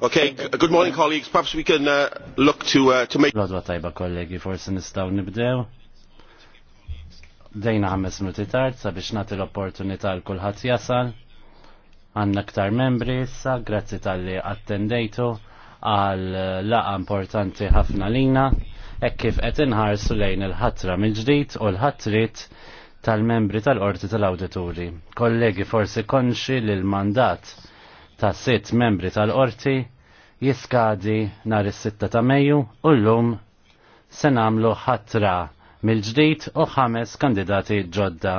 Okay, good morning colleagues. Perhaps we can uh, look to, uh, to make... Rodwa tajba kollegi, forsi nistgħu nibdew. Dejna ħames minuti tard sabiex nagħti l-opportunità l kulħadd jasal. Għandna aktar membri issa, grazzi tal-li attendejtu għal uh, laqa importanti ħafna lina. Hekk kif qed inħarsu lejn il-ħatra mill-ġdid u l-ħatrit tal-membri tal-qorti tal-awdituri. Kollegi forsi konxi li l-mandat ta' sitt membri tal-qorti jiskadi nhar is sitta ta' Mejju u llum se nagħmlu ħatra mill-ġdid u ħames kandidati ġodda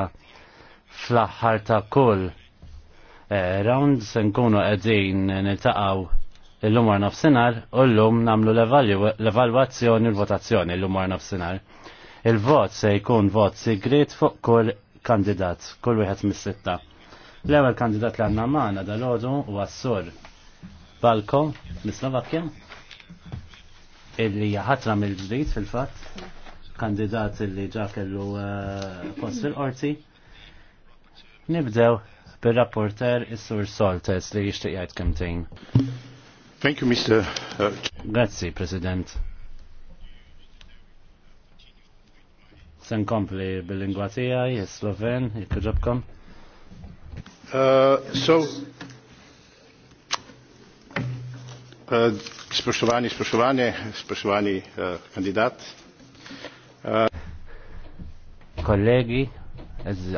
fl-aħħar ta' kull eh, round se nkunu qegħdin niltaqgħu illum war nofsinhar u llum nagħmlu l-evalwazzjoni u l-votazzjoni llum war nofsinhar. Il-vot se jkun vot sigrit fuq kull kandidat, kull wieħed mis-sitta. L-ewwel kandidat li għanna maħna dal ħodu huwa s-sur Balko mis-Slovakkja illi ħatra mill-ġdid fil-fatt kandidat illi ġakellu kellu eh, post fil-qorti. Nibdew bir-rapporter is-sur Soltes li jixtieq jgħid kemtejn. Thank you, Mr. Uh, Grazzi, President. Sen kompli bil-lingwa tiegħi, is-Sloven, jekk Uh, so, uh, spoštovani, spoštovane, spoštovani uh, kandidat. Uh, Kolegi,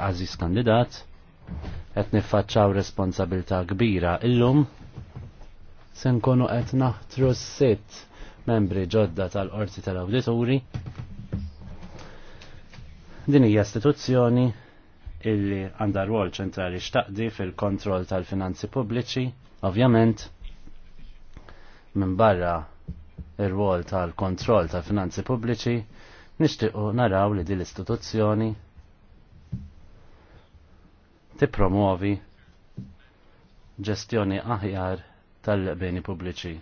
aziz kandidat, qed niffaċċaw responsabilta kbira illum se nkunu qed naħtru sitt membri ġodda tal-Qorti tal-Awdituri. Din hija istituzzjoni illi għandha rwol ċentrali xtaqdi fil-kontroll tal-finanzi pubbliċi, ovvjament minn barra ir-rwol tal-kontroll tal-finanzi pubbliċi nixtiequ naraw li din l-istituzzjoni tippromuovi ġestjoni aħjar tal-beni pubbliċi.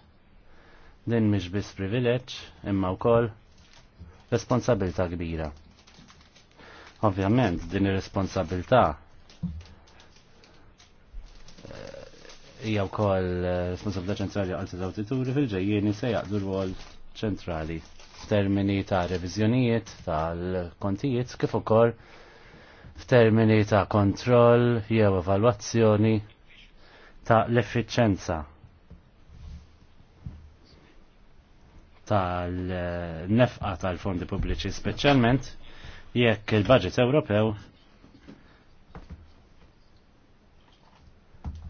Din mhix biss privileġġ imma wkoll responsabilità kbira. Ovvjament, din ir-responsabilità eh, hija wkoll eh, responsabilità ċentrali għal tal-awtituri fil-ġejjieni se jaqdu rwol ċentrali f'termini ta' reviżjonijiet tal-kontijiet kif ukoll f'termini ta' kontroll jew evalwazzjoni ta' l-effiċenza tal-nefqa eh, tal-fondi pubbliċi speċjalment jekk il-budget Ewropew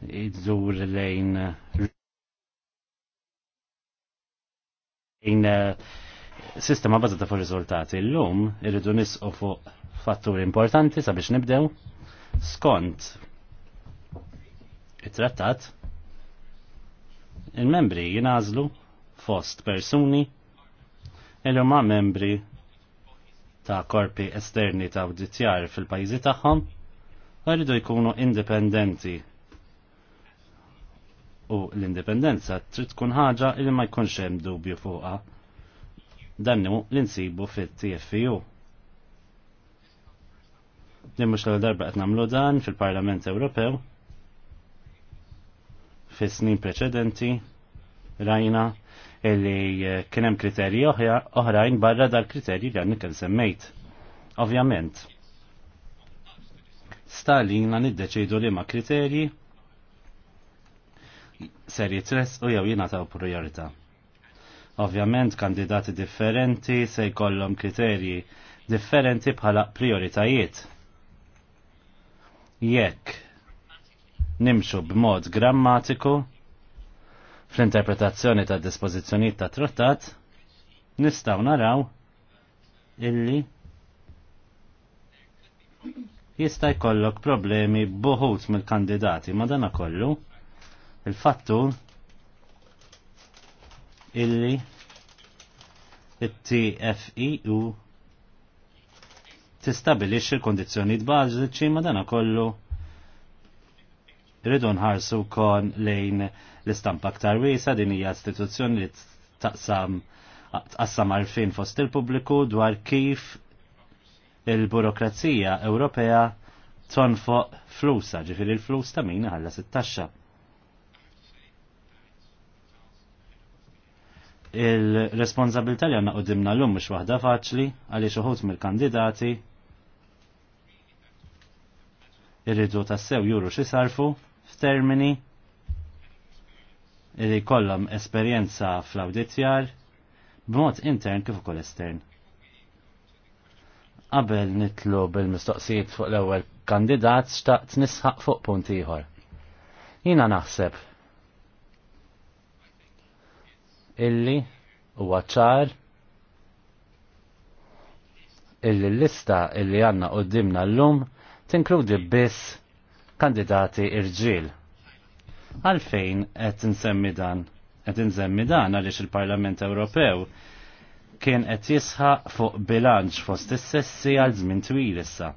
jidżur lejn in eh, sistema bazzata fuq riżultati. L-lum irridu nisqu fuq fatturi importanti sabiex nibdew skont it-trattat il-membri jinażlu fost persuni il ma membri ta' korpi esterni ta' audizjar fil-pajjiżi tagħhom għaridu jkunu indipendenti. U l-indipendenza trid tkun ħaġa li ma jkunx hemm dubju fuqha. Dannu l-insibu fit-TFU. Din mhux l-darba qed nagħmlu dan fil-Parlament Ewropew fis-snin preċedenti rajna illi eh, kienem kriterji oħrajn barra dal-kriterji li għanni kien semmejt. Ovvjament, Stalin għan id li ma kriterji ser jitress u jew jingħataw priorita. Ovvjament kandidati differenti se jkollhom kriterji differenti bħala prioritajiet. Jekk nimxu b'mod grammatiku fl-interpretazzjoni ta' dispożizzjonijiet ta' trattat nistgħu naraw illi jista' jkollok problemi boħut mill-kandidati ma dana kollu il-fattu illi it-TFEU tistabilixxi l-kondizzjonijiet bażiċi ma dana kollu Rridu nħarsu kon lejn l-istampa aktar wiesa din hija istituzzjoni li taqsam tqassam għarfin fost il-pubbliku dwar kif il-burokrazija Ewropea tonfoq flusa, ġifiri il-flus ta' min ħalla sit-taxxa. Il-responsabilità li għanna qoddimna l mhux mux wahda faċli għaliex uħut mill-kandidati irridu tassew juru xi sarfu f'termini li kollhom esperjenza fl-awditjar b'mod intern kif ukoll estern. Qabel nitlu bil-mistoqsijiet fuq l-ewwel kandidat xtaqt nisħaq fuq punt ieħor. Jiena naħseb illi huwa ċar illi l-lista illi għandna qudiemna llum tinkludi biss kandidati irġiel. Għalfejn qed nsemmi dan? Qed nsemmi dan għaliex il-Parlament Ewropew kien qed jisħaq fuq bilanċ fost is-sessi għal żmien twil issa.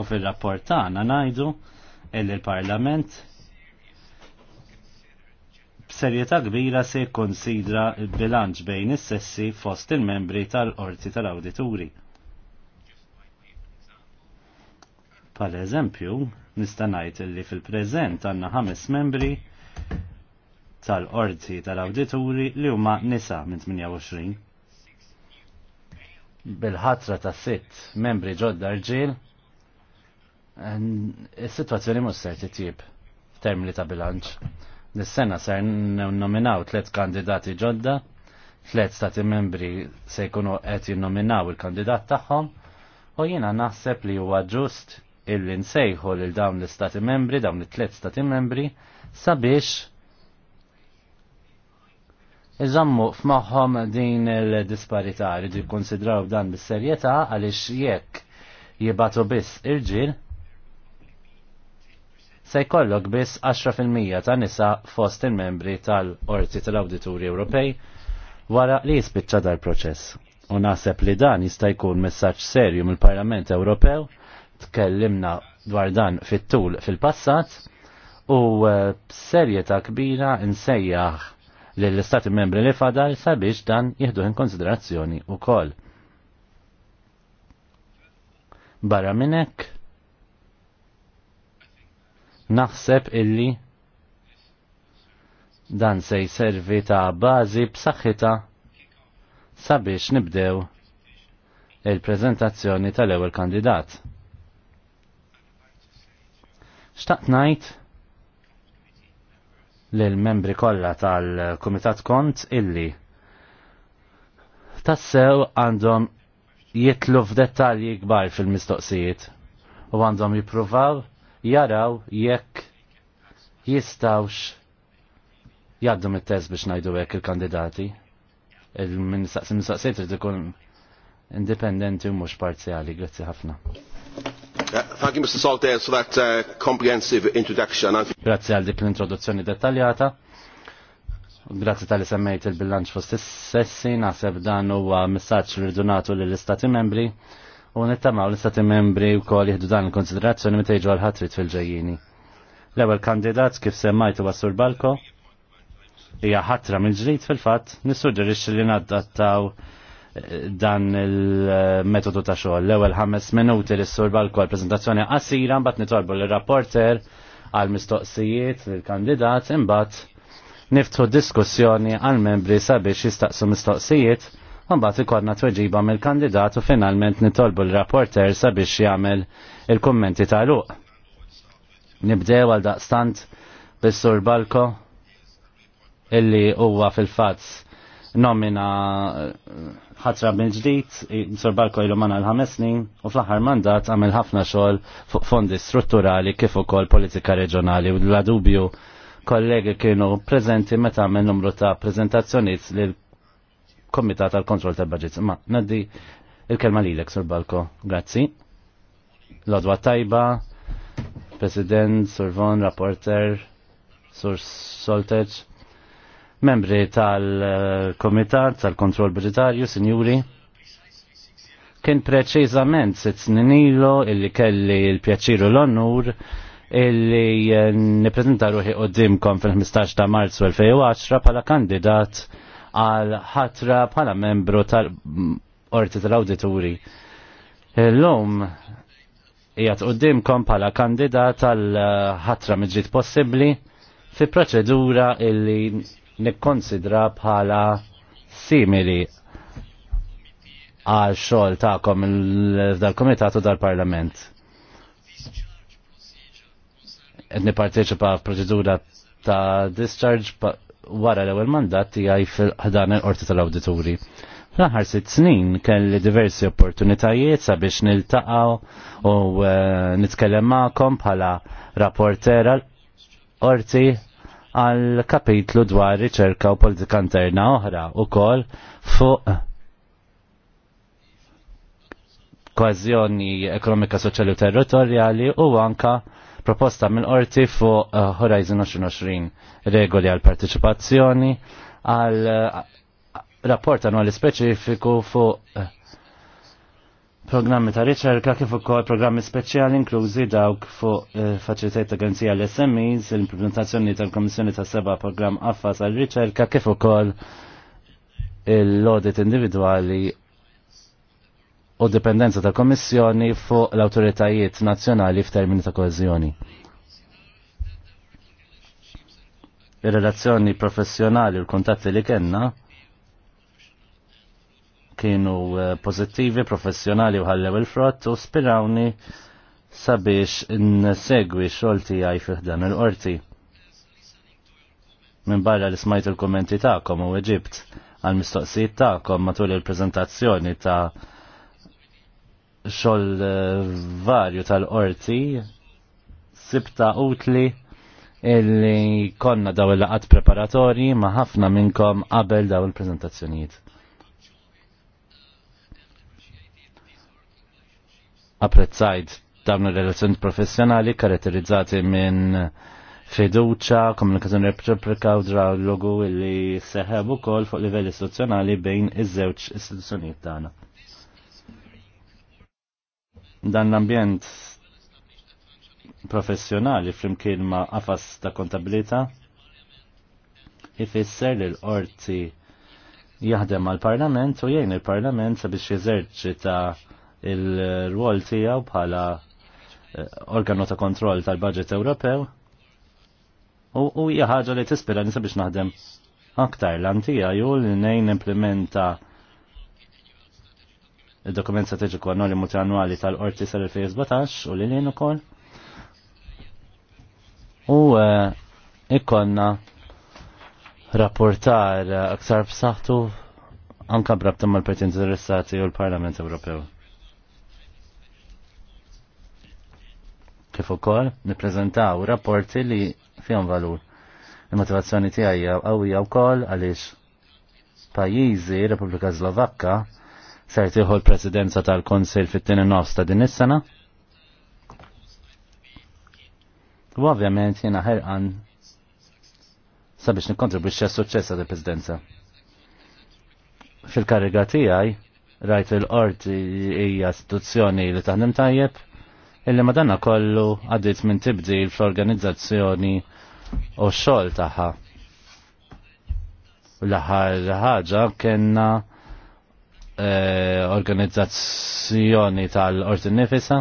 U fil-rapport tagħna ngħidu illi l-Parlament b'serjetà kbira se jikkonsidra l-bilanċ bejn is-sessi fost il-membri tal-qorti tal-awdituri. Pal eżempju, nista' li fil-preżent għandna ħames membri tal-qorti tal-awdituri li huma nisa minn 28. Bil-ħatra ta' sitt membri ġodda rġiel, is-sitwazzjoni mhux ser titjib li ta' bilanċ. Nis-sena ser nominaw tliet kandidati ġodda, tliet stati membri se jkunu qed jinnominaw il-kandidat tagħhom, u jiena naħseb li huwa ġust illi nsejħu lil dawn l-istati membri, dawn it tlet stati membri, sabiex iżammu f'moħħom din l disparità li jikkonsidraw dan bis-serjetà għaliex jekk jibatu biss irġiel se jkollok biss 10% ta' nisa fost il-membri tal-Orti tal-Awdituri Ewropej wara li jispiċċa dal-proċess. U naħseb li dan jista' jkun messaġġ serju mill-Parlament Ewropew tkellimna dwar dan fit-tul fil-passat u eh, b'serjetà kbira nsejjaħ lill istati membri li fadal sabiex dan jieħdu in konsiderazzjoni wkoll. Barra minn hekk naħseb illi dan se jservi ta' bażi b'saħħitha sabiex nibdew il-prezentazzjoni tal-ewwel kandidat. Xtaqt ngħid lill-membri kollha tal-Kumitat Kont illi tassew għandhom jitlu f'dettalji kbar fil-mistoqsijiet u għandhom jippruvaw jaraw jekk jistawx jaddu mit-test biex najdu hekk il-kandidati. il mistoqsijiet trid ikun indipendenti u mhux parzjali. Grazzi ħafna. Uh, thank you, Mr. Saltes, for that uh, comprehensive introduction. Grazie għal dik l-introduzzjoni dettaljata. Grazie tal-li semmejt il-bilanċ fost sessi, naħseb dan huwa messaġġ li donatu lill istati membri u nittamaw l-istati membri wkoll jieħdu dan il-konsiderazzjoni meta jiġu għal-ħatrit fil-ġejjini. L-ewwel kandidat kif semmajt huwa Sur Balko hija ħatra mill-ġrid fil-fatt nissuġġerixxi li naddattaw dan il-metodu ta' xogħol. L-ewwel ħames minuti li s-sur Balko prezentazzjoni qasira mbagħad nitolbu l rapporter għal mistoqsijiet il-kandidat imbagħad niftħu diskussjoni għal membri sabiex jistaqsu mistoqsijiet mbagħad ikollna tweġiba mill-kandidat u finalment nitolbu l-rapporter sabiex jagħmel il-kummenti tagħluq. Nibdew għal daqstant bis-sur Balko illi huwa fil-fatt nomina ħatra mill-ġdid, sorbalko Barko ilu manna l-ħames snin u fl-aħħar mandat għamel ħafna xogħol fuq fondi strutturali kif ukoll politika reġjonali u la dubju kollegi kienu preżenti meta għamel numru ta' preżentazzjonijiet lil komitat tal kontroll tal-budget. Ma naddi il-kelma lilek Sor Barko. Grazzi. Lodwa tajba, President, Survon, Rapporter, Sur soltage membri tal-Komitat tal-Kontroll Budgetarju, Sinjuri, kien preċiżament sitt snin ilu illi kelli l-pjaċiru l-onur illi niprezenta ruħi qoddimkom fil-15 ta' marzu 2010 bħala kandidat għal ħatra bħala membru tal-Orti tal-Awdituri. L-lum jgħat qoddimkom kandidat għal ħatra mġrit possibli fi proċedura illi nikkonsidra bħala simili għal xogħol tagħkom dal-Kumitat u dal-Parlament. Qed nipparteċipa f'proċedura ta' discharge wara l-ewwel mandat tiegħi fil-ħdan il-qorti tal-awdituri. L-aħħar sitt snin kelli diversi opportunitajiet sabiex niltaqgħu u eh, nitkellem magħkom bħala rapporter għal qorti għal kapitlu dwar riċerka u politika interna oħra u kol fuq kważjoni ekonomika soċjali u territorjali u anka proposta mill qorti fuq eh, Horizon 2020 regoli għal partiċipazzjoni għal eh, rapport annwali speċifiku fuq eh, programmi ta' riċerka kif ukoll programmi speċjali inklużi dawk fuq eh, faċilitajiet ta' l smis l-implementazzjoni tal-Komissjoni ta' seba' programm affas għal riċerka kif ukoll l-audit individwali u dipendenza ta' Komissjoni fuq l-autoritajiet nazzjonali f'termini ta' koeżjoni. Ir-relazzjoni professjonali u l-kuntatti li kellna kienu eh, pozittivi, professjonali u ħallew il-frott u spirawni sabiex n-segwi xolti għaj fiħdan il-qorti. Minn barra li smajt il-kommenti ta'kom u Eġibt għal mistoqsijiet ta'kom matul il-prezentazzjoni ta' xol eh, varju tal-qorti sibta utli illi konna daw il-laqat preparatorji ma' ħafna minnkom qabel daw il-prezentazzjonijiet. apprezzajt dawn ir-relazzjoni professjonali karatterizzati minn fiduċa, komunikazzjoni replika u dialogu li seħeb ukoll fuq livell istituzzjonali bejn iż-żewġ istituzzjonijiet tagħna. Dan l-ambjent professjonali flimkien ma' qafas ta' kontabilità ifisser li l-qorti jaħdem għal parlament u jgħin il-parlament sabiex jeżerċita ta' il-rwol tijaw bħala eh, organu ta' kontroll tal-budget Ewropew u hija ħaġa li tispira nisa biex naħdem aktar l-antija ju li nejn implementa il-dokument strategiku għannoli multiannuali tal-Orti sal-2017 u li li ukoll. U eh, ikkonna rapportar eh, aktar b'saħħtu anka brabtam mal-parti interessati u l-Parlament Ewropew. kif ukoll nippreżentaw rapporti li fihom valur. Il-motivazzjoni tiegħi qawwija wkoll għaliex pajjiżi Repubblika Slovakka ser tieħu l-presidenza tal-Konsil fit-tieni nofs ta' din is-sena. U ovvjament jiena ħerqan sabiex nikkontribwixxi għas-suċċess il presidenza Fil-karriga tiegħi rajt il-qorti hija istituzzjoni li taħdem tajjeb, illi madanna kollu għaddit minn tibdil fl-organizzazzjoni u xol taħħa. L-ħar ħaġa kena eh, organizzazzjoni tal-orti nifisa.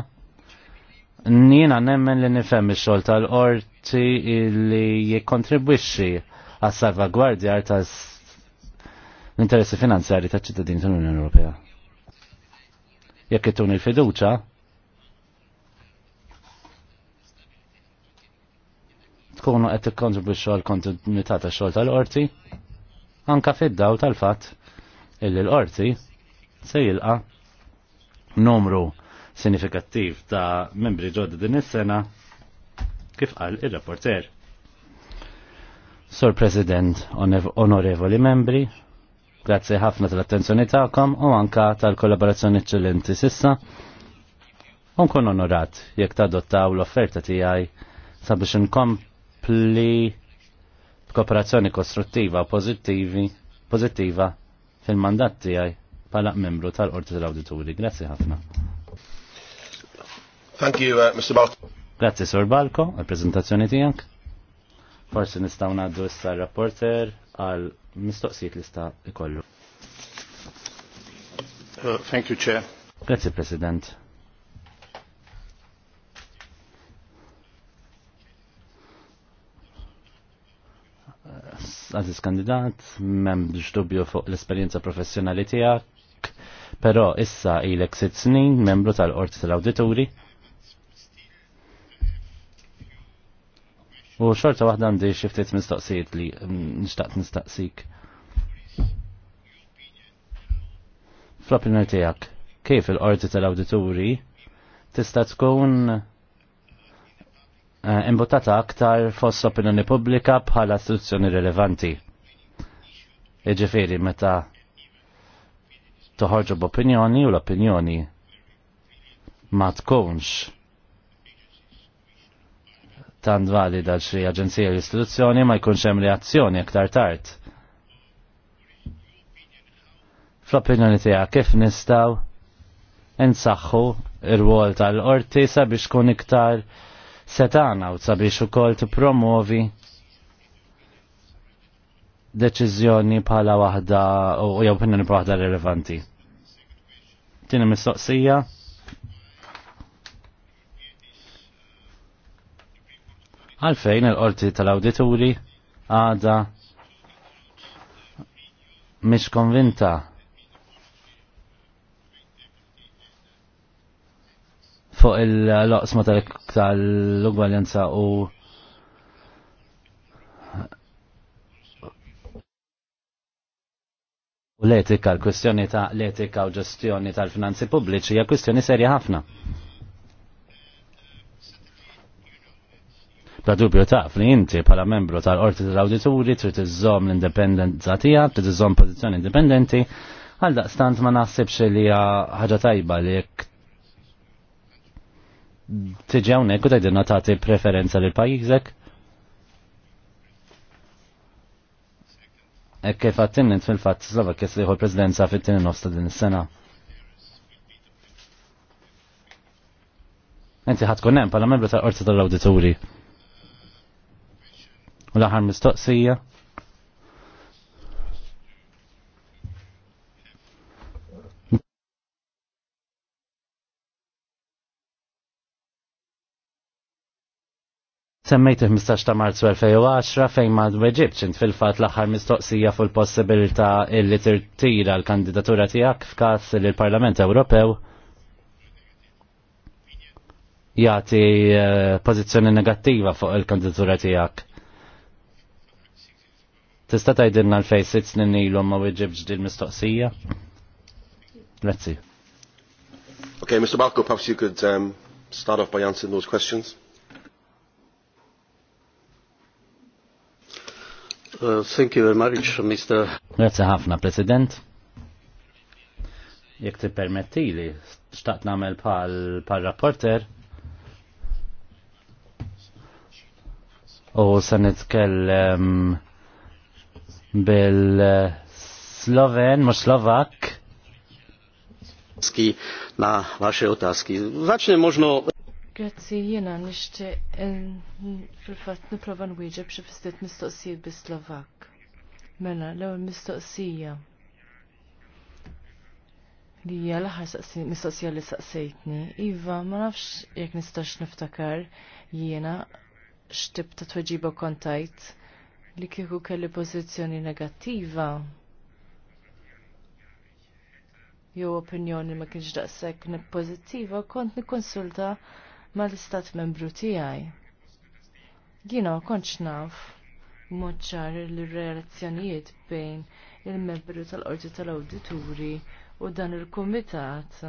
Nina nemmen li nifem il-xol tal-orti illi jikontribwixi għas salvagwardja ta' l-interessi finanzjari ta' ċittadini tal-Unjoni Ewropea. Jekk ittuni il-fiduċa, tkunu qed tikkontribwixxu għal kontinuità tax-xogħol tal-qorti anka fid-daw tal-fatt illi l-qorti se jilqa numru sinifikattiv ta' membri ġodda din is-sena kif qal ir-rapporter. Sur President, onorevoli membri, grazzi ħafna tal-attenzjoni tagħkom u anka tal-kollaborazzjoni ċellenti sissa. Unkun onorat jekk tadottaw l-offerta tiegħi sabiex inkomplu Li kooperazzjoni kostruttiva pozittivi pozittiva fil-mandat tiegħi bħala membru tal-Qorti tal-Awdituri. Grazzi ħafna. Thank you, uh, Mr. Balko. Grazzi, Sir Balko, għal-prezentazzjoni tiegħek. Forsi nistgħu ngħaddu issa rapporter għal mistoqsijiet li sta ikollu. Uh, thank you, Chair. Grazie, President. għaziz kandidat, mem dubju fuq l-esperienza professjonali tijak, pero issa ilek sitt snin, membru tal-Qorti tal-Awdituri. U xorta waħda għandi xiftit mistoqsijiet li mm, nishtaqt nistaqsik. fl tijak, kif il-Qorti tal-Awdituri tista' tkun Eh, imbuttata aktar fost opinjoni pubblika bħala istituzzjoni rilevanti. Iġifiri, meta toħorġu b'opinjoni u l-opinjoni ma tkunx tant valida xi aġenzija l istituzzjoni ma jkunx hemm reazzjoni aktar tard. Fl-opinjoni tiegħek kif nistgħu insaħħu ir wol tal-qorti sabiex tkun iktar setana u sabiex ukoll tippromovi deċiżjoni bħala waħda u jew opinjoni waħda rilevanti. Tieni mistoqsija. Għalfejn il-qorti tal-awdituri għada mish konvinta fuq il-loqsma tal-ugwaljanza u u l-etika, l-kwestjoni ta' l-etika u ġestjoni tal-finanzi pubbliċi hija kwestjoni serja ħafna. Ta' dubju taf li inti bħala membru tal-Qorti tal-Awdituri trid iżżomm l-indipendenza tiegħek, trid iżżomm pożizzjoni indipendenti, għal daqstant ma naħsibx li hija ħaġa tajba li tiġi hawnhekk u tgħidilna tagħti preferenza lil pajjiżek. Hekk kif għattimnint fil-fatt Slovakkja se jieħu l-Presidenza fit-tieni nofs ta' din is-sena. Inti ħatkun hemm bħala membru tal-Qorti tal-Awdituri. U l-aħħar mistoqsija. Semmejt il-15 ta' marzu 2010 fejn ma' d int fil-fat l aħħar mistoqsija fuq il-possibilità illi tirtira l-kandidatura tijak f'każ li l-Parlament Ewropew jagħti eh, pozizjoni negattiva fuq il-kandidatura tijak. Tista tgħidilna l-fej sitt snin ilu ma' weġibx din mistoqsija? see. Okay, Mr. Balko, perhaps you could um, start off by answering those questions. Uh, thank you very much, Mr. Grazie ħafna, President. Jek ti permettili, xtaqt namel pal, rapporter. U se nitkellem bil-Sloven, mux Slovak. Na vaše otázky. Začne možno... Grazzi, jena nishti fil-fat niprofa nwieġeb xi ftit mistoqsijiet bi Slovak. Mela, l-ewwel mistoqsija. Li hija l-aħħar mistoqsija li saqsejtni. Iva, ma nafx jekk nistax niftakar jiena x'tib ta' tweġiba kontajt li kieku kelli pożizzjoni negattiva jew opinjoni ma kienx daqshekk pożittiva, kont nikkonsulta mal-istat membru tiegħi. Jina konċ naf moċċar l-relazzjonijiet bejn il-membru tal-qorti tal-awdituri u dan il-kumitat.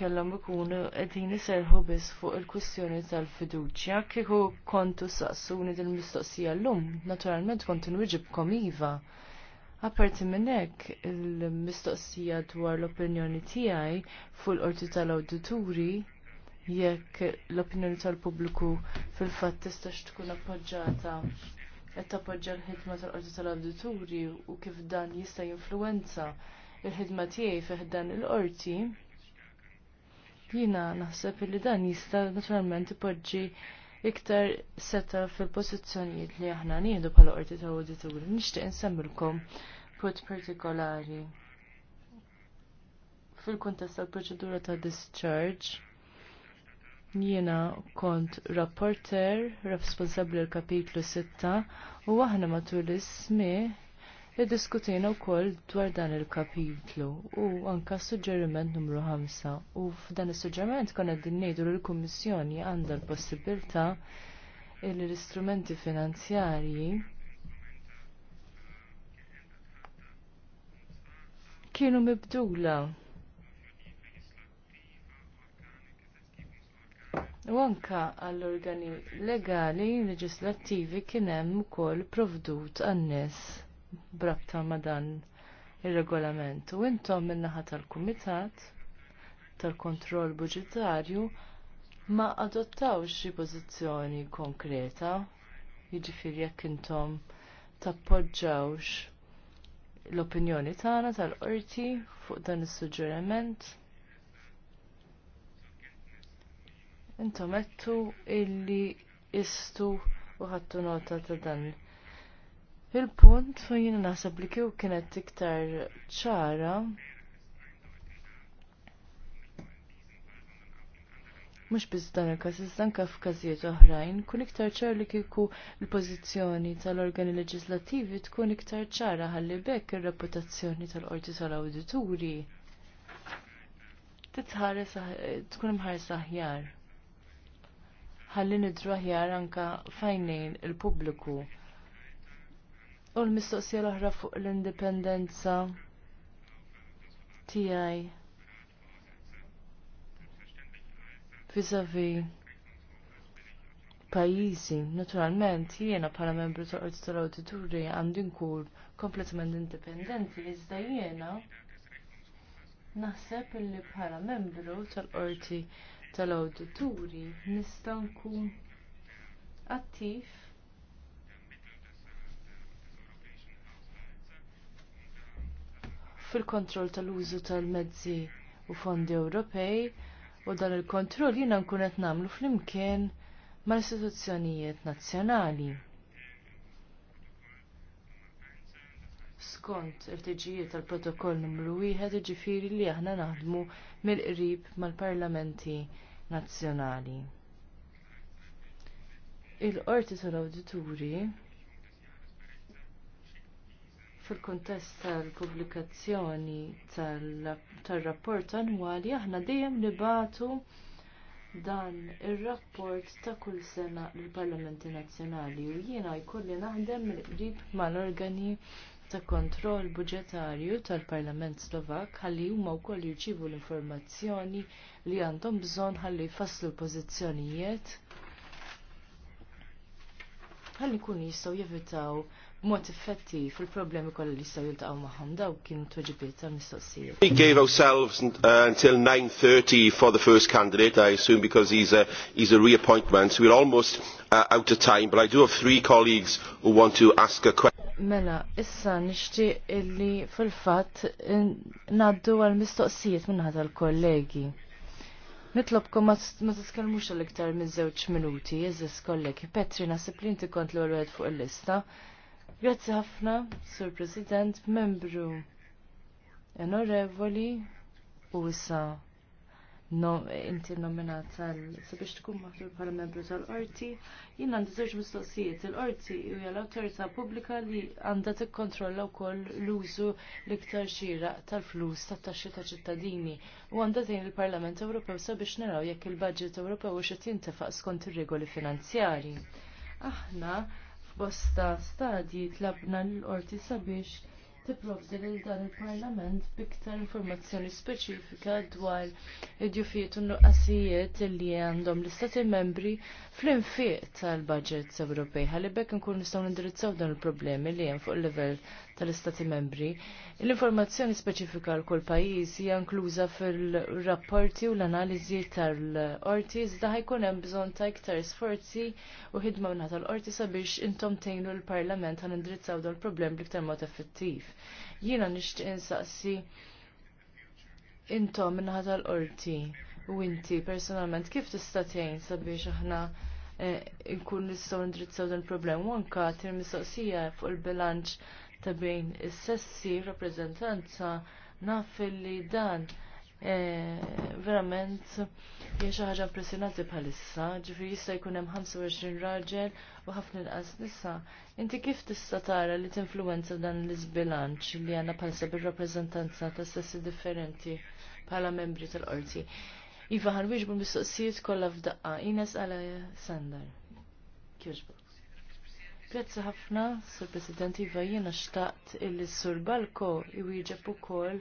kellhom ikunu qegħdin serħu biss fuq il kwestjoni tal-fiduċja kieku kontu saqsuni dil mistoqsija llum, naturalment kontu nwiġibkom iva. Apparti minn hekk, il-mistoqsija dwar l-opinjoni tiegħi fuq l-qorti tal-awdituri jekk l-opinjoni tal-pubbliku fil-fatt tistax tkun appoġġata qed tappoġġa l-ħidma tal-qorti tal-awdituri u kif dan jista' jinfluwenza l-ħidma tiegħi fih dan il-qorti, jiena naħseb li dan jista' naturalment ipoġġi iktar seta fil-pozizjonijiet li aħna nieħdu bħala qorti ta' awdituri. Nixtieq insemmilkom put partikolari fil-kuntest tal-proċedura ta' discharge. Jiena kont rapporter responsabbli l-kapitlu 6 u aħna matul is smi iddiskutejna wkoll dwar dan il-kapitlu u anka suġġeriment numru 5 u f'dan is-suġġeriment konna din ngħidu li l-Kummissjoni għandha l-possibilità li l-istrumenti finanzjarji kienu mibdula U anka għall-organi legali leġislattivi kien hemm ukoll provdut għan-nies brabta ma' dan ir-regolament. U intom minnaħat tal-Kumitat tal-Kontroll Budgetarju ma adottawx xi pożizzjoni konkreta, jiġifieri jekk intom tappoġġawx l-opinjoni tagħna tal-qorti fuq dan is-suġġeriment. Intom għettu illi istu u ħattu nota ta' dan Il-punt jien naħseb li kiu kienet iktar ċara Mux biz dan il-kas, kaf f'każijiet oħrajn, kun iktar ċar li kieku l-pozizjoni tal-organi leġislativi tkun iktar ċara ħalli bekk ir-reputazzjoni tal-qorti tal-awdituri. Titħares tkun imħares aħjar. Ħalli nidru aħjar anka fajnejn il-pubbliku. U l-mistoqsija l-oħra fuq l-indipendenza tiegħi vis pajjiżi, naturalment jiena bħala membru tal qorti tal-awdituri għandi nkun kompletament indipendenti iżda jiena naħseb li bħala membru tal-qorti tal-awdituri nista' nkun attiv fil-kontroll tal-użu tal-mezzi u fondi Ewropej u dan il-kontroll jiena nkun qed nagħmlu flimkien mal-istituzzjonijiet nazzjonali. skont irtiġijiet tal-protokoll numru wieħed iġifieri li aħna naħdmu mill-qrib mal-parlamenti nazzjonali. Il-qorti tal-awdituri fil-kontest tal-pubblikazzjoni tal-rapport annwali aħna dejjem nibatu dan ir-rapport ta' kull sena lill-Parlamenti Nazzjonali u jiena jkolli naħdem mill-qrib mal-organi ta' kontroll budġetarju tal-Parlament Slovak ħalli huma wkoll jirċievu l-informazzjoni li għandhom bżonn ħalli jfasslu l-pożizzjonijiet ħalli kun jistgħu jevitaw mod effettiv fil-problemi kollha li jistgħu jiltaqgħu magħhom daw kienu tweġibiet tal-mistoqsijiet. We gave ourselves uh, until 9:30 for the first candidate, I assume because he's a he's a reappointment. So we're almost uh, out of time, but I do have three colleagues who want to ask a question. Mela, issa nixtieq illi fil fat naddu għal mistoqsijiet minnaħat tal-kollegi. Nitlobkom ma t-skalmux għal iktar minn zewċ minuti, jizzis kollegi. Petri, nasib li inti kont l-ewwel fuq il-lista. Grazzi ħafna, Sur President, membru onorevoli u issa no, inti nominat tal sabiex tkun maħdur bħala membru tal-qorti, jien għandi żewġ mistoqsijiet. Il-qorti hija l-awtorità pubblika li għandha tikkontrolla wkoll l-użu l-iktar xieraq tal-flus tat-taxxi ta' ċittadini u għandha tejn il-Parlament Ewropew sabiex naraw jekk il-budget Ewropew u xed jintefaq skont ir-regoli finanzjarji. Aħna f'bosta stadji tlabna l-qorti sabiex tipprovdi lil dan il-Parlament biktar informazzjoni speċifika dwar id-jufiet u nuqqasijiet li għandhom l-Istati membri fl-infiq tal-budget Ewropej. Ħalibek nkun nistgħu nindirizzaw dan il-problemi li hemm fuq il-livell tal-Istati membri. L-informazzjoni speċifika l kull pajjiż hija inkluża fil-rapporti u l-analiżi tal-orti iżda ħajkun hemm bżonn ta' iktar sforzi u ħidma minna tal-orti sabiex intom tgħinu l-Parlament ħan indirizzaw il problem bl-iktar mod effettiv. Jiena nixtieq insaqsi intom minna tal-orti u inti personalment kif tista' tgħin sabiex aħna eh, nkun nistgħu ndrizzaw dan il-problem u anka mistoqsija fuq il-bilanċ ta' bejn is-sessi rappreżentanza naf li dan eh, verament hija xi ħaġa impressjonanti bħalissa, ġifieri jista' jkun hemm 25 raġel u ħafna inqas nisa. Inti kif tista' tara li tinfluwenza dan l-iżbilanċ li għandna bħalissa bir-rappreżentanza ta' sessi differenti bħala membri tal-qorti. Iva ħanwiġbu mistoqsijiet kollha f'daqqa. Ines għala Sandar. Kieġbu. Grazzi ħafna, Sur President Iva, jiena xtaqt illi Sur Balko iwieġeb ukoll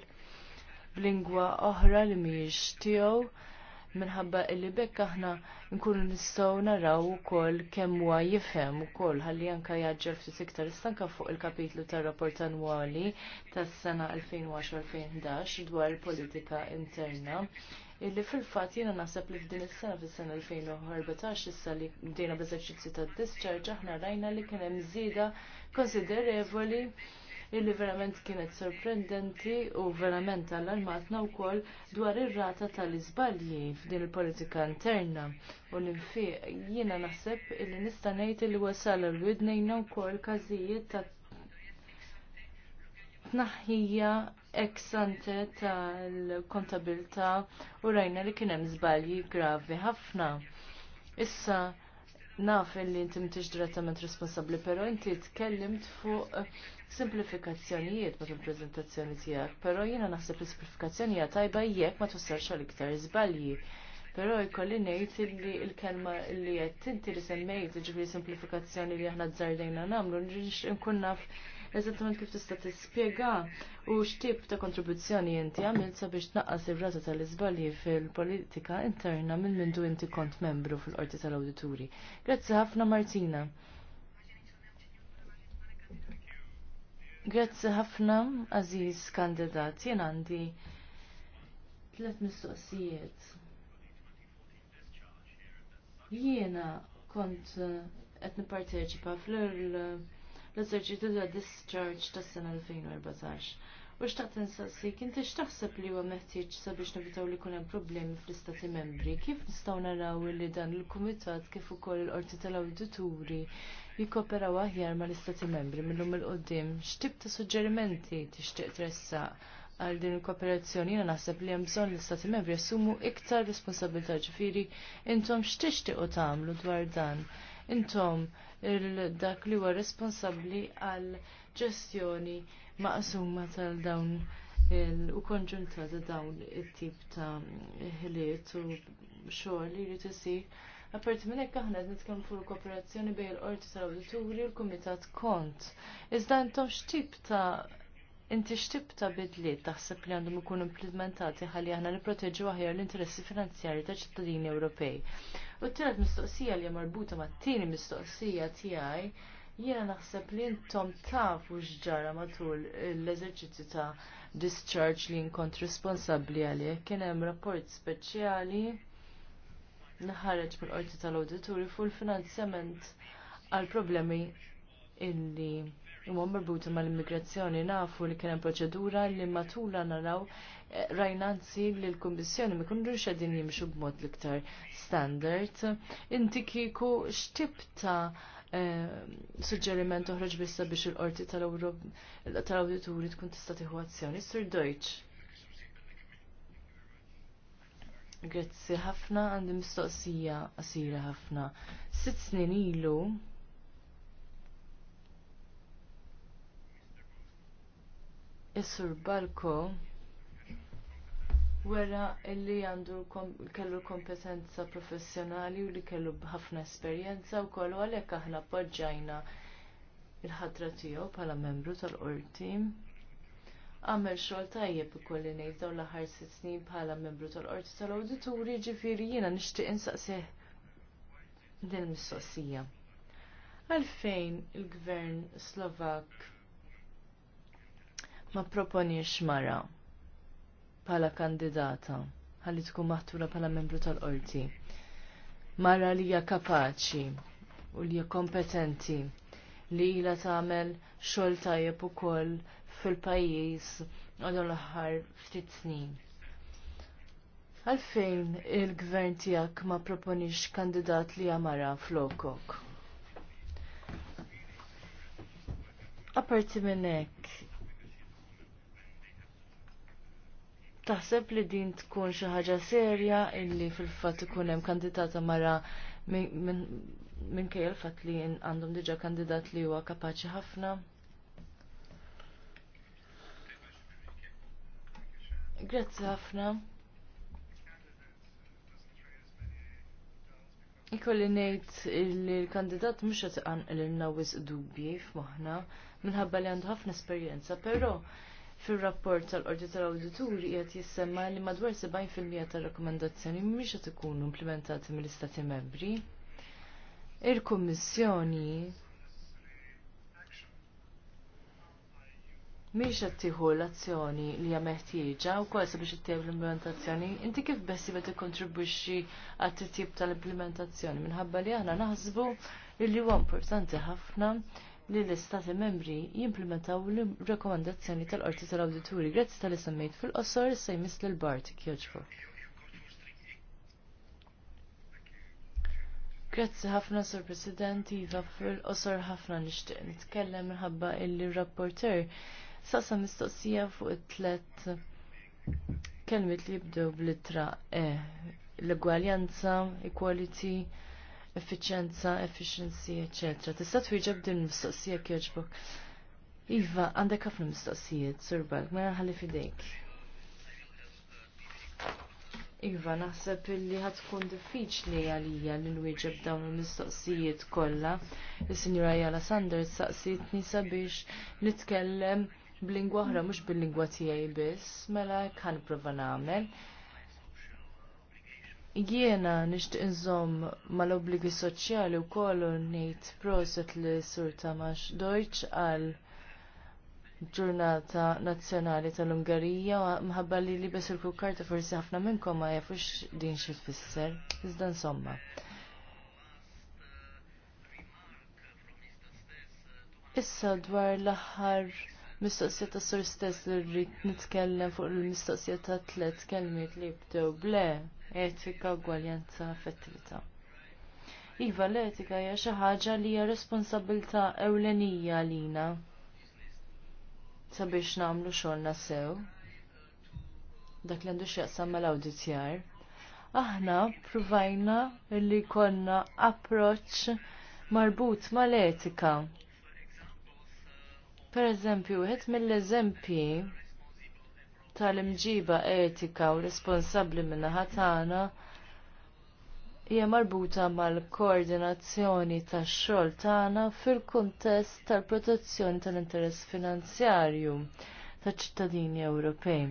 b'lingwa oħra li mhijiex tiegħu minħabba illi bekk aħna nkunu nistgħu naraw ukoll kemm huwa jifhem ukoll ħalli anke jaġġel ftit iktar istanka fuq il-kapitlu tar-rapport annwali tas-sena 2010-2011 dwar il-politika interna illi fil-fatt jiena naħseb li f'din is-sena fis-sena 2014 issa li bdejna b'eżerċizzju tad-discharge aħna rajna li kien hemm żieda konsiderevoli illi verament kienet sorprendenti u verament allarmatna wkoll dwar ir-rata tal-iżbalji f'din il-politika interna u l-infiq jiena naħseb illi nista' ngħid li wasal l-widnejna wkoll każijiet ta' tnaħħija ex ante tal-kontabilta u rajna li kienem zbalji gravi ħafna. Issa, naf li inti mtix direttament responsabli, pero inti tkellimt fuq simplifikazzjonijiet ma fil-prezentazzjoni tijak, pero jina naħseb li simplifikazzjonijiet tajba jek ma tussarx għal-iktar zbalji. Pero jkolli nejt li il-kelma li jett inti li semmejt ġifri simplifikazzjoni li aħna dżardajna namlu, nkun naf eżattament kif tista' tispjega u x'tip ta' kontribuzzjoni inti għamilt sabiex tnaqqas ir-rata tal-iżbalji fil-politika interna minn mintu inti kont membru fil-qorti tal-awdituri. Grazzi ħafna Martina. Grazzi ħafna, Aziz kandidat, jien għandi tlet mistoqsijiet. Jiena kont eh, qed nipparteċipa fl l-eżerċitu ta' discharge tas sena 2014. U xtaqt insaqsik, inti x'taħseb li huwa meħtieġ sabiex nevitaw li jkun hemm problemi fl-istati membri? Kif nistgħu naraw li dan il-kumitat kif ukoll l-qorti tal-awdituri jikkoperaw aħjar mal-istati membri minnhom il-qudiem? X'tib ta' suġġerimenti tixtieq tressaq? għal din il-kooperazzjoni jena naħseb li hemm bżonn l-istati membri jassumu iktar responsabilità ġifieri intom x'tixtiequ tagħmlu dwar dan intom dak li huwa responsabbli għal ġestjoni maqsuma tal-dawn u konġunta ta' dawn it-tip ta' ħiliet u xogħol li jrid isir. Apparti minn hekk aħna qed fuq kooperazzjoni bejn il-qorti tal-awdituri u l-kumitat kont. Iżda intom x'tip ta' inti x'tib ta' bidliet taħseb li għandhom ikunu implementati ħalli aħna nipproteġu aħjar l-interessi finanzjarji ta' ċittadini Ewropej. U t tielet mistoqsija li marbuta ma' t-tini mistoqsija tiegħi jiena naħseb li intom tafu x'ġara matul l-eżerċizzju ta' discharge li nkont responsabbli għalih kien hemm rapport speċjali naħareġ mill-qorti tal-awdituri fuq il-finanzjament għal problemi illi huma marbuta mal-immigrazzjoni nafu li kien hemm proċedura li matula naraw eh, rajnanzi li l-Kummissjoni ma jkunux xedin jimxu b'mod l-iktar standard. Inti kieku x'tib ta' eh, suġġeriment uħroġ bissa biex il-qorti tal-awdituri tkun tista' tieħu azzjoni. Sir Deutsch. Grazzi ħafna għandi mistoqsija qasira ħafna. Sitt snin ilu Is-Sur Balko wera illi għandu kellu kompetenza professjonali u li kellu ħafna esperjenza u kollu għalhekk aħna appoġġajna il-ħatra tiegħu bħala membru tal-qorti. Għamel xogħol tajjeb ikolli ngħid dawn l-aħħar sitt snin bħala membru tal-qorti tal-awdituri ġifieri jiena nixtieq insaqsih din mistoqsija. Għalfejn il-gvern Slovak ma proponiex mara bħala kandidata ħalli tkun maħtura bħala membru tal-qorti. Mara li hija kapaċi u li hija kompetenti li ila tagħmel xogħol tajjeb ukoll fil-pajjiż għadu l-aħħar ftit snin. Għalfejn il-gvern tiegħek ma proponix kandidat li jamara flokok? Aparti hekk. Taħseb li din tkun xi ħaġa serja illi fil-fatt ikun hemm kandidata mara minkejja l-fatt li għandhom diġà kandidat li huwa kapaċi ħafna. Grazzi ħafna. Ikolli nejt l kandidat mhux qed il-nawis dubji f'moħħna minħabba li għandu ħafna esperjenza, pero fil-rapport tal-Qorti tal-Awdituri qiegħed jissemma li madwar 70% tal-rakkomandazzjoni mhumiex qed ikunu implementati mill-Istati Membri. Il-Kummissjoni miex qed tieħu l-azzjoni li hija meħtieġa wkoll sabiex ittieħu l-implementazzjoni, inti kif bessi bed tikkontribwixxi għat-titjib tal-implementazzjoni minħabba li aħna naħsbu li huwa importanti ħafna li l-istati membri jimplementaw l-rekomandazzjoni tal-qorti tal-awdituri grazzi tal-isemmejt fil-qossor sejmis l-Bart Kjoġbo. Grazzi ħafna, Sir President, Iva, fil-qosor ħafna nishtiq nitkellem minħabba il-rapporter sasa mistoqsija fuq it-tlet kelmiet li jibdew bl-itra eh, l-egwaljanza, equality, efficienza, efficiency, etc. Tista' twieġeb din mistoqsija kjoġbok. Iva, għandek ħafna mistoqsijiet, Surbank, ma mela ħalli fidejk. Iva, naħseb illi ħatkun diffiċli għalija li nwieġeb dawn il-mistoqsijiet kollha. Is-Sinjura Jala Sanders saqsietni sabiex nitkellem b-lingwa oħra mhux bil-lingwa tiegħi biss, mela kan prova nagħmel. Jiena nixtieq inżomm mal-obbligi soċjali wkoll kollu ngħid proset li sur Tamax Deutsch għal ġurnata nazzjonali tal-Ungarija mħabba li li besir karta forsi ħafna minnkom ma jafux din xi tfisser. Iżda insomma. Issa dwar l-aħħar mistoqsija ta' sur stess li rrid nitkellem fuq il-mistoqsija ta' tlet kelmiet li jibdew ble etika gwaljanza effettività. Iva l-etika hija xi ħaġa li hija responsabilità ewlenija lina sabiex nagħmlu xogħolna sew. Dak li għandu x'jaqsam mal-awditjar. Aħna provajna li konna approċċ marbut mal-etika Per eżempju, għet mill-eżempji tal-imġiba etika u responsabli minna ħatana hija marbuta mal-koordinazzjoni tax-xogħol tagħna fil-kuntest tal-protezzjoni tal-interess finanzjarju taċ-ċittadini Ewropej.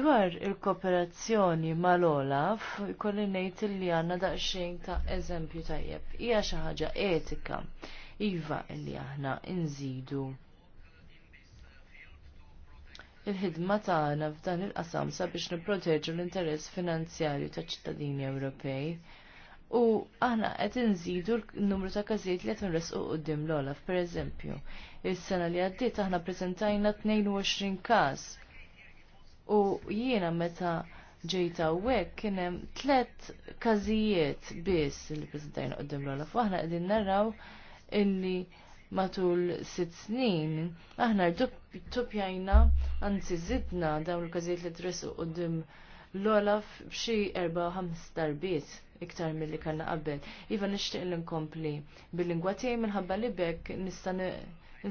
Dwar il-kooperazzjoni mal-Olaf, kolli nejt li għanna daqsxejn ta' eżempju tajjeb. Ija xaħġa etika. Iva li aħna nżidu il-ħidma tagħna f'dan il-qasam sabiex nipproteġu l-interess finanzjarju taċ-ċittadini Ewropej. U aħna qed inżidu l-numru ta' każijiet li qed nresqu quddiem l-olaf, pereżempju. Is-sena li għaddiet aħna preżentajna 22 każ. U jiena meta ġejta hawnhekk kien hemm tliet każijiet biss li preżentajna quddiem l-olaf. Aħna qegħdin narraw illi matul sitt snin, aħna rtupjajna, anzi zidna dawn il kazijiet li tressu dim l-olaf b'xi erba' 5 darbiet iktar mill-li kanna qabel. Iva nishtiq l-inkompli bil-lingwa tiegħi minħabba li bekk nista'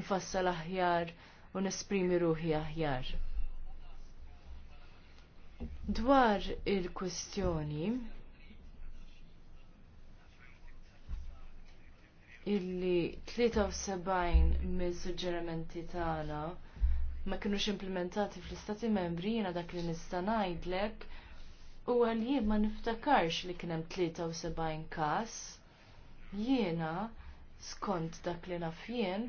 nfassal aħjar u nesprimi ruħi aħjar. Dwar il-kwestjoni illi 73 mill-suġġerimenti tagħna ma kinux implementati fl-istati membri jiena dak li nista' ngħidlek u għal jien ma niftakarx li kien hemm 73 każ. Jiena skont dak li naf jien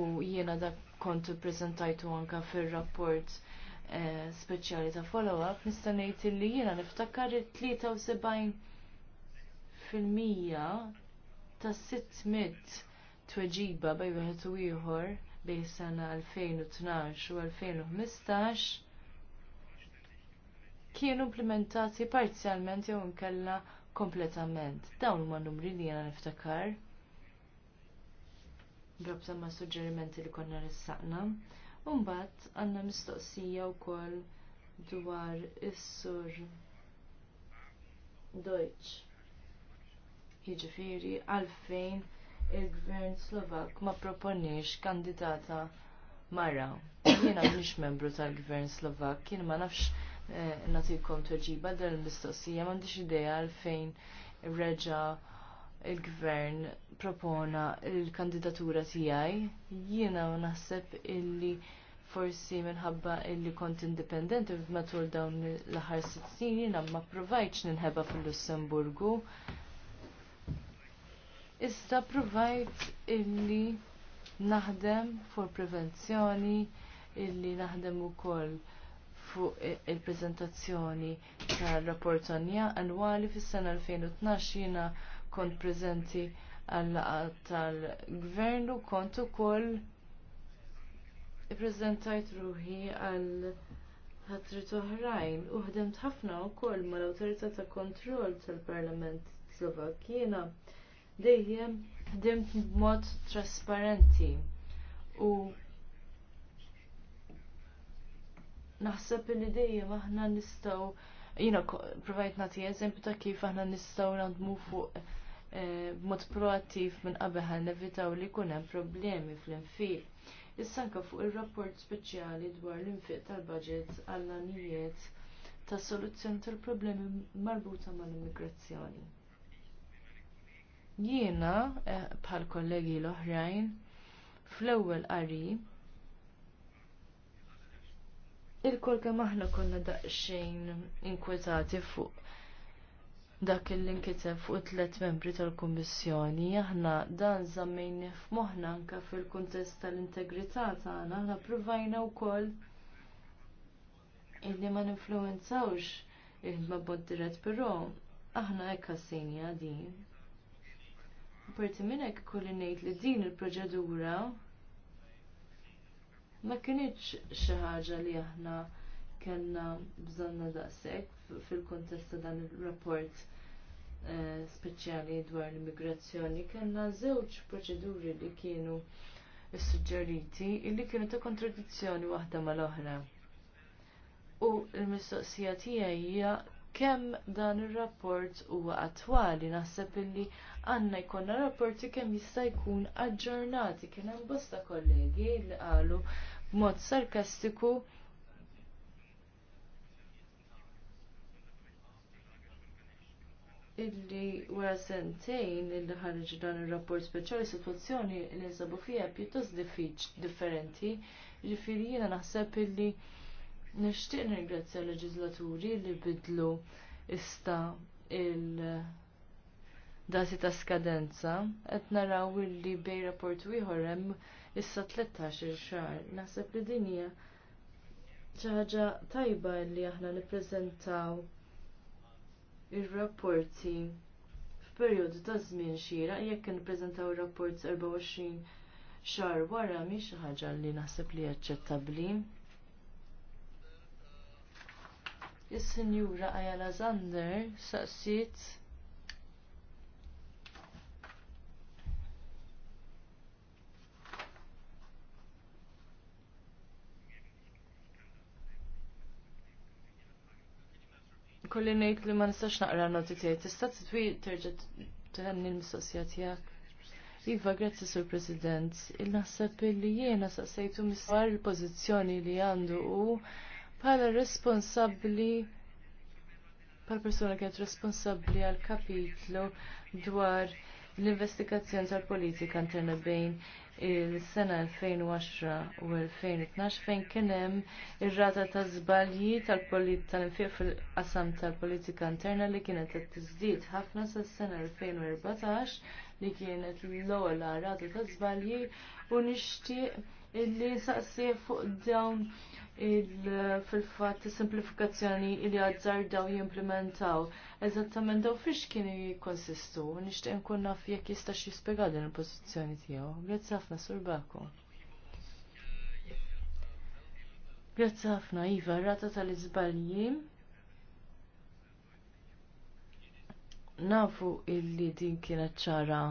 u jiena dak kont ippreżentajtu anke fir-rapport eh, speċjali ta' follow-up nista' ngħid li jiena niftakar 73 fil-mija ta' 600 tweġiba bej wieħed u ieħor bej sena 2012 u 2015 kienu implementati parzjalment jew inkella kompletament. Dawn huma numri li jiena niftakar. Brabta ma' suġġerimenti li konna ressaqna. Umbat għandna mistoqsija wkoll dwar is-sur Deutsch. Jiġifieri għalfejn il-gvern Slovak ma proponix kandidata mara. Jiena mhix membru tal-gvern Slovak, jien ma nafx eh, nagħtikom tweġiba dal mistoqsija m'għandix idea għalfejn reġa' il-gvern propona il-kandidatura tiegħi, jiena naħseb illi forsi minħabba illi kont indipendenti matul dawn l-aħħar sitt snin jiena ma provajtx ninħeba fil-Lussemburgu Issa provajt illi naħdem fuq prevenzjoni, illi naħdem ukoll fuq il-prezentazzjoni tal-rapport annwali fis-sena 2012 jiena kont prezenti għall tal-gvern u kont ukoll ippreżentajt ruħi għal ħatrit oħrajn u ħdemt ħafna wkoll mal autorita ta' kontroll tal-Parlament Slovakkjina dejjem dimt b'mod trasparenti u naħseb li dejjem aħna nistgħu jiena provajt nagħti eżempju ta' kif aħna nistgħu nadmu fuq eh, b'mod proattiv minn qabel ħan nevitaw li jkun hemm problemi fl infil Issa anke fuq ir-rapport speċjali dwar l-infiq tal-budget għall-anijiet ta' soluzzjoni tal-problemi marbuta mal-immigrazzjoni. Jiena eh, bħal kollegi l-oħrajn fl-ewwel qari il-kol kemm aħna konna daqsxejn inkwetati fuq dak il inkiteb fuq tliet membri tal-Kummissjoni aħna dan żammejn f'moħħna anke fil-kuntest tal-integrità tagħna aħna pruvajna wkoll illi ma ninfluwenzawx il-mabod dirett però aħna hekk ħassejni għadin. Parti minn hekk ngħid li din il-proċedura ma kienieċ xi ħaġa li aħna kellna bżonna daqshekk fil-kuntest ta' dan ir-rapport eh, speċjali dwar l-immigrazzjoni kellna żewġ proċeduri li kienu suġġeriti illi kienu ta' kontradizzjoni waħda mal-oħra. U l-mistoqsija tiegħi hija kemm dan ir-rapport huwa attwali naħseb illi għanna jkollna rapporti kemm jista' jkun aġġornati. Kien hemm bosta kollegi li qalu b'mod sarkastiku illi wara sentejn illi ħarġ dan ir-rapport speċjali situazzjoni li nsabu fiha pjuttost differenti, ġifieri jiena naħseb illi nixtieq nirgrazzja l-leġislaturi li bidlu ista il- dati ta' skadenza, qed naraw illi bej rapport ieħor hemm issa 13 xahar. Naħseb li din hija xi ħaġa tajba li aħna nippreżentaw ir-rapporti f'perjodu ta' żmien xira jekk nippreżentaw ir-rapport 24 xahar wara mhix xi ħaġa li naħseb li aċċettabbli. Is-Sinjura Ayala Zander saqsiet kolli ngħid li ma nistax naqra notizijiet. Tista' titwi terġa' tħenni l-mistoqsija tiegħek. Iva, grazzi sur President. Il-naħseb li jiena saqsejtu miswar il-pożizzjoni li għandu u bħala responsabbli bħal persuna kienet responsabbli għal kapitlu dwar l-investigazzjoni tal-politika interna bejn il-sena 2010 u 2012 fejn kien hemm ir-rata ta' żbalji tal-polit tal fil-qasam tal-politika interna li kienet qed tiżdied ħafna sas-sena 2014 li kienet l-ewwel rata ta' żbalji u nixtieq illi saqsi fuq dawn fil-fat simplifikazzjoni li għadżar daw jimplementaw. Eżattament daw fiex kienu jikonsistu, nishtiq nkun naf jekk jistax jispjega din il-pożizzjoni tiegħu. Grazzi ħafna sur Baku. Grazzi ħafna Iva, rata tal izbalji Nafu illi din kienet ċara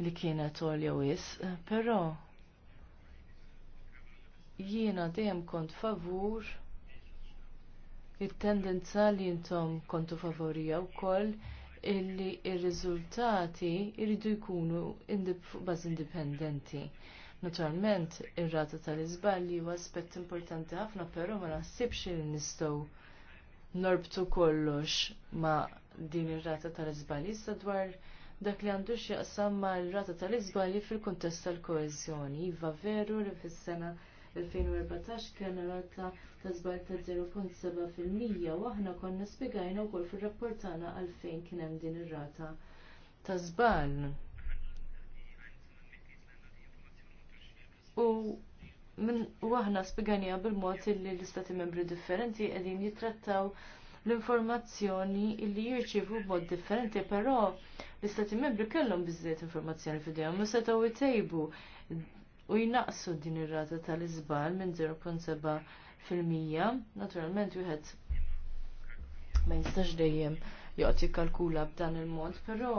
li kienet olja wis, pero jiena dejjem kont favur it-tendenza li intom kontu favorija wkoll illi r riżultati jridu jkunu baż indipendenti. Naturalment, ir-rata tal-iżbalji huwa aspett importanti ħafna, però ma naħsibx li nistgħu norbtu kollox ma' din ir-rata tal-iżbalji issa dwar dak li għandu x'jaqsam ma' r-rata tal-iżbalji fil-kuntest tal-koeżjoni. Iva veru li fis-sena 2014 kena rata ta' żbar ta' 0.7% u aħna konna spiegajna wkoll fir-rapport tagħna għalfejn kien hemm din ir-rata ta' żball. U minn waħna bil-mod li l-istati membri differenti qegħdin jittrattaw l-informazzjoni li jirċievu b'mod differenti, però l-istati membri kellhom biżżejjed informazzjoni fidejhom u setgħu jtejbu u jnaqsu din ir-rata tal-iżbal minn 0.7 fil-mija. Naturalment wieħed ma jistax dejjem joqgħod jikkalkula b'dan il-mod, però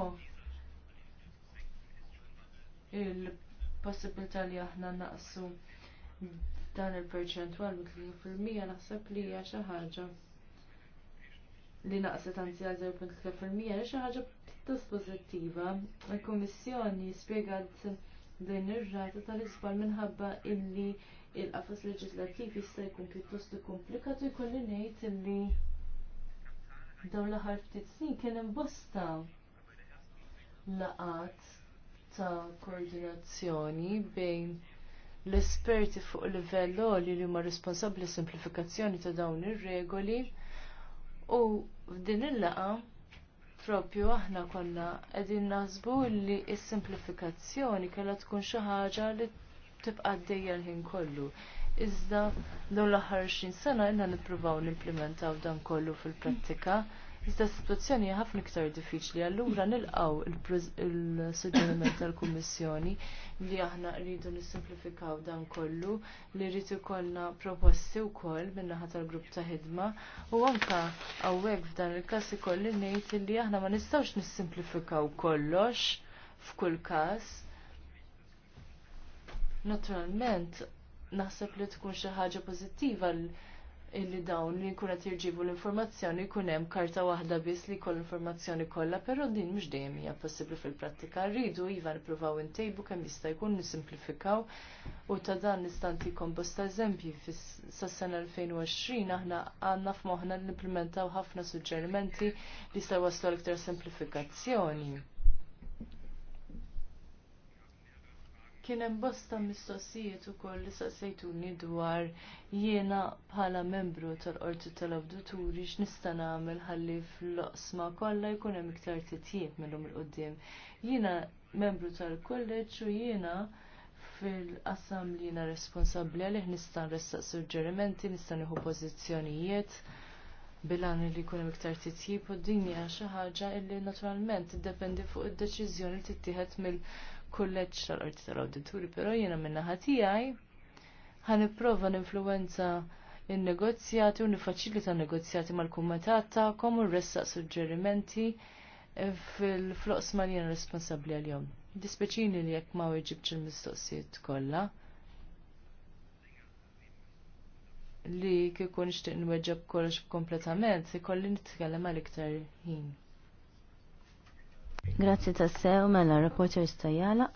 il-possibilità li aħna naqsu dan il-perċentwal fil-mija naħseb li hija xi ħaġa li naqset anzi għal 0.3% li xi ħaġa pjuttost pożittiva. Il-Kummissjoni spjegat din ir-rata tal-iżbar minħabba illi il-qafas leġislattiv jista' jkun pjuttost komplikat u jkolli ngħid illi dawn l-aħħar ftit snin kien hemm bosta laqat ta' koordinazzjoni bejn l-esperti fuq livell li huma responsabbli simplifikazzjoni ta' dawn ir-regoli u f'din il-laqa' propju aħna konna qegħdin naħsbu li s-simplifikazzjoni kellha tkun xi ħaġa li tibqa' għaddejja l-ħin kollu. Iżda dawn l-aħħar 20 sena inna nippruvaw nimplementaw dan kollu fil-prattika. Mm Iżda situazzjoni ħafna iktar diffiċli, allura nilqaw il-suġġeriment tal-Kummissjoni li aħna rridu nissimplifikaw dan kollu, li rridu ikollna proposti wkoll min-naħa tal-grupp ta' ħidma u anka hawnhekk f'dan il-każ ikolli ngħid li aħna ma nistgħux nissimplifikaw kollox f'kull każ. Naturalment, naħseb li tkun xi ħaġa pożittiva illi dawn li jkun qed jirġibu l-informazzjoni jkun hemm karta waħda biss li jkoll informazzjoni kollha, però din mhux dejjem hija possibbli fil-prattika. Rridu iva nippruvaw intejbu kemm jista' jkun nisimplifikaw u ta' dan jkun bosta eżempji sas-sena 2020 aħna għandna f'moħħna nimplementaw ħafna suġġerimenti li jistgħu waslu iktar simplifikazzjoni. Kien hemm bosta mistoqsijiet ukoll li saqsejtuni dwar jiena bħala membru tal-Qorti tal awduturi x'nista' nagħmel ħalli fl-oqsma kollha jkun hemm iktar titjib minnhom il-qudiem. Jiena membru tal-kolleġġ u jiena fil qasam li jiena responsabbli għalih nista' nressaq suġġerimenti, nista' nieħu pożizzjonijiet bilan li jkun hemm iktar titjib u dinja xi ħaġa li naturalment tiddependi fuq id-deċiżjoni li tittieħed mill- kulleġġ tal arti tal-awdituri, però jiena min-naħa tiegħi n-influenza ninfluwenza il-negozjati u nifaċilita negozjati mal-kummetat ta'kom u ressa suġġerimenti fil-floqs ma jena responsabli għal-jom. Dispeċini li jekk ma weġibċ il-mistoqsijiet kollha li kikun ixtiq nweġġeb kollox kompletament, ikolli nitkellem għal iktar ħin. Grazzi ta' sew mela reporter stajala.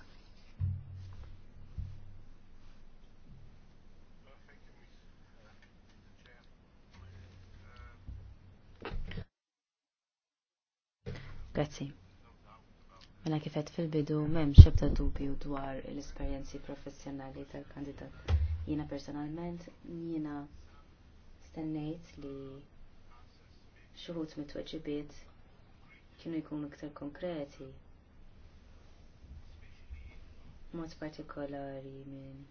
Grazzi. Mela kifet fil-bidu mem xebta dubju dwar l-esperjenzi professjonali tal-kandidat. Jiena personalment, jiena stennejt li xuħut mitweġibiet kienu jkunu iktar konkreti. Mod partikolari minn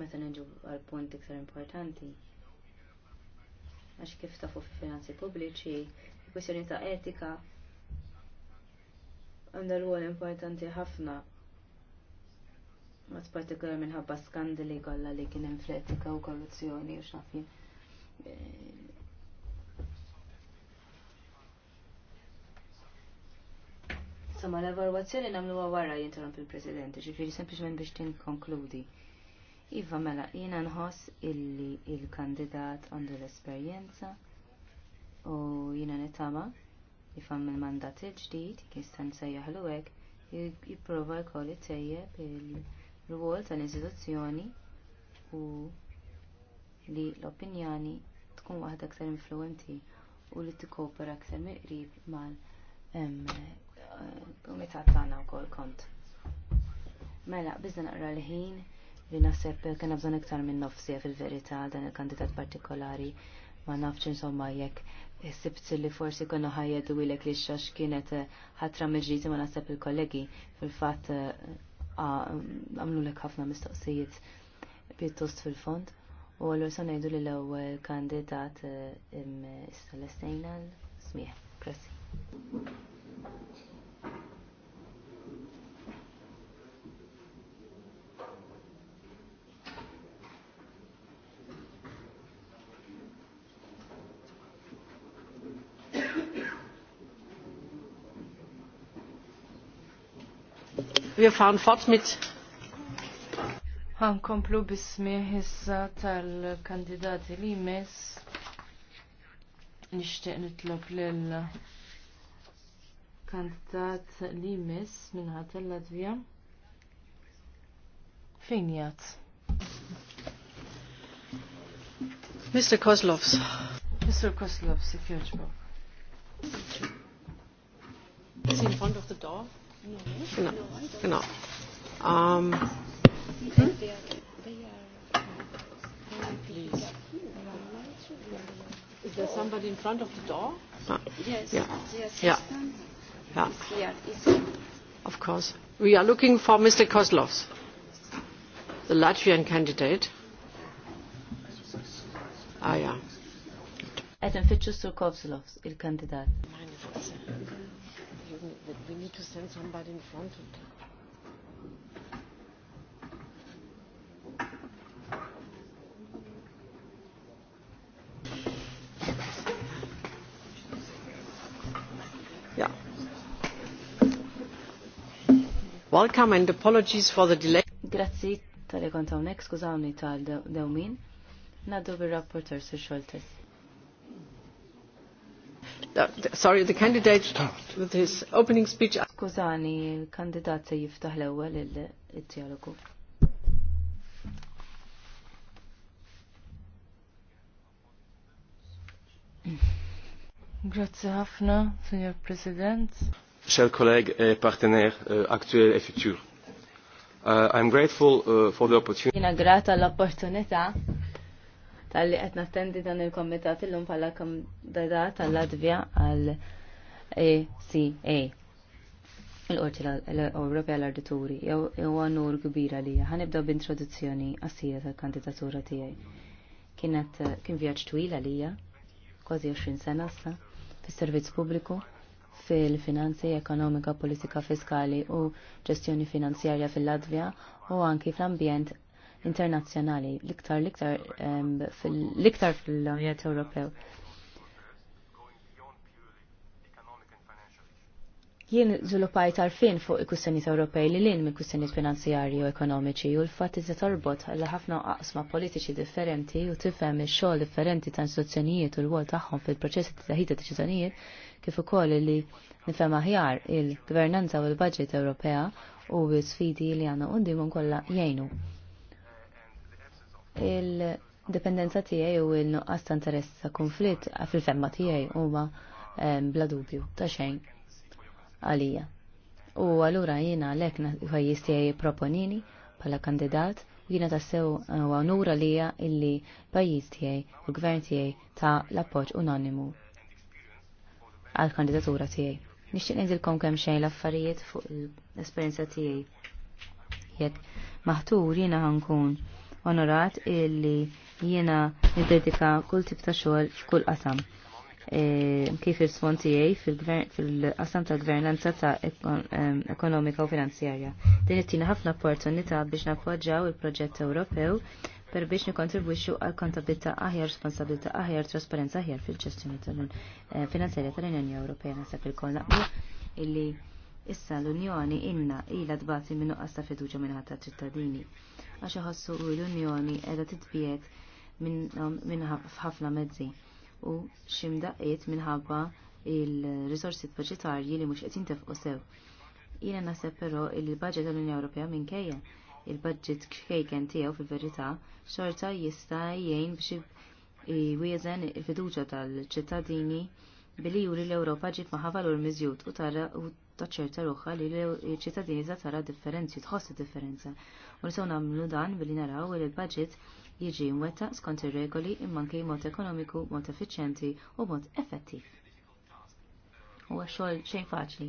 meta neġu għal punt iktar importanti. Għax kif tafu fi finanzi pubbliċi, kwestjoni ta' etika għandha l importanti ħafna. Mat partikolari minħabba skandali kollha li kien hemm fl-etika u korruzzjoni u xafin. Insomma, l-evalwazzjoni namlu wara jinterrompi il-President, ġifiri sempliciment biex tinkonkludi. Iva mela, jiena nħoss illi il-kandidat għandu l-esperjenza u jiena nitama jifam il-mandat il-ġdid, kistan sejjaħlu hekk, jipprova jkolli tejjeb il-rwol tal-istituzzjoni u li l-opinjoni tkun waħda aktar influenti u li tikkopera aktar miqrib mal kumitat tagħna wkoll kont. Mela, biżda naqra l-ħin li naħseb kena bżonn iktar minn nofsija fil-verità dan il-kandidat partikolari ma nafx insomma jekk sibt li forsi konna ħajjedu ilek li xax kienet eh, ħatra meġriti ma nasab il-kollegi fil-fat eh, għamlu l ħafna mistoqsijiet pjuttost fil-fond. U għallu sa' najdu li l-ewel kandidat eh, istalestejna l-smieħ. Grazie. wir fahren fort mit Għankomplu bismi issa tal-kandidati li jmiss. Nishtiq nitlob l-kandidat li jmiss minnħat l-Latvija. Fejn jgħat? Mr. Kozlovs. Mr. Kozlovs, if you're Is he in front of the door? No. Genau. No, no, no, um, Hmm? Is there somebody in front of the door? Ah. Yes. Yeah. Yes. Yeah. Is Of course. We are looking for Mr. Kozlovs, the Latvian candidate. Ah, yeah. Adam nfittxu Kozlovs, il-kandidat. We need to send somebody in front of them. Welcome and apologies for the delay. Grazzi tal kont hawnhekk, skużawni tal-dewmin. Naddu bir-rapporter Sir Scholtes. Uh, sorry, the candidate with his opening speech. Skużani, il-kandidat se jiftaħ l-ewwel il-dialogu. Mm. Grazzi ħafna, Signor President. Cher collègues et uh, actuels et futurs. Uh, I'm grateful uh, for the opportunity. Jina grata l-opportunità tal-li qed nattendi dan il-komitat illum bħala kandidat tal latvia għal ACA l-Qorti l-Ewropea l-Ardituri jew huwa nur kbira li ħanibda b'introduzzjoni qasija tal-kandidatura tiegħi. Kienet kien vjaġġ twil għalija, kważi 20 sena sa' fis-servizz pubbliku fil-finanzi ekonomika, politika fiskali u ġestjoni finanzjarja fil-Latvja u anki fl-ambjent internazzjonali, l-iktar l-iktar fil-Unjoni Ewropew. Jien żviluppajt għarfien fuq il-kustenijiet Ewropej li lin minn kustenijiet finanzjarji u ekonomiċi u l-fatt iżda torbot għal ħafna qasma politiċi differenti u tifhem ix-xogħol differenti ta' istituzzjonijiet u l-wol tagħhom fil-proċess ta' ħita deċiżjonijiet kif ukoll li nifhem aħjar il-gvernanza u l-budget Ewropea u l-sfidi li għandna qudiemhom kollha jgħinu. Il-dipendenza tiegħi u l-nuqqas ta' interess ta' konflitt fil-femma tiegħi huma ehm, bla dubju ta' xejn għalija. U għalura jina lek għajjistijaj proponini pala kandidat u jina tassew għanura eh, lija illi pajjiż tiegħi u gvern tiegħi ta' l-appoġġ unanimu għal kandidatura tiegħi. Nixtieq ngħidilkom kemm xejn l-affarijiet fuq l-esperjenza tiegħi. Jekk maħtur jiena għankun onorat illi jiena niddedika kull tip ta' xogħol f'kull qasam. E, kif il e, għaj fil-qasam tal-gvernanza ta' ekonomika u finanzjarja. Din it-tina ħafna opportunità biex nappoġġaw il-proġett Ewropew per biex nikontribwixxu għal kontabilità aħjar, responsabilità aħjar, trasparenza aħjar fil-ġestjoni tal-finanzjarja e, tal-Unjoni Ewropea nasab il kolla illi issa l-Unjoni inna ila tbati minn nuqqas ta' fiduċa minn ħadd ċittadini. Għax iħossu l-Unjoni qiegħda titbiet minn ħafna mezzi u ximdaqiet minħabba il-risorsi budgetarji li mhux qed jintefqu sew. Jiena naħseb però il-budget tal-Unjoni Ewropea minkejja il-budget kien tiegħu fil-verità xorta jista' jgħin biex wieżen il-fiduċja tal-ċittadini billi juri l-Ewropa ġib maħa valur miżjud u tara u taċċerta ruħħa li l-ċittadini za tara differenzi, tħoss differenza. U nisaw nagħmlu dan billi naraw li l-budget jiġi mwettaq skont ir-regoli immanki mod ekonomiku, mod effiċjenti u mod effettiv. Huwa xogħol xejn faċli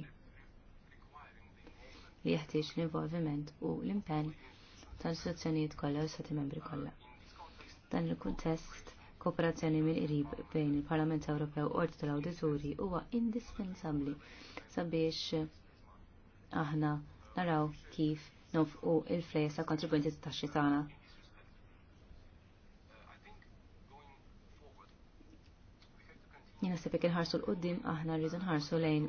li jeħtieġ l-involviment u l-impenn tal-istituzzjonijiet kollha u stati membri kollha. Dan il-kuntest kooperazzjoni mill-qrib bejn il-Parlament Ewropew u Qorti tal-Awdituri huwa indispensabbli sabiex aħna naraw kif nofqu il-flejsa kontribwenti ta' xitana Jena sepek nħarsu l-qoddim aħna rridu nħarsu lejn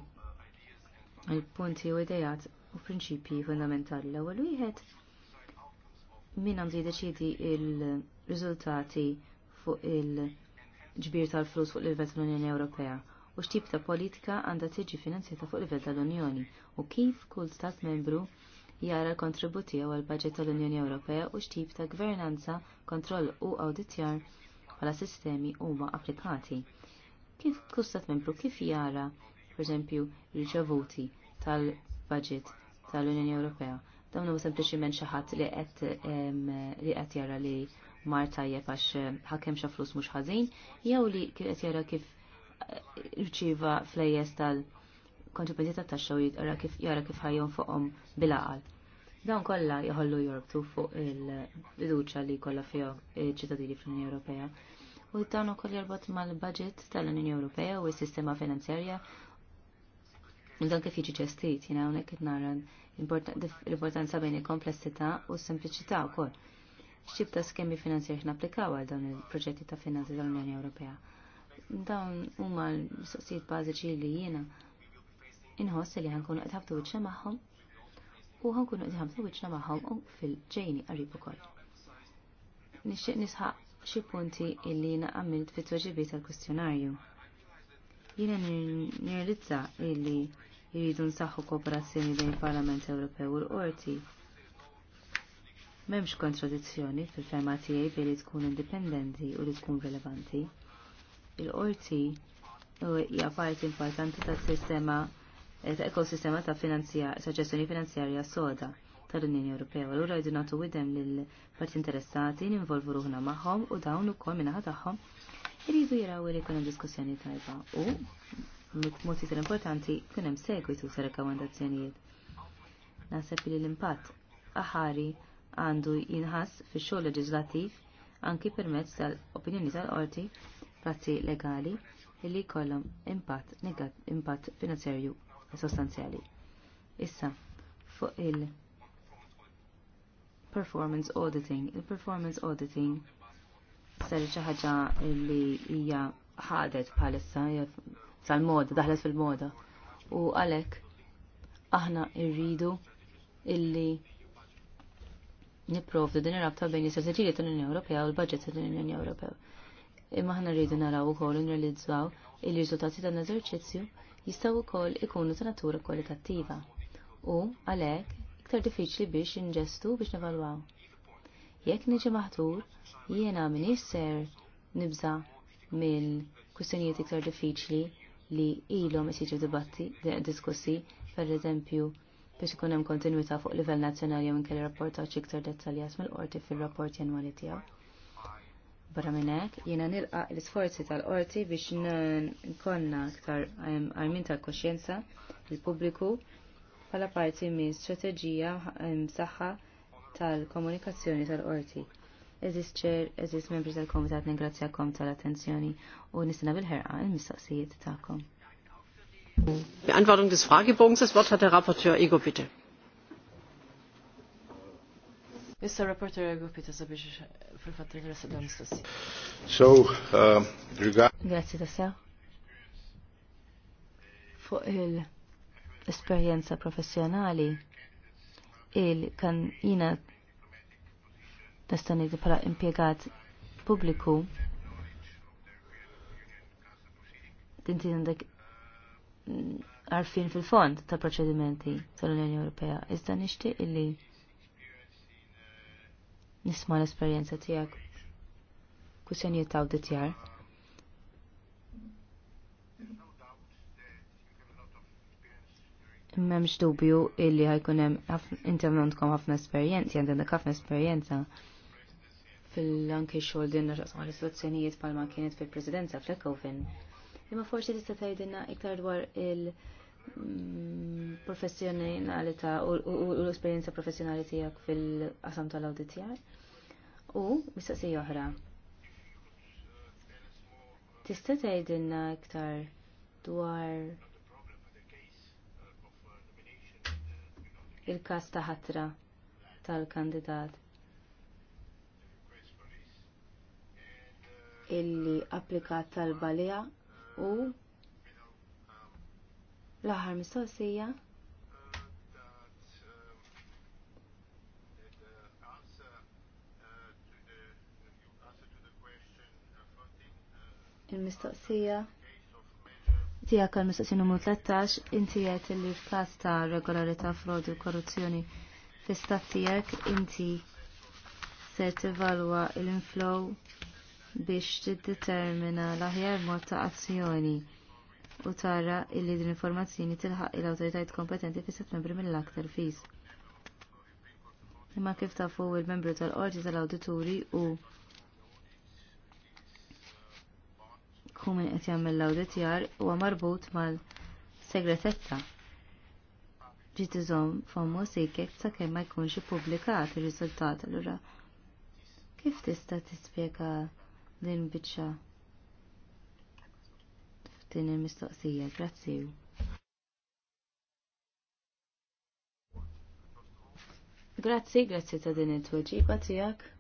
il-punti u idejat u prinċipji fundamentali l-ewwel wieħed min għandu jiddeċidi il-riżultati fuq il-ġbir tal-flus fuq l livell tal-Unjoni Ewropea u x'tip ta' politika għandha tiġi finanzjata fuq l livell tal-Unjoni u kif kull stat membru jara l kontributi tiegħu budget tal-Unjoni Ewropea u x'tip ta' gvernanza, kontroll u awditjar bħala sistemi huma applikati kif kustat membru kif jara, pereżempju, riċevuti tal-budget tal-Unjoni Ewropea. Dawn huwa sempliċiment xi ħadd li qed jara li mar tajjeb għax eh, ħakemm xa flus mhux ħażin, jew li qed jara kif eh, rċiva flejjes tal-kontributi ta' taxxa u jara kif jara kif ħajjon fuqhom bil-aqal. Dawn kollha jħollu jorbtu fuq il-fiduċja li kollha fiha ċittadini fl-Unjoni Ewropea u dan ukoll jorbot mal-budget tal-Unjoni Ewropea u s-sistema finanzjarja u dan kif jiġi ġestit, jina hawnhekk qed nara l-importanza bejn il-komplessità u s-sempliċità wkoll. X'tip ta' skemi finanzjarji napplikaw għal dawn il-proġetti ta' finanzi tal-Unjoni Ewropea. Dawn huma l-mistoqsijiet bażiċi li jiena inħoss li ħankunu qed ħabtu wiċċa magħhom u ħankunu qed ħabtu wiċċa magħhom fil-ġejni qrib ukoll nixtieq nisħaq xi punti illi jiena għamilt fit tweġibi tal-kwestjonarju. Jiena nirrizza illi jridu nsaħħu kooperazzjoni bejn il-Parlament Ewropew u l-Qorti. M'hemmx kontradizzjoni fil-ferma tiegħi billi tkun indipendenti u li tkun rilevanti. Il-Qorti hija parti importanti tas-sistema ta' ekosistema ta' ġestjoni finanzjarja soda tal-Unjoni Ewropea. Allura jdu nagħtu widhem lill-parti interessati ninvolvu ruħna magħhom u dawn ukoll minaħa tagħhom iridu jaraw li jkun hemm diskussjoni tajba u mod iktar importanti jkun hemm segwitu ta' rakkomandazzjonijiet. Naħseb li l-impatt aħari għandu jinħass fix-xogħol leġislattiv anki permezz tal-opinjoni tal-qorti prassi legali li jkollhom impatt impatt finanzjarju sostanzjali. Issa, fuq il- performance auditing. Il-performance auditing sar xi ħaġa li hija ħadet bħalissa tal-moda, daħlet fil-moda. U għalhekk aħna rridu illi nipprovdu din ir-rabta bejn is-strateġija tal-Unjoni Ewropea u l-budget tal-Unjoni Ewropea. Imma aħna rridu naraw ukoll nirrealizzaw il-riżultati tal eżerċizzju jistgħu wkoll ikunu ta' natura kwalitattiva. U għalhekk iktar diffiċli biex inġestu biex nevalwaw. Jekk niġi maħtur, jiena minix ser nibza mill-kustenijiet iktar diffiċli li ilhom isiġu dibatti diskussi, pereżempju, biex ikun hemm kontinwità fuq livell nazzjonali jew inkella xi iktar dettaljat mill-qorti fir-rapport annwali tiegħu. Barra minn hekk, jiena nilqa l-isforzi tal-qorti biex nkollna aktar armin tal-koxjenza il-pubbliku bħala parti minn strateġija msaħħa tal-komunikazzjoni tal-qorti. Eżis ċer, eżis membri tal-komitat ningrazzjakom tal-attenzjoni u nisna bil-ħerqa il-mistoqsijiet tagħkom. Beantwortung des Fragebogens, das Wort hat der Rapporteur Ego, bitte. Issa rapporteur Ego, bitte, sabiex fil-fatt il-rasa dan mistoqsijiet. So, uh, regard... Grazie, tassa. Fuq il- esperjenza professjonali il kan jina nistani bħala impiegat pubbliku tinti għandek għarfin mm, fil-fond ta' proċedimenti tal-Unjoni Ewropea. Iżda nixtieq illi nisma' l-esperjenza tiegħek kwistjonijiet ta' awditjar. Memx dubju illi ħajkun hemm intem għandkom ħafna esperjenzi, għandek ħafna esperjenza fil-anki xogħol din naġaqs ma' l-istituzzjonijiet bħalma kienet fil-Presidenza fl-Ekofin. Imma forsi tista' tgħidilna iktar dwar il- mm, professjonalità u l-esperjenza professjonali tiegħek fil-qasam tal-awditjar. U mistaqsija oħra. Tista' tgħidilna iktar dwar il-każ ta' ħatra tal-kandidat illi applikat tal-balija u l-aħħar mistoqsija il-mistoqsija tiegħek għal mistaqsin numru 13 inti għet li f'każ ta' regolarita' frodi u korruzzjoni fl-istat tiegħek inti se tivalwa l-inflow biex tiddetermina l-aħjar mod ta' azzjoni u tara illi din informazzjoni tilħaq il-awtoritajiet kompetenti fis membri mill-aktar fis. Imma kif tafu il-membru tal-qorti tal-awdituri u u minn qed jagħmel l-awditjar huwa marbut mal-segretezza. Ġiet iżomm fommu sikek sakemm ma jkunx ippubblikat ir-riżultat allura. Kif tista' tispjega din biċċa f'din il-mistoqsija? Grazzi. Grazzi, grazzi ta' din it-tweġiba tiegħek.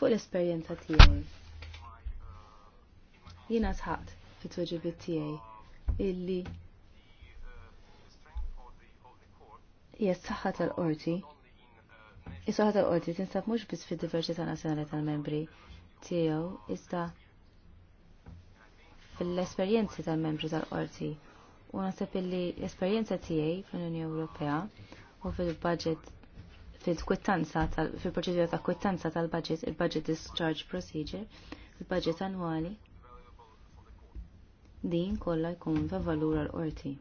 fuq l-esperjenza tiegħi. Jiena sħaqt fit-tweġibiet tiegħi illi hija s-saħħa tal-qorti. Is-saħħa tal-qorti tinsab mhux biss fid-diversità nazzjonali tal-membri tiegħu iżda fil-esperjenzi tal-membri tal-qorti. U naħseb illi l-esperjenza tiegħi fl-Unjoni Ewropea u fil-budget fil-kwittanza fil-proċedura ta' kwittanza tal-budget, il-budget discharge procedure, il-budget annwali. Din kollha jkun ta' valur għal qorti.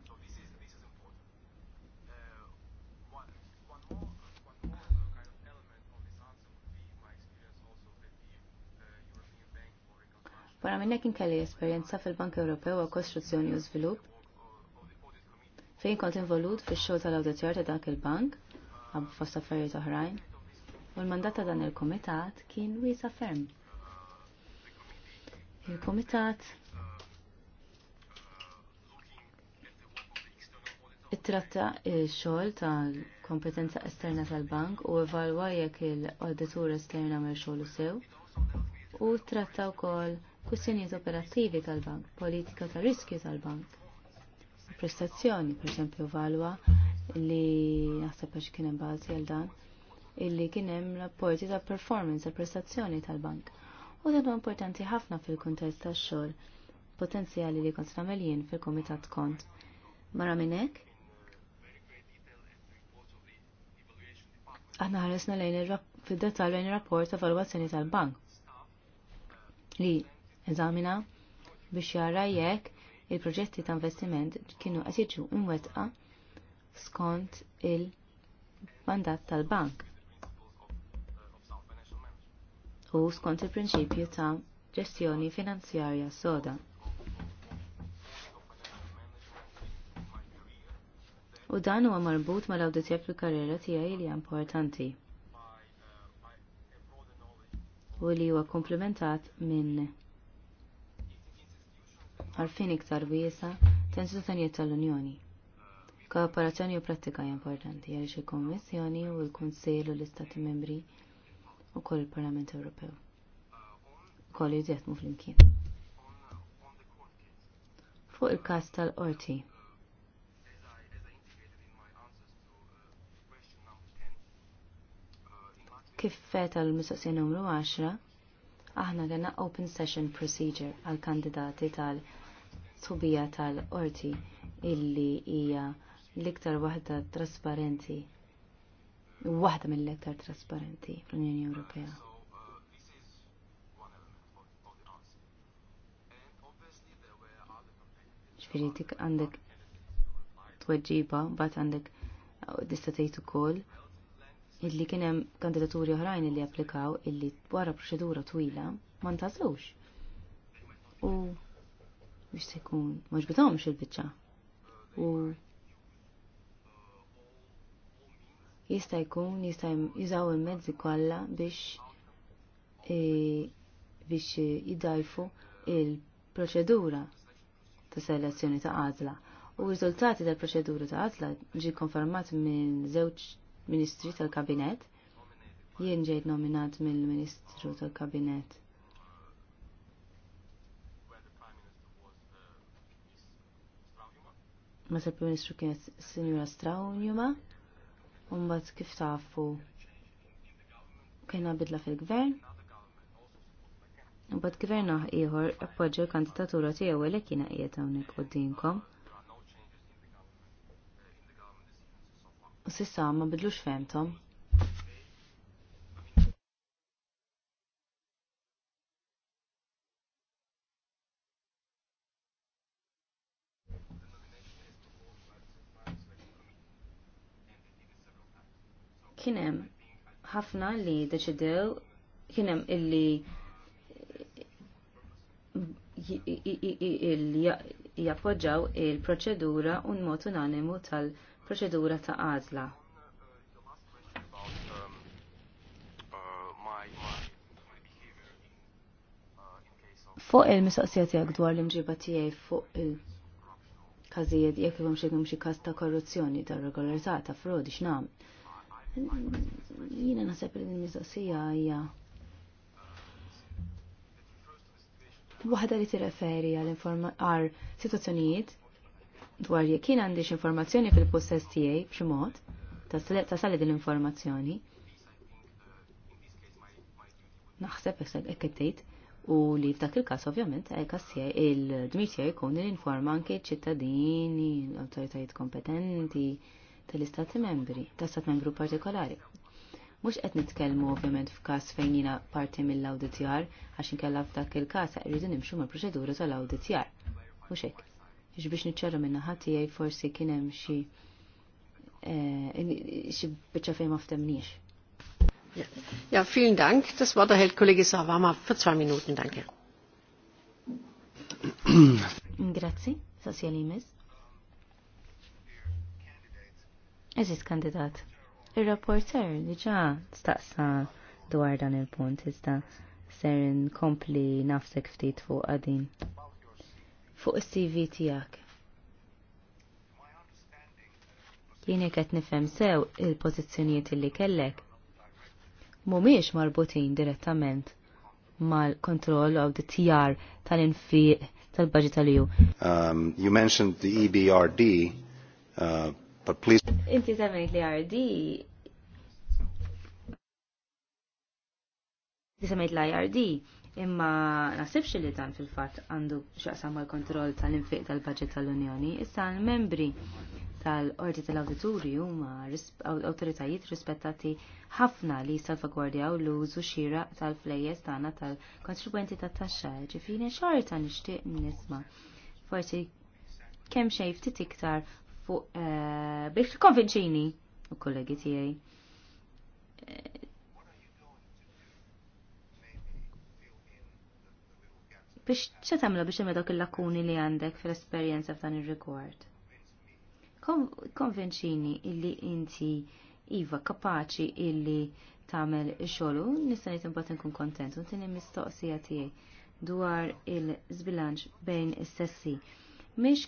Para minn hekk inkelli esperjenza fil-Bank Ewropew għal kostruzzjoni u żvilupp fejn kont involut fix-xogħol tal-awditjar ta' dak il-bank għab fost affarijiet oħrajn. U l-mandat ta' dan il-komitat kien wiesa ferm. Il-komitat Ittratta il-xol tal-kompetenza esterna tal-bank u evalwa jekk il-auditur esterna mer xogħol sew u tratta wkoll kwistjonijiet operattivi tal-bank, politika ta' riskju tal-bank, prestazzjoni, per valwa li naħseb għax kienem hemm bażi għal dan illi kien hemm rapporti ta' performance ta' prestazzjoni tal-bank. U dan importanti ħafna fil-kuntest tax-xogħol potenzjali li kont nagħmel jien fil-kumitat kont. Mara minn hekk? Aħna ħaresna lejn fid dettal lejn ir-rapport ta' valwazzjoni tal-bank li eżamina biex jara jekk il-proġetti ta' investiment kienu qed jiġu imwettqa' skont il-mandat tal-bank u skont il-prinċipju ta' ġestjoni finanzjarja soda. U dan huwa marbut mal-awditja fil-karriera tiegħi li hija importanti. U li huwa komplementat minn għarfien iktar wiesa ta' istituzzjonijiet tal-Unjoni. Kooperazzjoni u prattika hija importanti għaliex il-Kommissjoni u l-Kunsill u l-Istati Membri u koll il-Parlament Ewropew. Koll jitjetmu fl flimkien. Fuq il-kas tal-qorti. Kif fet għal-mistoqsija numru 10, aħna għanna open session procedure għal-kandidati tal subija tal-qorti illi hija l-iktar waħda trasparenti, waħda mill-iktar trasparenti fl-Unjoni Ewropea. Ġifieri dik għandek tweġiba, bat għandek uh, tista' tgħid ukoll illi kien hemm kandidaturi oħrajn illi applikaw illi wara proċedura twila ma ntażlux. U biex se jkun ma ġbitomx il-biċċa. U jista' jkun jista' jużaw il-mezzi kollha biex e, biex jidajfu il-proċedura ta' selezzjoni ta' għadla. U r-riżultati tal-proċedura ta' għadla ġi konfermat minn żewġ ministri tal-kabinet. Jien ġejt nominat mill-ministru tal-kabinet. Ma sepp ministru kienet Sinjura Straunjuma. Umbat kif tafu kena bidla fil-gvern. Umbat gvern iħor appoġġa l-kandidatura tiegħu li kien qiegħed hawnhekk qudiemkom. U sissa ma bidlux femtom. kienem ħafna li deċidew kienem illi jappoġġaw il-proċedura un mod unanimu tal-proċedura ta' għazla. Fuq il-mistoqsija tiegħek dwar l-imġiba tiegħi fuq il-każijiet jekk hemm xi kas ta' korruzzjoni ta' regolarità ta' frodi x'nam. Jina nasab li l-mistoqsija hija waħda li tirreferi għal situazzjonijiet dwar jekk jien għandix informazzjoni fil-possess tiegħi b'xi mod sali din l-informazzjoni. Naħseb hekk tgħid u li f'dak il-każ ovvjament il-dmir tiegħi jkun l-informa anke ċittadini, l-awtoritajiet kompetenti, tal-istati membri, ta' stat membru partikolari. Mux qed nitkellmu ovvjament f'każ fejn jiena parti mill-awditjar għax inkella f'dak il-każ irridu nimxu mal-proċedura tal-awditjar. Mhux hekk. Ix biex niċċarru minn naħa tiegħi forsi kien hemm xi eh, xi biċċa fejn ma ftemniex. Ja, vielen Dank. Das Wort erhält Kollege Savama für zwei Minuten. Danke. Grazie, Sassia mis. Eżis kandidat. Il-rapporter diġa staqsa dwar dan il-punt iżda ser nkompli nafsek ftit fuq għadin. Fuq is-CV tiegħek. Jini qed nifhem sew il-pożizzjonijiet illi kellek mhumiex marbutin direttament mal-kontroll u d-tijar tal-infiq tal-budget tal-ju. Um, you mentioned the EBRD uh, But please. Inti semmejt li RD. Inti semmejt li RD. Imma nasibx li dan fil-fat għandu xaqsam mal kontroll tal-infiq tal-budget tal-Unjoni, issa l-membri tal-ordi tal-awdituri huma awtoritajiet rispettati ħafna li salvagwardjaw l-użu xira tal-flejjes tagħna tal-kontribwenti tat-taxxa, ġifieri xorta nixtieq nisma' forsi kemm xejn ftit iktar fuq eh, biex konvinċini u kollegi tiegħi. Eh, biex ċe biex imma dawk il-lakuni li għandek fil-esperjenza f'dan ir-rigward? Konvinċini illi inti iva kapaċi illi tagħmel xogħol u nista' ngħid imbagħad inkun kontent u tieni mistoqsija tiegħi dwar il-żbilanċ bejn is-sessi. is sessi mhix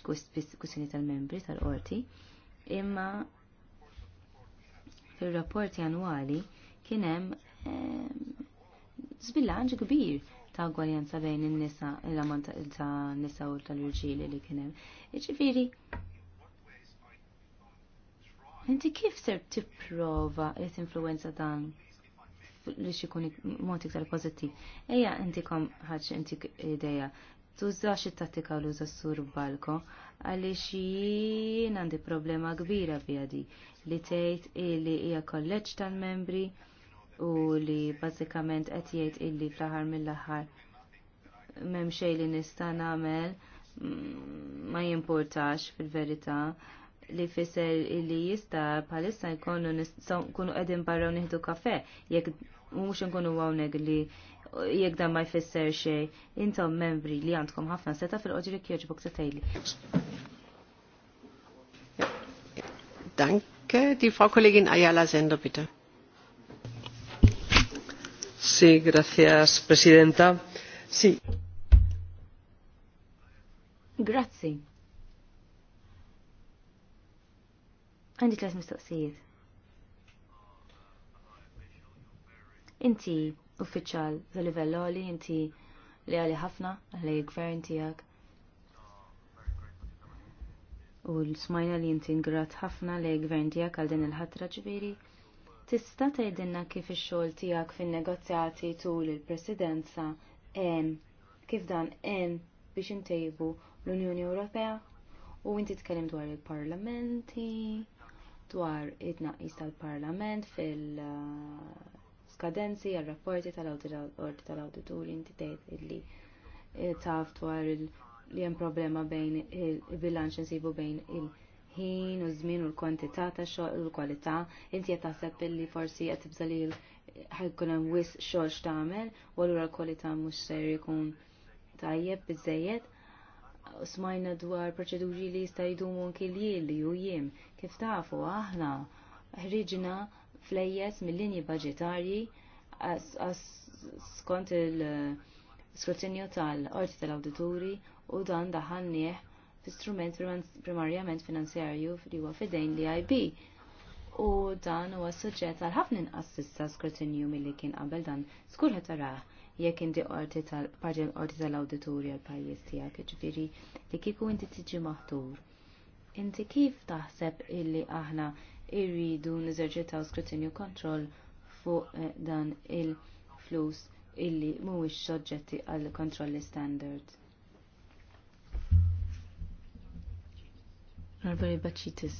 kusini tal-membri tal-qorti, imma fir-rapporti annwali kien hemm eh, kbir ta' gwaljanza bejn in-nisa l-ammont ta' nisa u tal irġili li kien hemm. Inti kif ser tipprova li tinfluwenza dan li motik tal iktar Eja, Ejja kom ħaġ intik ideja tużax it-tattika l uża sur balko għaliex jien għandi problema kbira bija di li tgħid illi hija kolleġġ tal-membri u li bażikament qed jgħid illi fl-aħħar mill-aħħar m'hemm xejn li nista' nagħmel mm, ma jimpurtax fil-verità li fisser illi jista bħalissa jkunu qegħdin barra nieħdu kafè jekk mhux nkunu hawnhekk li jekk dan ma jfisser xej, intom membri li għandkom ħafna seta fil-qoġri kjoġbok setejli. Danke, di fa Kollegin Ayala Zendo, bitte. Sí, gracias, Presidenta. Sí. Grazzi. Għandi tlas mistoqsijiet. Inti, uffiċjal za livell li inti li għali ħafna għalli gvern tijak. U l-smajna li inti ngrat ħafna li gvern tijak għal din il-ħatra ġviri. Tista tgħidilna kif ix-xogħol tiegħek fin-negozjati tul il-Presidenza hemm kif dan hemm biex intejbu l-Unjoni Ewropea u inti tkellem dwar il-parlamenti, dwar it tnaqqis tal-parlament fil- uh, skadenzi għal rapporti tal-awdituri inti tgħid illi eh, taf dwar li hemm problema bejn il-bilanċ insibu bejn il-ħin u żmien u l-kwantità ta' xogħol u l-kwalità, inti qed taħseb illi forsi qed tibża li ħajkun hemm wis xogħol x'tagħmel u allura l-kwalità mhux se jkun tajjeb biżejjed smajna dwar proċeduri li jista' jdumu anke li u jiem kif tafu aħna ħriġna flejjes mill-linji budgetarji skont il-skrutinju eh, tal-orti tal-awdituri u dan daħalnieh f'istrument primarjament finanzjarju li huwa fidejn li IB. U dan huwa suġġett għal ħafna inqas issa skrutinju milli kien qabel dan skur ħed taraħ jekk inti qorti tal qorti tal-awdituri għal pajjiż tiegħek, ġifieri li kieku inti tiġi maħtur. Inti kif taħseb illi aħna irridu niżerġetaw skrutinju kontroll fuq eh, dan il-flus illi mhuwiex soġġetti għal kontrolli standard. Bacitis.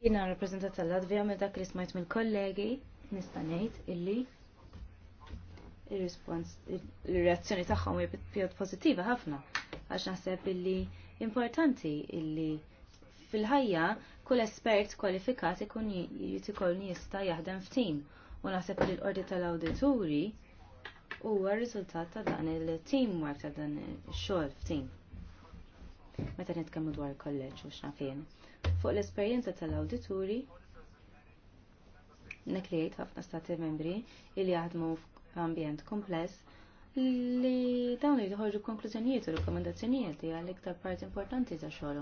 Jina rappresentat tal-Latvija me dak li smajt mill-kollegi, nista' ngħid illi il-respons, il-reazzjoni tagħhom hija pjod pożittiva ħafna għax naħseb illi importanti illi fil-ħajja kull espert kwalifikat ikun jitikolni jista' jaħdem f'tim u naħseb li l-qorti tal-awdituri huwa r-riżultat ta' dan il-teamwork ta' dan ix-xogħol f'tim. Meta nitkellmu dwar il-kolleġġ u x'nafien fuq l-esperjenza tal-awdituri nek ħafna stati membri illi jaħdmu f'ambjent kompless li dawn jħorġu konklużjonijiet u rekomendazzjonijiet li għal iktar parti importanti ta' xogħol.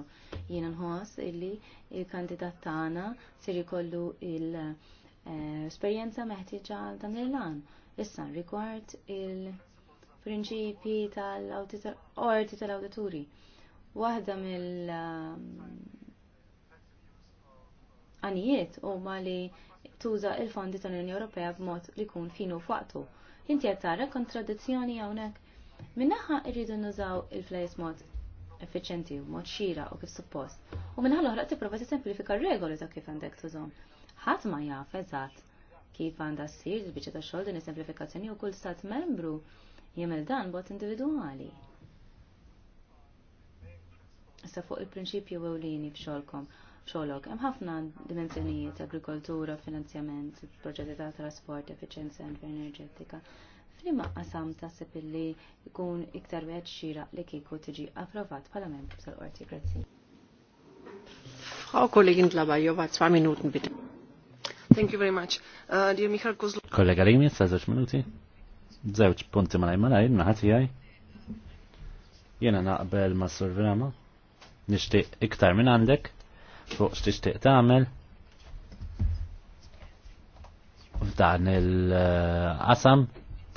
Jiena nħoss illi il-kandidat tagħna sir jkollu l-esperjenza meħtieġa għal dan il-lan. Issa rigward il-prinċipi tal-orti tal-awdituri. Waħda mill- um, għanijiet huma li tuża il-fondi tal-Unjoni Ewropea b'mod li jkun finu f'waqtu. Inti qed tara kontradizzjoni hawnhekk. Minnaħħa irridu nużaw il-flejs mod effiċenti u mod xira u kif suppost. U minnaħħa l-oħra tipprova tisemplifika r-regoli ta' kif għandek tużhom. Ħadd ma jaf eżatt kif għandha ssir il-biċċa ta' xogħol din is-semplifikazzjoni u kull stat membru jagħmel dan bot individwali. Issa fuq il-prinċipju ewlieni f'xogħolkom xolok. Hemm ħafna dimensjonijiet agrikoltura, finanzjament, proġetti ta' trasport, efficienza enerġetika. Flimma qasam taħseb illi jkun iktar wieħed xira li kieku tiġi approvat parlament sal tal-qorti. Grazzi. Thank you very much. Uh, dear Michal Kozlo... Kollega Rimi, sa' zewċ minuti. Zewċ punti malaj malaj, naħati għaj. Jena naqbel ma' survrama. Nishtiq iktar minn għandek fuq x'tixtieq tagħmel. F'dan il-qasam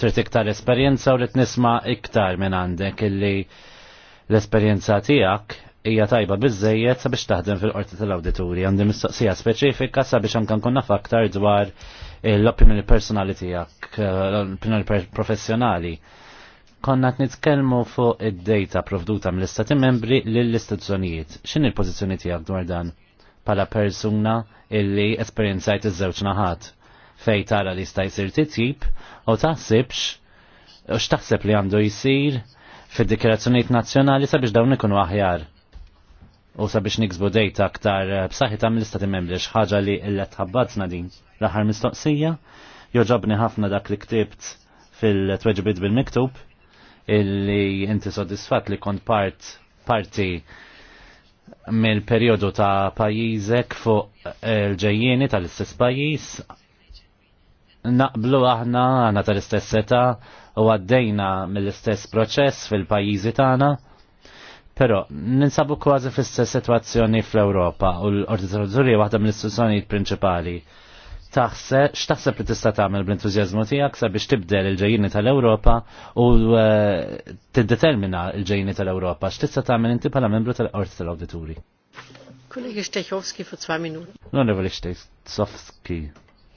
trid iktar esperjenza u rrit nisma' iktar minn għandek illi l-esperjenza tiegħek hija tajba biżejjed sabiex taħdem fil-qorti tal-awdituri għandi mistoqsija speċifika sabiex anke nkunna faktar dwar l-opinjoni personali tiegħek, l-opinjoni professjonali konna t-nitkelmu fuq id-data provduta mill-istati membri lill-istituzzjonijiet. Xin il-pozizjoni tijak dwar dan? Pala persuna illi esperienzajt iż-żewġ naħat fej tara li sta jisir titjib u taħsibx u xtaħseb li għandu jisir fid dikjerazzjonijiet nazzjonali sabiex dawn ikunu aħjar u sabiex niksbu dejta aktar eh, b'saħħitha mill-istati membri x'ħaġa li illet tħabbatna din. L-aħħar mistoqsija, joġobni ħafna dak li ktibt fil-tweġbit bil-miktub illi inti sodisfat li kont part parti mill-periodu ta' pajjiżek fuq il-ġejjieni tal-istess pajjiż naqblu aħna għana tal-istess età u għaddejna mill-istess proċess fil-pajjiżi tagħna. Pero, ninsabu kważi fl-istess situazzjoni fl-Europa u l-Ordi Trazzuri waħda mill-istituzzjonijiet prinċipali taħseb x'taħseb li tista' tagħmel bl-entużjażmu tiegħek sabiex tibdel il-ġejjini tal-Ewropa u eh, tiddetermina l-ġejjini tal-Ewropa x'tista' tagħmel inti bħala membru tal-Qorti tal-Awdituri. Kollegi Stechowski fu 2 minuti. L-Onorevoli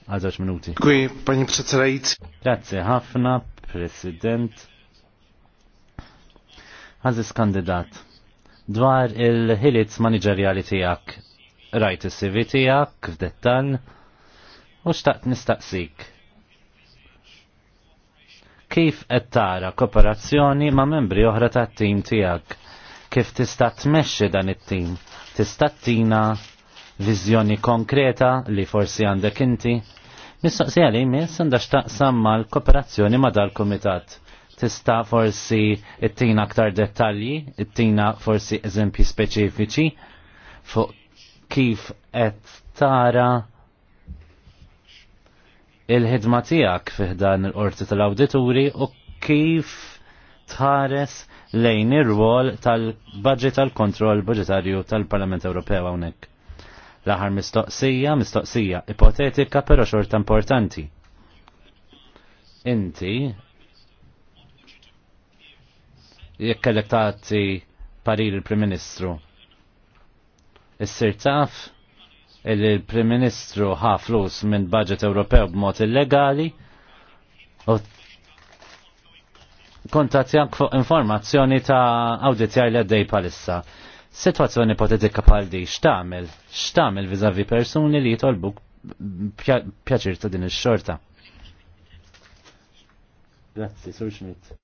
għal żewġ minuti. Kwi, pani Prezzerajt. Grazzi ħafna, President. Għaziz kandidat, dwar il-ħiliet manageriali tijak, rajt il-CV tijak, f'dettan, u staqt nistaqsik. Kif qed tara kooperazzjoni ma' membri oħra tat-tim tiegħek? Kif tista' tmexxi dan it-tim? Tista' tina viżjoni konkreta li forsi għandek inti? Mistoqsija li jmiss għandax taqsam mal kooperazzjoni ma' dal-Kumitat. Tista' forsi it-tina aktar dettalji, it-tina forsi eżempji speċifiċi fuq kif qed tara il-ħidma tiegħek fih dan il-qorti tal-awdituri u kif tħares lejn ir-rwol tal-budget tal-kontroll budgetarju tal-Parlament Ewropew hawnhekk. L-aħħar mistoqsija, mistoqsija ipotetika però xorta importanti. Inti jekk kellek tagħti parir il-Prim Ministru. Is-sir taf il-Prim Ministru ħa flus minn budget Ewropew b'mod illegali u kontattjak informazzjoni ta' awditjar li għaddej palissa. Situazzjoni ipotetika pal di, xtamil, xtamil vizavi persuni li jitolbu pjaċir ta' din ix-xorta. Grazzi, Sur Schmidt.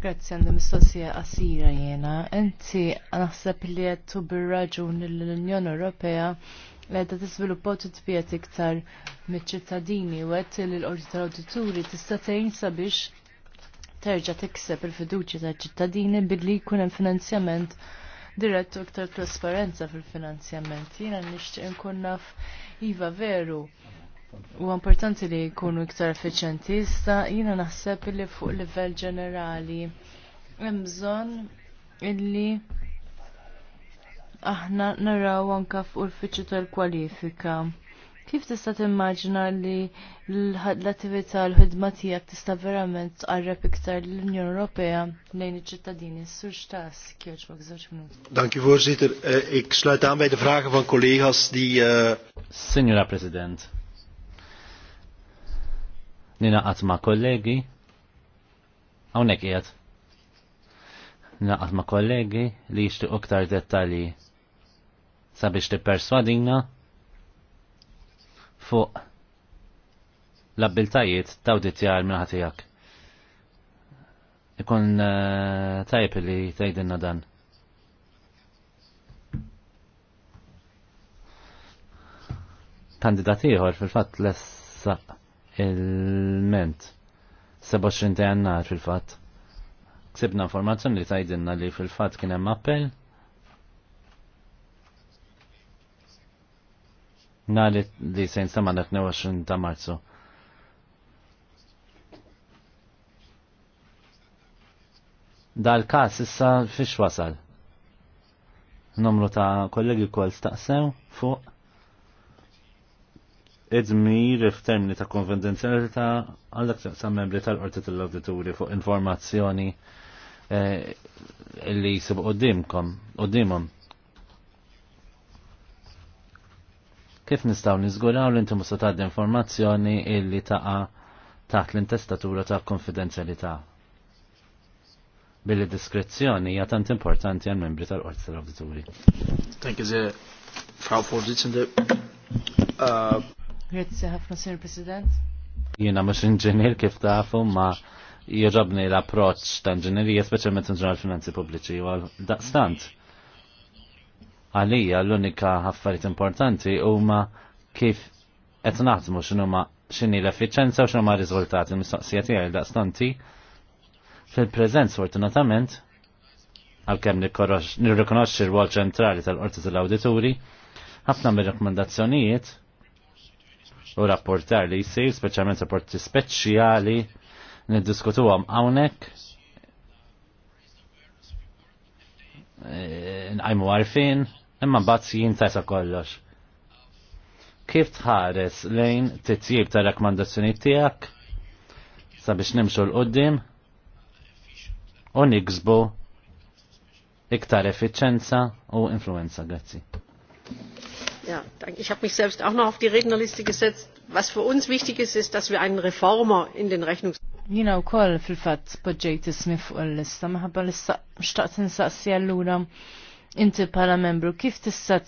Grazzi għandu mistoqsija qasira jiena. Inti naħseb li qed tubir raġun l-Unjoni Ewropea li qed tiżviluppa u titbiet iktar miċ-ċittadini u għedt li l-qorti tal-awdituri tista' tgħin sabiex terġa' tikseb il-fiduċja tal-ċittadini billi jkun hemm finanzjament dirett u iktar trasparenza fil-finanzjament. Jiena nixtieq nkun naf iva veru U importanti li jkunu iktar effiċenti, issa jina naħseb li fuq livell ġenerali hemm bżonn illi aħna naraw anka fuq il-fiċċju tal-kwalifika. Kif tista' timmaġina li l-attività l-ħidma tiegħek tista' verament tqarreb iktar l-Unjoni Ewropea lejn iċ-ċittadini s-sur xtas kieġbok żewġ minuti. Danki voorzitter, eh, ik slajt aan bij van eh, Signora President, ninaqat ma' kollegi, għawnek jgħat. Ninaqat ma' kollegi li jishtu uktar dettali sabiex ti perswadina fuq l-abbiltajiet taw dittjar minnaħatijak. Ikun eh, tajp li tajdinna dan. Kandidatiħor fil-fat l-essa il-ment. 27 jannar fil-fat. Ksibna informazzjoni li tajdinna li fil-fat kien hemm appell na li, li se jinsema 22 ta' marzu. Dal-kas issa fiex wasal. Numru ta' kollegi kol staqsew fuq id-dmir f'termini ta' konvenzjonalità għallak sa' membri tal-qorti tal-awdituri fuq informazzjoni eh, li jisibu qoddimkom, qoddimom. Kif nistaw nizguraw li intimu sa' tad informazzjoni illi taqa taħt l-intestatura ta' konfidenzjalità? Billi diskrezzjoni hija tant importanti għal membri tal-qorti tal-awdituri. Thank you, Frau Vorsitzende. Uh, Grazie ħafna, Sir President. Jiena mhux inġinier kif tafu ma jirrabni l-approċċ ta' inġinerija speċjalment inġenar finanzi pubbliċi u daqstant. Għalija l-unika affarijiet importanti huma kif qed naħdmu x'inhuma x'inhi l-effiċenza u x'inhuma r-riżultati l-mistoqsija tiegħi daqstanti fil-preżent sfortunatament għalkemm nirrikonoxxi r wol ċentrali tal-qorti tal-awdituri, ħafna mir rekomendazzjonijiet u rapportar li jisir, speċjalment rapporti speċjali niddiskutu għam għawnek Għajmu e, għarfin, imma bat jintajsa kollox. Kif tħares lejn titjib ta' rakmandazzjoni tijak sabiex nimxu l-qoddim u niksbu iktar effiċenza u influenza, grazzi. Ja, danke. Ich habe mich selbst auch noch auf die Rednerliste gesetzt. Was für uns wichtig ist, ist, dass wir einen Reformer in den Rechnungs... Jina u koll fil-fat podġejt ismi fuq l-lista, maħabba l-istaqt nsaqsi għallura inti pala membru, kif tista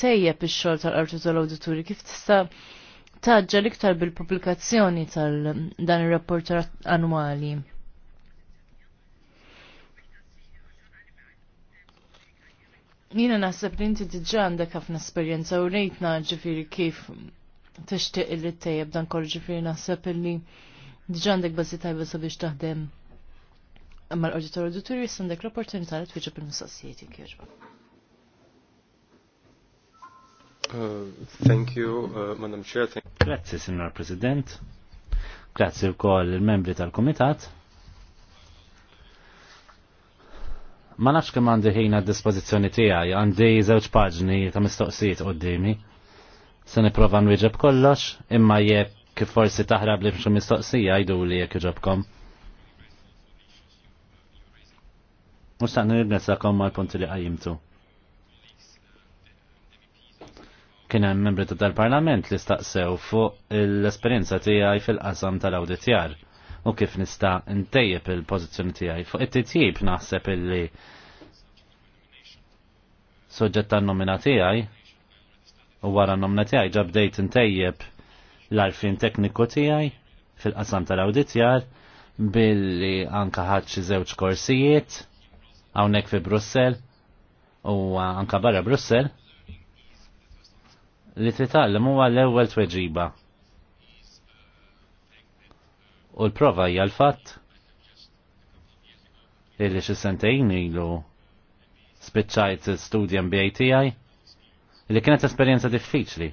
tejjeb ix-xogħol tal artu tal-awdituri, kif tista taġġa l-iktar bil-pubblikazzjoni tal-dan ir-rapport annwali? Nina naħseb li inti diġa għandek ħafna esperjenza u rejtna ġifiri kif tixtieq li tejjeb dan kollu ġifieri naħseb illi diġà għandek bażi tajba sabiex taħdem imma l-auditor auditor jissandek l-opportunità li tfiġib il mistoqsijieti kieġba. Uh, thank you, uh, Madam Chair. Grazie, Signor President. Grazie wkoll il-membri tal-Komitat. Ma nafx kemm għandi ħin għad-dispożizzjoni tiegħi, għandi żewġ paġni ta' mistoqsijiet qudiemi. Se nipprova nwieġeb kollox, imma jekk kif forsi taħrab li mxu mistoqsija jgħidu li jekk iġobkom. Mhux taqni nirnesakom mal punti li qajimtu. Kien hemm membri tal-Parlament li staqsew fuq l-esperjenza tiegħi fil-qasam tal-awditjar u kif nista' ntejjeb il-pożizzjoni tiegħi. Fuq it-titjib naħseb illi soġġett tan-nomina tiegħi u wara n-nomina tiegħi ġabdejt ntejjeb l-arfin tekniku tiegħi fil-qasam tal-awditjar billi anka ħadd xi żewġ korsijiet hawnhekk fi Brussell u anka barra Brussell li titgħallem huwa l-ewwel tweġiba U l-prova hija l-fatt illi xi sentejn ilu spiċċajt studja MBA tiegħi li kienet esperjenza diffiċli.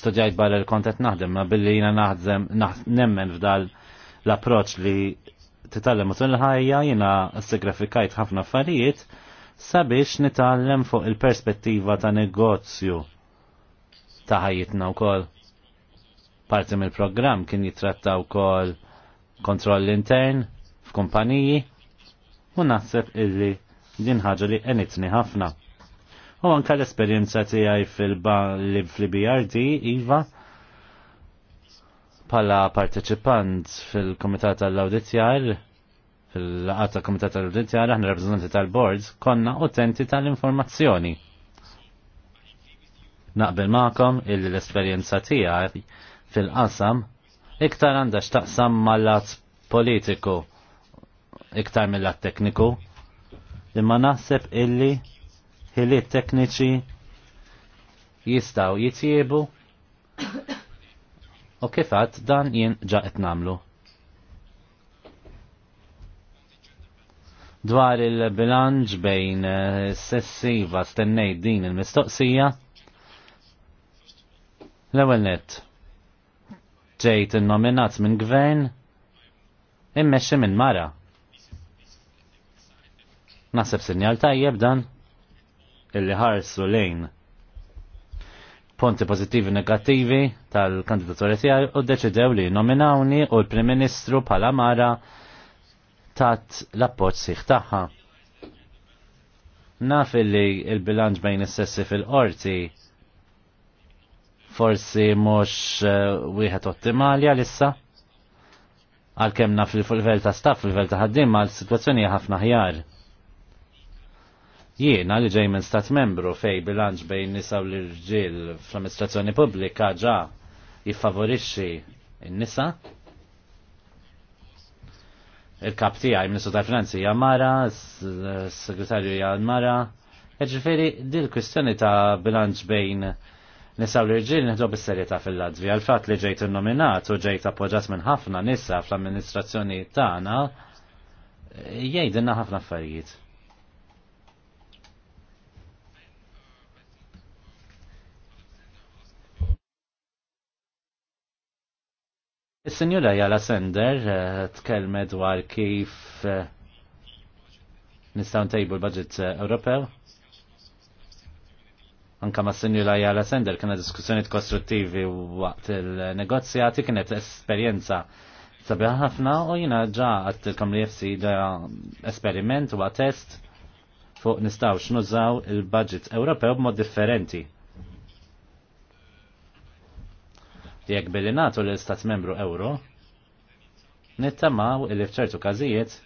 Studjajt barra l-kontet naħdem, ma billi jina naħdem nemmen f'dal l-approċ li titallem u tul-ħajja jina s ħafna affarijiet sabiex nitallem fuq il-perspettiva ta' negozju ta' ħajjitna u koll. Parti mill-programm kien jitrattaw kol kontroll intern f'kumpaniji u naħseb illi din ħaġa li enitni ħafna. U anka l-esperienza tiegħi fil-BRD iva pala parteċipant fil-Komitat tal-Awditjar fil-laqat tal-Komitat tal-Awditjar aħna rappreżentanti tal-Boards konna utenti tal-informazzjoni. Naqbel ma'kom illi l-esperienza tiegħi fil-qasam iktar għandha x'taqsam mal-lat politiku iktar mill-lat tekniku ma naħseb illi ħiliet tekniċi jistaw jitjiebu u kifat dan jien ġaqet namlu. Dwar il-bilanġ bejn eh, sessiva stennej din il-mistoqsija, l-ewel net ġejt innominat minn gvern immexxi minn mara. Nasib sinjal tajjeb dan illi ħarsu lejn ponti pozittivi negattivi tal kandidaturi tiegħi u deċidew li nominawni u l-Prim Ministru bħala Mara tat l-appoġġ sieħ tagħha. Naf illi il-bilanċ bejn is-sessi fil-qorti forsi mhux wieħed ottimali għalissa għal-kemna fil-level ta' staff, fil-level ta' ħaddim, għal situazzjoni ħafna ħjar. Jiena li ġej minn stat membru fej bilanċ bejn nisa u l-irġiel fl-amministrazzjoni pubblika ġa jiffavorixxi n-nisa. Il-kap tiegħi Ministru tal-Finanzi hija Mara, s-Segretarju hija Mara, din l kwistjoni ta' bilanċ bejn nisaw l-irġil neħdu bis-serjetà fil-Latvija. Għal-fatt li ġejt innominat u ġejt appoġġat minn ħafna nisa fl-amministrazzjoni tagħna jgħidilna ħafna affarijiet. Is-Sinjura Jala Sender eh, tkellmet dwar kif eh, nistgħu ntejbu l-budget eh, Ewropew anka ma' la Jala Sender kena diskussjoniet kostruttivi waqt il-negozjati kienet esperjenza sabiħa ħafna u jina ġa għattilkom li jefsi da esperiment u test fuq nistaw xnużaw il-budget Ewropew b'mod differenti. Jekk billi l-Istat membru Euro, nittamaw il-fċertu kazijiet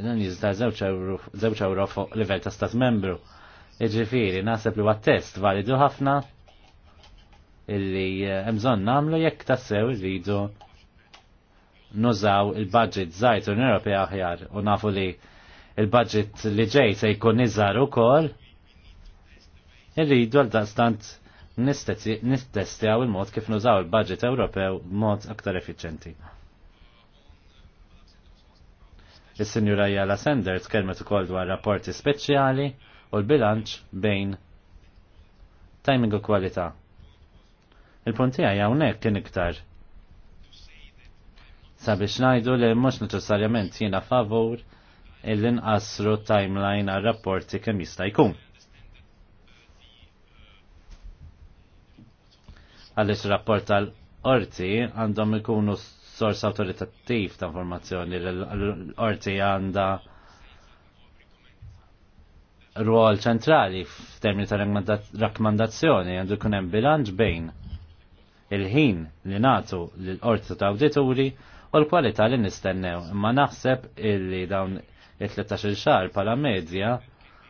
dan jizda zewċ euro fuq livell ta' stat membru. Iġifiri, naħseb li għat-test validu ħafna illi eh, emżon namlu jekk tassew rridu nużaw il-budget zaħit un Ewropea aħjar u nafu li il-budget li ġej se jkun iżar u kol irridu għal-daqstant nistestjaw il-mod kif nużaw il-budget Ewropew mod aktar effiċenti. Is-Sinjura Jala Sender tkellmet ukoll dwar rapporti speċjali u l-bilanċ bejn timing u kwalità. il punti għaj hawnhekk kien iktar. Sabiex ngħidu li mhux neċessarjament jina favur il-inqasru timeline għal rapporti kemm jista' jkun. Għaliex rapport tal-orti għandhom ikunu sors autoritattiv ta' informazzjoni l-orti għanda ruol ċentrali f'termini ta' rakkomandazzjoni għandu jkun hemm bilanċ bejn il-ħin li natu l-orti ta' awdituri u l-kwalità li nistennew. Imma naħseb illi dawn it-13 xahar pala medja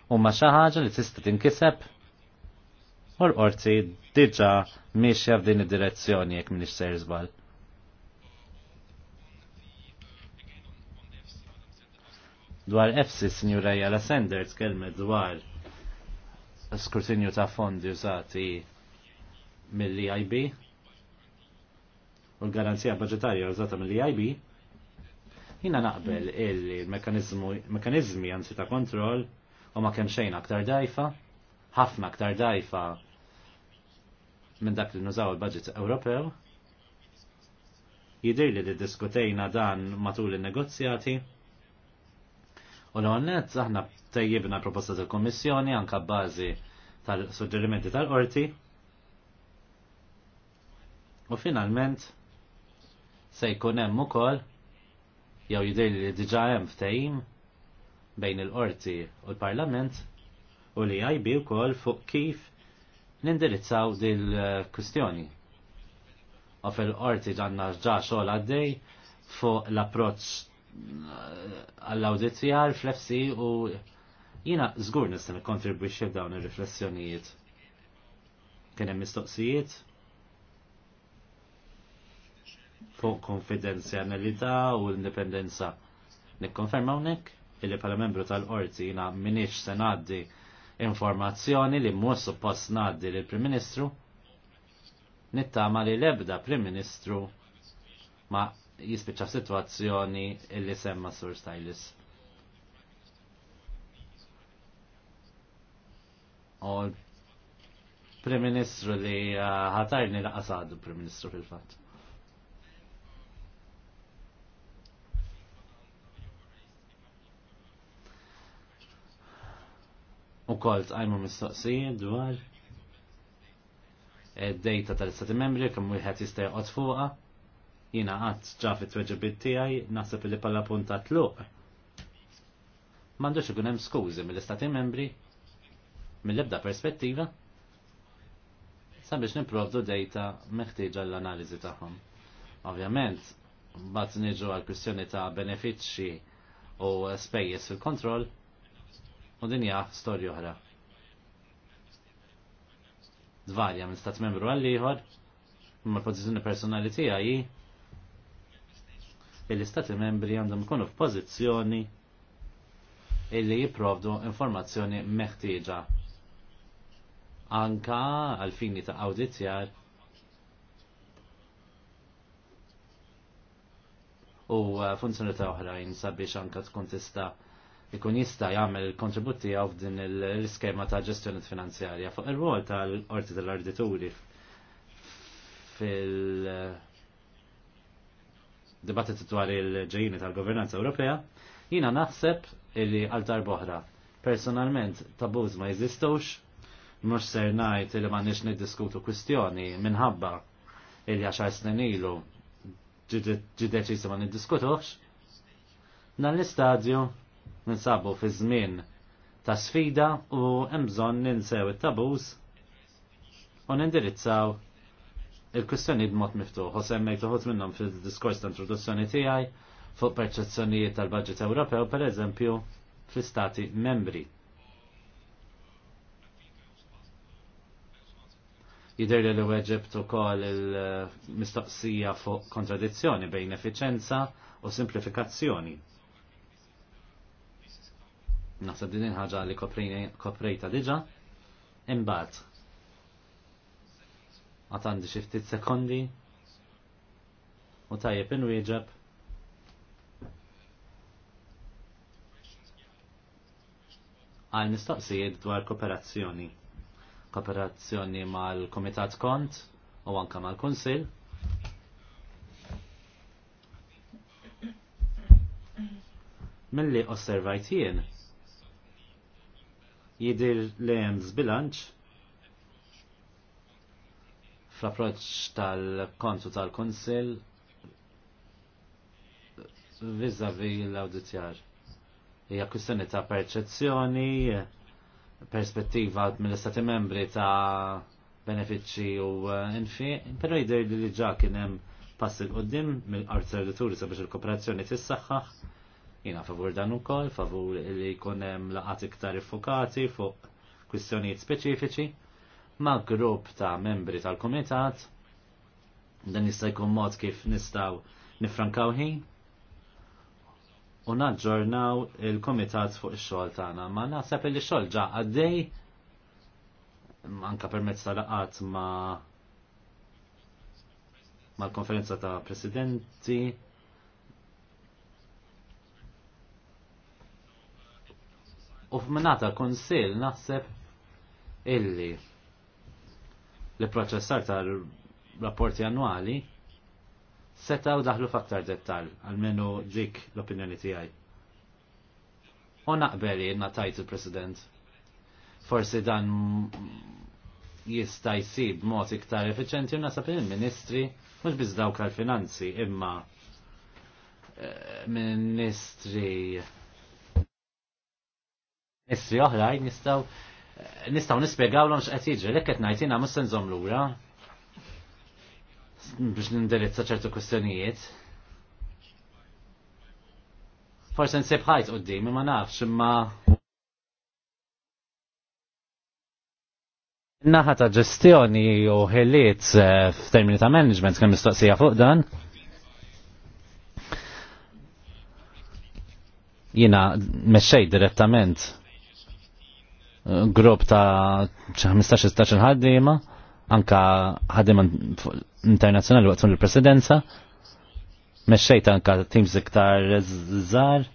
huma xi ħaġa li tista' tinkiseb u l-qorti diġà mixja f'din id-direzzjoni jekk m'iniex ser żball. Dwar EFSI, Signora Jala Sanders, kelmet dwar skrutinju ta' fondi użati mill ib u l-garanzija budgetarja użata mill ib jina naqbel il-mekanizmi għanzi ta' kontrol u ma' kem xejn aktar dajfa, ħafna aktar dajfa minn dak li nużaw il-budget Ewropew. Jidir li li diskutejna dan matul il-negozjati, U l-għonnet, aħna tajjibna proposta tal-Kommissjoni anka bazi tal-suġġerimenti tal-qorti. U finalment se jkun hemm ukoll jew jidher li diġà hemm ftehim bejn il-qorti u l-Parlament u li jajbi wkoll fuq kif nindirizzaw dil-kwistjoni. Eh, u fil-qorti ġanna ġa xogħol għaddej fuq l-approċċ għall-awdizzjar fl u jina zgur nistan kontribwixxi f'dawn ir-riflessjonijiet. Kien hemm mistoqsijiet fuq konfidenzjanalità u l-indipendenza. Nikkonferma hawnhekk illi bħala membru tal-qorti jina minix se ngħaddi informazzjoni li mhux suppost ngħaddi lill prim Ministru nittama li l-ebda Prim Ministru ma jispiċa situazzjoni illi semma Sur Stylis. U l-Prim-Ministru li uh, ħatajni uh, laqasadu Prim-Ministru fil-fat. U kolt għajmu mistoqsijiet dwar id-data eh, tal-istati membri kemm wieħed jista' joqgħod fuqha jina għat ġafi t-weġibit tijaj nasib li pala t luq. Mandux ikun hemm skużi mill-istati membri mill-ebda perspettiva sabiex niprovdu dejta meħtieġa l-analiżi tagħhom. Ovvjament, bat niġu għal kwistjoni ta' benefiċċji u spejjeż fil-kontroll u din hija storja oħra. Dvarja minn stat membru għal ieħor, imma l-pożizzjoni personali tiegħi il-Istati membri għandhom ikunu f'pożizzjoni illi jiprovdu informazzjoni meħtieġa anka għal-fini ta' awditjar u uh, funzjoni ta' oħrajn sabiex anka tkun tista' ikun jista' jagħmel kontribut tiegħu f'din l-iskema ta' ġestjoni finanzjarja fuq ir-rol tal-qorti tal-ardituri fil- dibattit dwar il-ġejjini tal-governanza Ewropea, jina naħseb illi għal darboħra. Personalment, tabuż ma jeżistux, mux ser najt illi ma nix niddiskutu kwistjoni minħabba illi għaxar snin ilu ġideċi ma nid-diskutux. Dan l-istadju ninsabu fi żmien ta' sfida u hemm bżonn ninsew it-tabuż u nindirizzaw il-kwistjoni b'mod miftuħ, semmejt uħut minnhom fil-diskors ta' introduzzjoni tiegħi fuq perċezzjonijiet tal budget Ewropew, pereżempju fl-Istati membri. Jider li l weġib ukoll il-mistoqsija fuq kontradizzjoni bejn effiċenza u simplifikazzjoni. Naħseb din ħaġa li koprejta diġa, imbagħad għatandi xiftit sekondi u tajjeb inwieġeb. Għal mistoqsijiet dwar kooperazzjoni. Kooperazzjoni mal-Komitat Kont u anka mal-Kunsil. Milli li jien jidir li hemm zbilanċ fl-approċ tal-kontu tal-konsil vizavi l-auditjar. Hija kwistjoni ta' perċezzjoni, perspettiva mill-Istati membri ta' benefiċċji u eh, infi, però jidher li ġa kien hemm passi il qoddim mill qart servituri sabiex il-kooperazzjoni tissaħħaħ. Jiena favur dan ukoll, favur li jkun hemm laqat iktar iffokati fuq kwistjonijiet speċifiċi ma' grupp ta' membri tal-komitat dan jista' jkun mod kif nistaw nifrankaw ħin u naġġornaw il-komitat fuq ix-xogħol tagħna. Ma naħseb li x-xogħol ġa għaddej anka permezz tal-laqat ma mal-konferenza ta' presidenti u f'minata konsil naħseb illi li proċessar tal-rapporti annuali setaw daħlu faktar dettal, għalmenu dik l-opinjoni tijaj. U naqbeli tajt il-President. Forsi dan jista' jsib mod iktar effiċenti u nasab il-Ministri mhux biż dawk finanzi imma eh, ministri Ministri oħrajn jistgħu nistaw nispiegaw l-onx qed jiġri, l qed ngħid jiena zom se nżomm lura biex nindirizza ċertu kwistjonijiet. Forse nsib ħajt d-dim, ma nafx imma Naħa ta' ġestjoni u ħelliet eh, f'termini ta' management kemm mistoqsija fuq dan. Jina mexxej direttament grupp ta' 15-16 ħaddima, anka ħaddima internazjonali waqt il-presidenza, mexxejt anka teams iktar żgħar,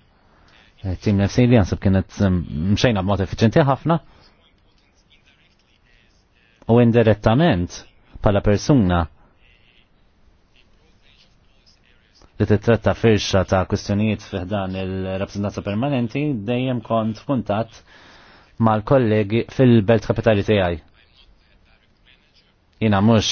team nefsi li jansib kienet mm, mxejna b'mod effiċenti ħafna. U indirettament, pala persuna, li titratta firxa ta' kwistjonijiet fiħdan il-rappresentanza permanenti, dejjem kont f'kuntatt mal-kollegi fil-belt kapitali tiegħi. Jina mhux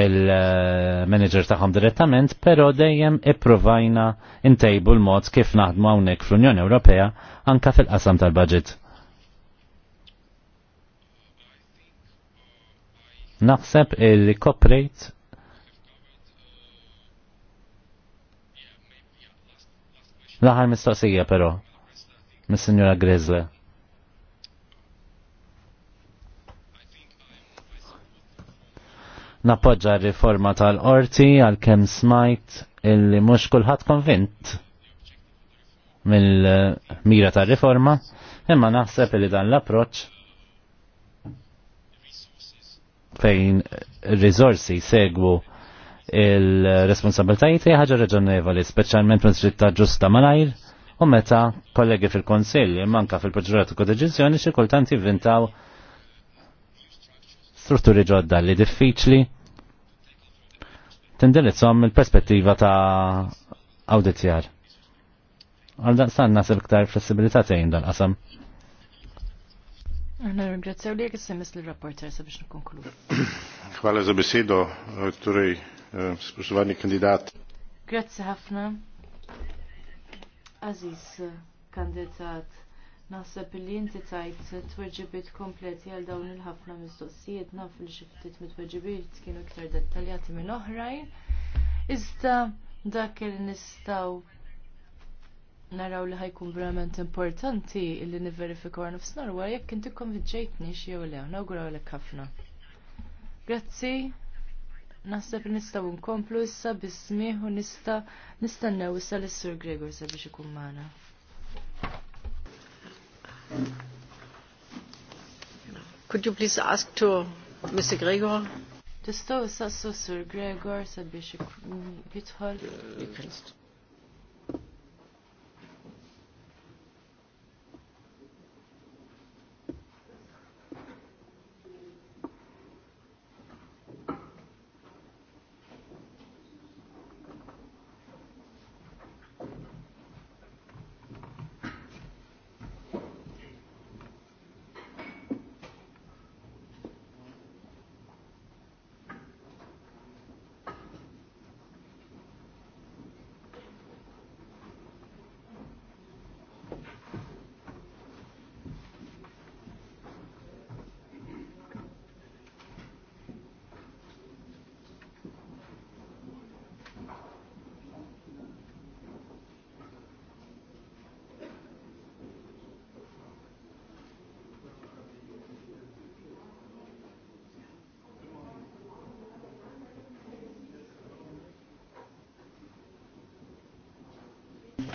il-manager tagħhom direttament, però dejjem ipprovajna intejbu l-mod kif naħdmu hawnhekk fl-Unjoni Ewropea anka fil-qasam tal-budget. Naħseb il koprejt L-aħħar mistoqsija però, mis sinjura Grizzle. Napoġġa r-riforma tal-qorti għal-kem smajt illi mux kulħadd konvint mill-mira tal-riforma, imma naħseb li dan l-approċ fejn rizorsi segwu il-responsabiltajiet hija ħaġa raġonevoli, speċjalment minn ta' ġusta malajr u meta kollegi fil-Konsilj manka fil-Proġurat u Kodeġizjoni xi kultant jivvintaw strutturi ġodda li diffiċli tindirizzhom il-perspettiva ta' audizjar. Għalda s-san nasib ktar flessibilità tgħin dan qasam. Għanna ringrazzaw li għis semis l-rapporter sabiex nikonklu. Hvala za besedo, eh, torej, eh, spoštovani kandidat. Grazie ħafna. Aziz eh, kandidat Naħseb li inti tajt tweġibiet kompleti għal dawn il-ħafna mistoqsijiet naf li xi ftit tweġibiet kienu iktar dettaljati minn oħrajn. Iżda dak li nistgħu naraw li ħajkun verament importanti li niverifikaw nofsinhar wara jekk inti konvinċejtni jew le, nawgurawlek ħafna. Grazzi. Naħseb li nistgħu nkomplu issa bismieħ u nista' nistennew issa lis sur Gregor sabiex ikun magħna. Could you please ask to Mr. Gregor? Just to Sir Gregor Sir Bishop sabiex Uh,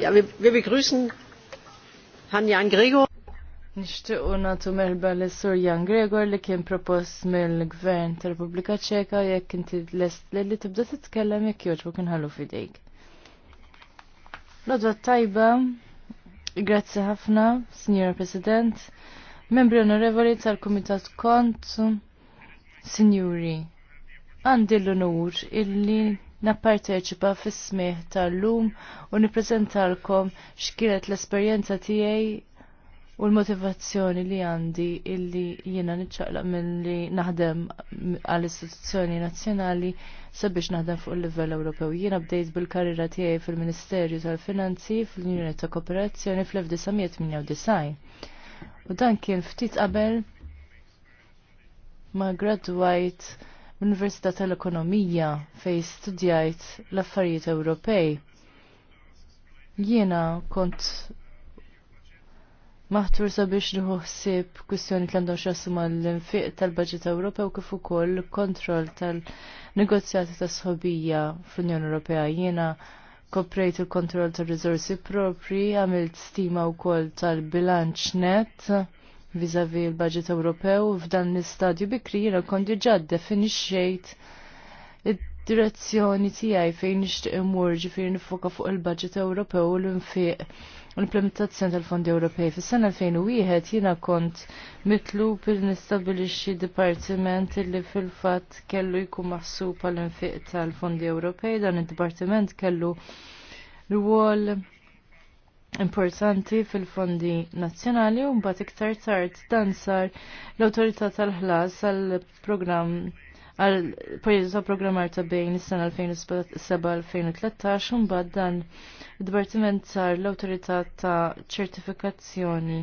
Ja, wir, wir begrüßen Herrn Jan Gregor. Nishtiqu natu merba l sur Jan Gregor li kien propost mill-Gvern tal Repubblika Ċeka jekk inti lest li li tibda titkellem jekk joġbu kien ħallu fidejk. Lodwa tajba, grazzi ħafna, Signora President, membri onorevoli tal-Kumitat Kont, Signori, għandi l illi napparteċipa fis-smih tal-lum u nippreżentalkom x'kienet l-esperjenza tiegħi u l-motivazzjoni li għandi illi jiena niċċaqlaq milli naħdem għall-istituzzjoni nazzjonali sabiex naħdem fuq il-livell Ewropew. Jiena bdejt bil-karriera tiegħi fil-Ministerju tal-Finanzi fl-Unjoni ta' Kooperazzjoni fl-1998. U dan kien ftit qabel ma' graduajt l-Università tal-Ekonomija fej studjajt l-affarijiet Ewropej. Jiena kont maħtur sabiex nħuħsib kwistjoni tlandom xasuma l-infiq tal-Budget Ewropew kif ukoll kontroll tal-negozjati ta' sħobija fl-Unjoni Ewropea. Jiena koprejt il-kontroll tal rizorsi propri, għamilt stima wkoll tal-bilanċ net vizavi l-budget Ewropew f'dan l-istadju bikri jira kondi ġad definixxejt id-direzzjoni tiegħi fejn nixtieq imur ġifieri nifoka fuq il-budget Ewropew u l-infiq u l-implementazzjoni tal-Fondi Ewropej. Fis-sena 2001 jiena kont mitlub il nistabilixxi dipartiment li fil-fatt kellu jkun maħsub għall-infiq tal-Fondi Ewropej dan id-dipartiment kellu rwol importanti fil-fondi nazzjonali u mbagħad iktar tard dan sar l-awtorità tal-ħlas għall programm għal periodu ta' programmar ta' bejn is-sena 2007-2013 u mbagħad dan id-Dipartiment sar l-Awtorità ta' ċertifikazzjoni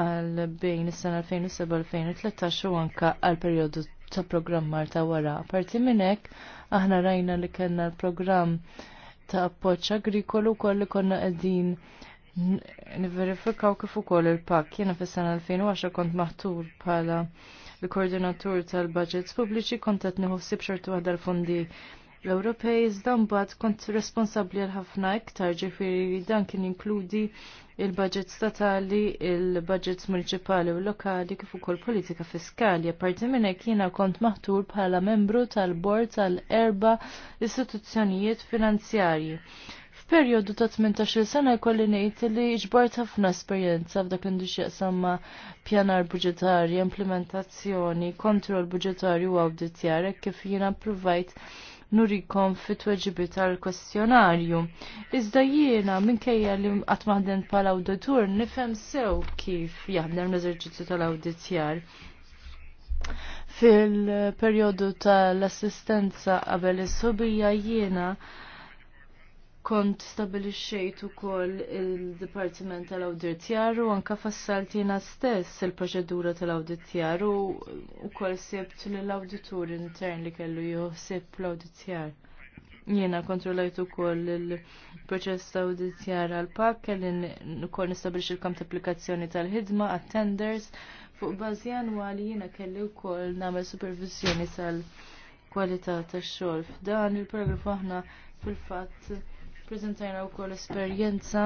għal bejn is-sena 2007-2013 u anka għal periodu ta' programmar ta' wara. Parti minn hekk aħna rajna li kellna l-programm ta' appoċ agrikolu koll li konna qegħdin niverifikaw kif ukoll il-pakk. Jiena fis-sena 2010 kont maħtur bħala l koordinatur tal-budgets pubbliċi kont qed nieħu ħsieb xorti waħda l-fondi l-Ewropej iżda mbagħad kont responsabbli għal ħafna iktar ġifieri dan kien inkludi il-budget statali, il-budget municipali u lokali kif ukoll politika fiskali. Apparti minn hekk jiena kont maħtur bħala membru tal-bord tal-erba istituzzjonijiet finanzjarji. F'perjodu ta' 18 sena jkolli ngħid li ġbart ħafna esperjenza f'dak l-industrija samma pjanar budġetarji, implementazzjoni, kontroll budġetarju u awditjar kif jiena provajt nurikom fit tweġibi tal-kwestjonarju. Iżda jiena minkejja li qatt pal-awditur nifhem sew kif jaħdem l-eżerċizzju tal auditjar fil-periodu tal-assistenza qabel is-subija jiena kont stabilixxejt ukoll il-Dipartiment tal-Awditjar u anka fassalt jiena stess il-proċedura tal-Awditjar u ukoll sibt l-awditur intern li kellu joħsib l-Awditjar. Jiena kontrollajt ukoll il-proċess ta' awditjar għal-pak kelli wkoll nistabilix il-kamp applikazzjoni tal-ħidma attenders tenders fuq bażi annwali jiena kelli wkoll nagħmel supervizjoni tal-kwalità tax-xogħol. F'dan il-paragrafu aħna fil-fatt Prezentajna wkoll esperjenza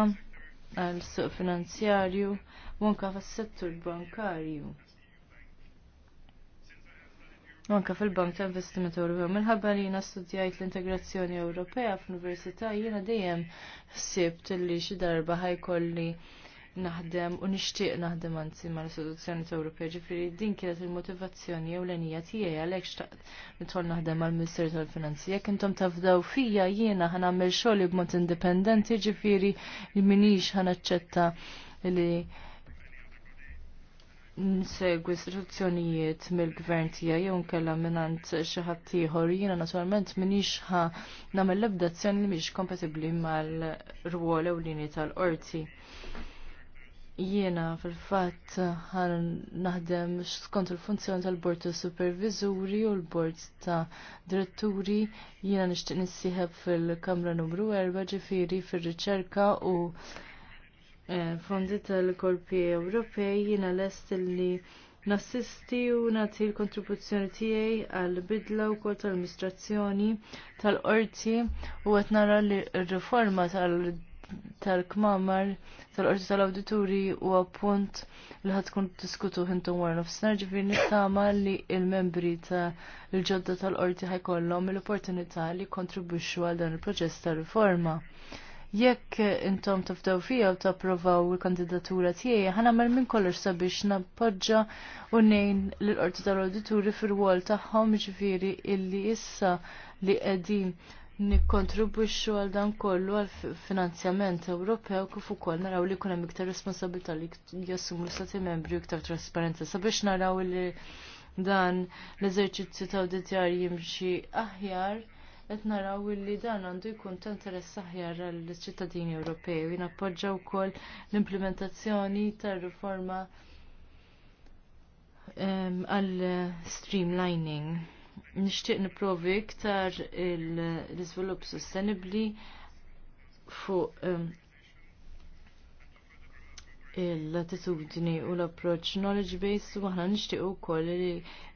għal suq finanzjarju u anke fis-settur bankarju. Anka fil-Bank ta' Investiment Ewropew, minħabba li jina studjajt l-integrazzjoni Ewropea f'università jiena dejjem ħsibt li xi darba ħajkolli naħdem u nixtieq naħdem anzi mal istituzzjoni Ewropea ġifieri din kienet il-motivazzjoni jew l-enija tiegħi għalhekk xtaqt nidħol naħdem mal-Ministeru tal-Finanzi. Jekk intom tafdaw fija jiena ħanagħmel xogħli b'mod indipendenti ġifieri li minix ħanaċċetta li nsegwi istituzzjonijiet mill-gvern tiegħi jew nkella mingħand xi ħadd ieħor jiena naturalment m'iniex ħa nagħmel l-abdazzjoni li mhix kompatibbli mal-rwol ewlieni tal-qorti jiena fil-fatt għan naħdem skont il-funzjoni tal-bord ta' supervizuri u l-bord ta' diretturi jiena nixtieq nissieħeb fil-Kamra numru 4 ġifieri fir-riċerka u eh, fondi tal-Korpi Ewropej jiena lest li nassisti u nagħti l-kontribuzzjoni tiegħi għal bidla wkoll tal-amministrazzjoni tal-qorti u qed li r-riforma tal-, -tal tal-kmamar tal-qorti tal-awdituri u appunt li ħatkun diskutu ħintu għar nofsnar ġifir nittama li il-membri ta' il-ġodda tal-qorti ħajkollhom l-opportunità li kontribwixxu għal dan il-proċess ta' riforma jekk intom tafdaw fija u tapprovaw il-kandidatura tiegħi, ħanamel minn kollox sabiex nappoġġa u nejn l-qorti tal-awdituri fir-wol tagħhom ġifiri illi issa li qegħdin nikkontribwixxu għal dan kollu għal finanzjament Ewropew kif ukoll naraw li jkun hemm iktar responsabilità li jassumu l-Stati membri iktar trasparenza sabiex naraw li dan l-eżerċizzju ta' auditjar jimxi aħjar qed naraw li dan għandu jkun ta' interess aħjar għall ċittadini Ewropej u jinappoġġa wkoll l-implementazzjoni tar-riforma għall streamlining nixtieq niprovi iktar l-iżvilupp sostenibbli fuq um, l-attitudni u l-approċ knowledge base u aħna nixtiequ wkoll li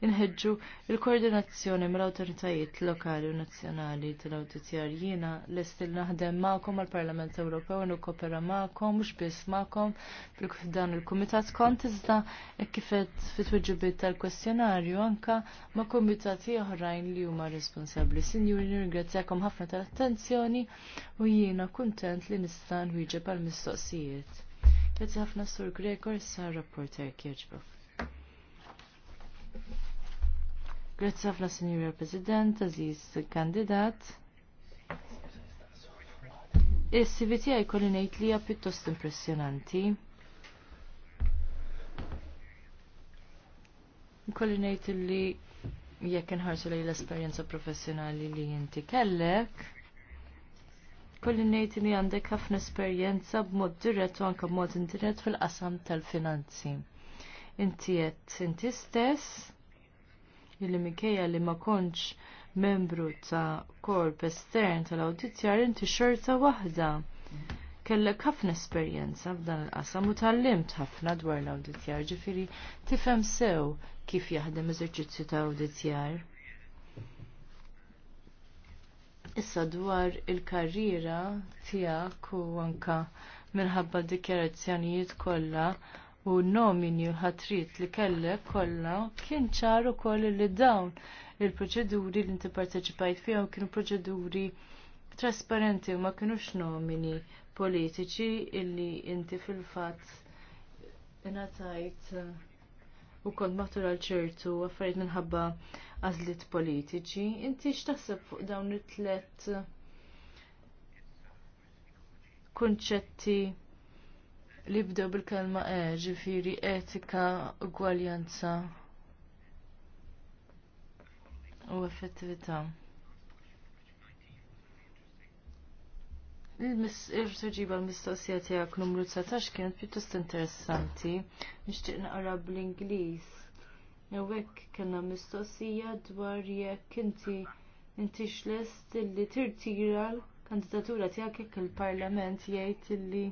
nħeġġu l-koordinazzjoni mill-awtoritajiet lokali u nazzjonali tal-awditjar jiena l-estil naħdem magħkom għall-Parlament Ewropew u kopera magħkom mhux biss magħkom fil-dan il-kumitat kont iżda kifet fit-tweġibiet tal-kwestjonarju anka ma' kumitati oħrajn li huma responsabbli. Sinjuri nirringrazzjakom ħafna tal-attenzjoni u jiena kuntent li nista' nwieġeb għal mistoqsijiet Grazzi ħafna Sur Gregor sa rapporter Kirchboff. Grazzi ħafna Sinjura President, Aziz Kandidat. Is-CVT għaj ngħid li hija pjuttost impressjonanti. Kolli li jekk inħarsu lejn l-esperjenza professjonali li inti kellek, kolli ngħid li għandek ħafna esperjenza b'mod dirett u anke b'mod indirett fil-qasam tal-finanzi. Inti qed inti stess illi minkejja li ma kontx membru ta' korp estern tal-awditjar inti xorta waħda. Kellek ħafna esperjenza f'dan il-qasam u tal-limt ħafna dwar l-awditjar ġifieri tifhem sew kif jaħdem eżerċizzju ta' awditjar. Issa dwar il-karriera tiegħek u anka minħabba dikjarazzjonijiet kollha u nomini u ħatrit li kellek kollha kien ċar ukoll li dawn il-proċeduri li inti parteċipajt fihom kienu proċeduri trasparenti u ma kienux nomini politiċi illi inti fil-fatt ingħatajt u kont matul għal ċertu affarijiet minħabba għażliet politiċi. Inti x'taħseb fuq dawn it-tlet kunċetti li bdew bil-kelma e, ġifiri etika, ugwaljanza u effettività. Il-ġiba l-mistoqsija tiegħek numru 19 kienet pjuttost interessanti. Nixtieq naqra bl-Ingliż. Hawnhekk kena mistoqsija dwar jekk inti inti xlest li tirtira l-kandidatura tiegħek jekk il-Parlament jgħid li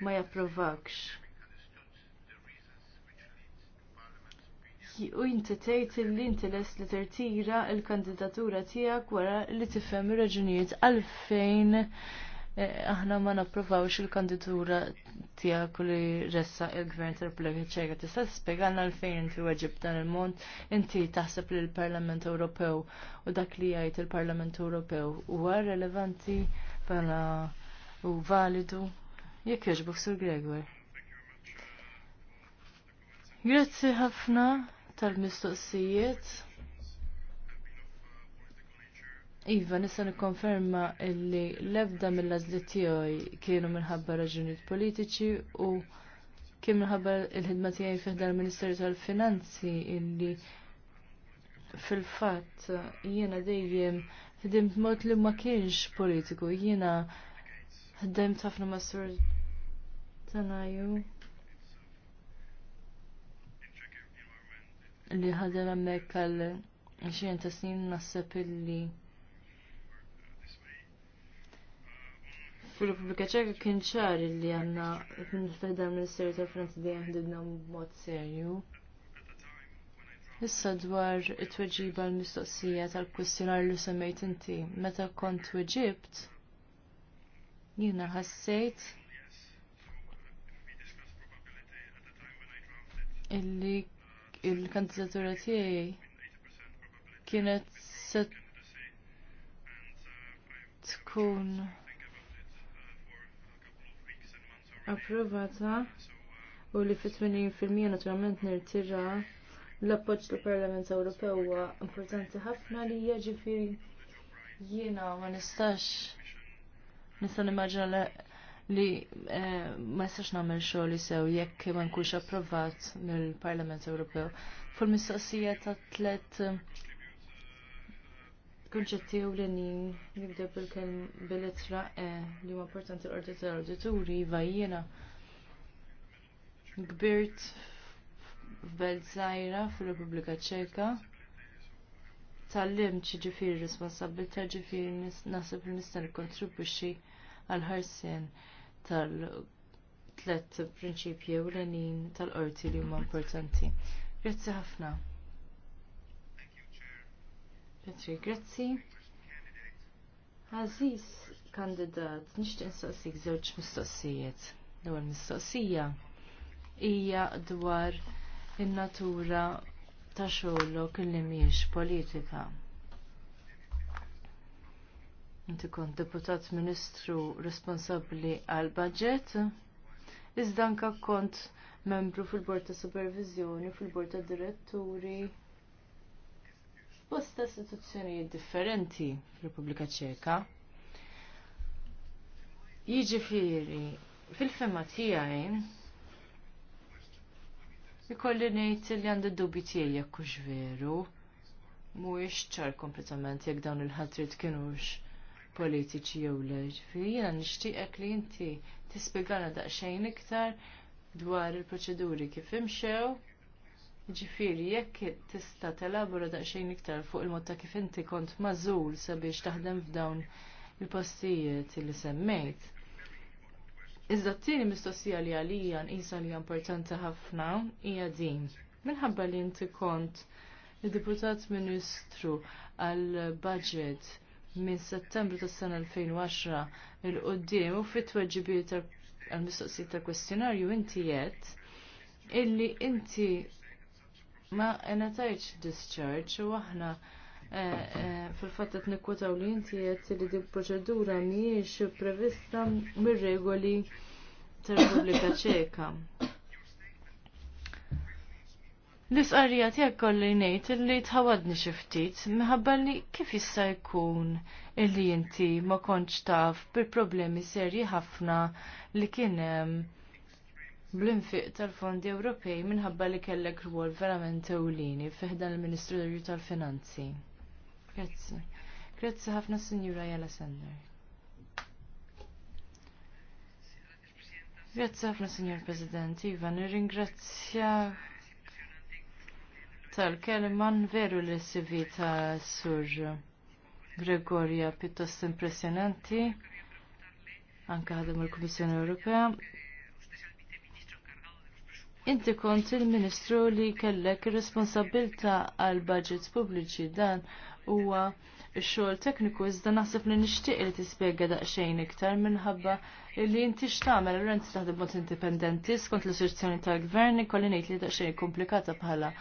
ma japprovakx. u inti tgħid li inti les li tirtira l kandidatura tiegħek wara li tifhem ir-raġunijiet għalfejn eh, aħna ma napprovawx il-kandidatura tiegħek li ressa il-Gvern tal republika Ċeka. Tista' tispjegana għalfejn inti weġib dan il-mont, inti taħseb li l-Parlament Ewropew u dak li jgħid il-Parlament Ewropew huwa relevanti bħala u validu. Jekk jogħġbok Sur Gregor. Grazzi ħafna tal-mistoqsijiet. Iva, nista nikkonferma illi l-ebda mill-għażliet tiegħi kienu minħabba raġunijiet politiċi u kien minħabba il-ħidma tiegħi fih dal-Ministeru tal-Finanzi illi fil-fatt jiena dejjem ħdimt mod li ma kienx politiku, jiena ħdimt ħafna ma' Sur Tanaju li ħadem hemmhekk għal 20 ta' snin naħseb illi fil-Repubblika Ċeka kien ċar li għandna fil-Fedem Ministeru tal franzi dejjem ħdibna b'mod serju. Issa dwar it-tweġiba l-mistoqsija tal-kwestjonar li semmejt inti, meta kont tweġibt, jiena ħassejt illi il-kandidatura tiegħi kienet se tkun approvata u li fit-80% naturalment nirtira l-appoġġ tal-Parlament Ewropew huwa importanti ħafna li jiġifieri jiena ma nistax nista' nimmaġina li eh, ma jistax nagħmel xogħol sew jekk ma nkunx approvat mill-Parlament Ewropew. l mistoqsija ta' tlet eh, kunċetti u l-nin nibda bil bil-ittra E li huma importanti l-ordi tal-ordituri iva jiena gbirt f'belt żgħira fir-Repubblika Ċeka tal-lim ġifiri responsabilta ġifiri nasib li nista' nikkontribwixxi għal ħarsien tal-tlet prinċipji u l-għanin tal-qorti li huma importanti. Grazzi ħafna. Petri, grazzi. Aziz kandidat, nixtieq nistaqsik żewġ mistoqsijiet. L-ewwel mistoqsija hija dwar in-natura ta' xogħolok illi mhijiex politika. Inti kont deputat ministru responsabli għal budget iżda anka kont membru fil-bord ta' supervizjoni, fil-bord ta' diretturi, bosta istituzzjonijiet differenti fil-Repubblika Ċeka. Jiġifieri, fil-fema tiegħi ikolli ngħid li għandi dubji tiegħi jekk hux veru mhuwiex ċar kompletament jekk dawn il-ħatrit kienux politiċi jew le. Jiena nixtieqek li inti tispjegana daqsxejn iktar dwar il-proċeduri kif imxew. Ġifiri, jekk tista' telabura daqsxejn iktar fuq il-mod ta' kif inti kont mażul sabiex taħdem f'dawn il-postijiet li semmejt. Iżda t-tieni mistoqsija li għalija nqisa li importanti ħafna hija din. Minħabba li inti kont il-deputat ministru għal budget minn settembru tas sena 2010 il-qoddim u fit tweġibiet għal-mistoqsijiet tal kwestjonarju inti jett illi inti ma enatajċ discharge u aħna eh, eh, fil-fatt qed nikkwotaw li inti qed li din proċedura mhijiex prevista mir-regoli tar-Repubblika Ċeka. L-isqarrija tiegħek kolli ngħid illi tħawadni xi ftit minħabba li kif jista' jkun illi inti ma kontx taf bil-problemi serji ħafna li kien hemm bl-infiq tal-fondi Ewropej minħabba li kellek rwol verament ewlieni dan il-Ministru tal-Finanzi. Grazzi. Grazzi ħafna Sinjura Jala Sender. Grazzi ħafna Sinjur President, Ivan, nirringrazzja tal-kelman veru li s ta' Sur Gregoria pittost impressionanti anka ħadem il-Kummissjoni Ewropea. Inti kont il-Ministru li kellek ir-responsabilta għal budgets pubbliċi dan huwa xogħol tekniku iżda naħseb li nixtieq li tispjega daqsxejn iktar minħabba li inti x'tagħmel allura inti taħdem mod indipendenti skont l-istruzzjoni tal-gvern ikolli ngħid li daqsxejn komplikata bħala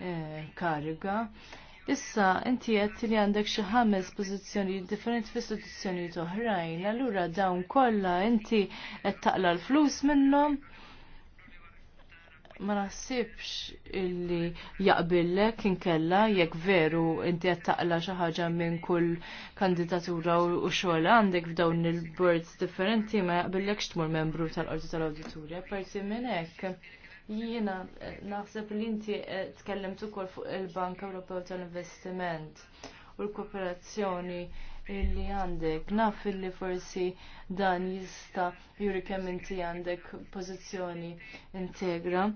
Eh, kariga. Issa, inti għed li għandek xi ħames pożizzjonijiet differenti f'istituzzjonijiet oħrajn, allura dawn kollha inti qed taqla l-flus minnhom ma naħsibx illi jaqbillek inkella jekk veru inti qed taqla xi ħaġa minn kull kandidatura u xogħol għandek f'dawn il-boards differenti ma jaqbillekx tmur membru tal-qorti tal-awditurja, parti minn hekk. Jiena eh, naħseb li inti eh, tkellimt ukoll fuq il-Bank Ewropew tal-Investiment u l-kooperazzjoni illi għandek, naf illi forsi dan jista juri kemm inti għandek pożizzjoni integra.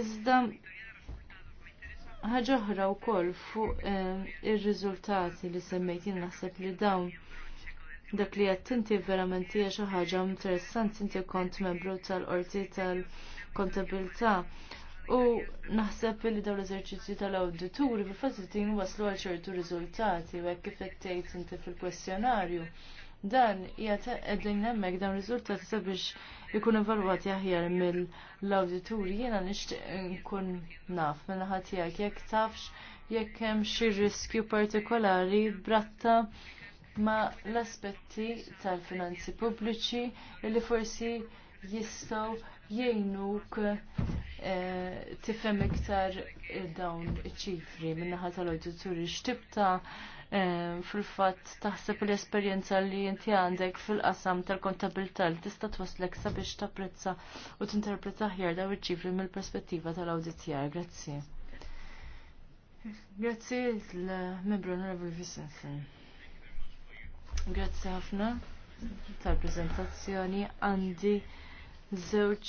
Iżda ħaġa oħra wkoll fuq eh, ir-riżultati li semmejt jien naħseb li dawn dak li qed tinti verament hija xi ħaġa interessanti inti kont membru tal-qorti tal-, -qorti tal kontabilità. U naħseb li dawn l-eżerċizzju tal-awdituri fil-fazitin waslu għal ċertu riżultati u għek kif qed inti fil-kwestjonarju. Dan jgħata qegħdin hemmhekk dawn riżultati sabiex ikun evalwati aħjar mill-awdituri jiena nixtieq nkun naf minn ħadd tiegħek jekk tafx jekk hemm xi riskju partikolari bratta ma l-aspetti tal-finanzi pubbliċi li forsi jistgħu jgħinuk eh, tifhem iktar eh, dawn iċifri ċifri minnaħa tal turi x'tibta eh, fil-fatt taħseb l-esperjenza li inti għandek fil-qasam tal-kontabilità li tista' twaslek sabiex tapprezza u tinterpreta ħjar dawn iċ-ċifri mill-perspettiva tal-awditjar. Grazzi. Grazzi l-membru Onorevoli Vicenzi. Grazzi ħafna tal-prezentazzjoni għandi żewġ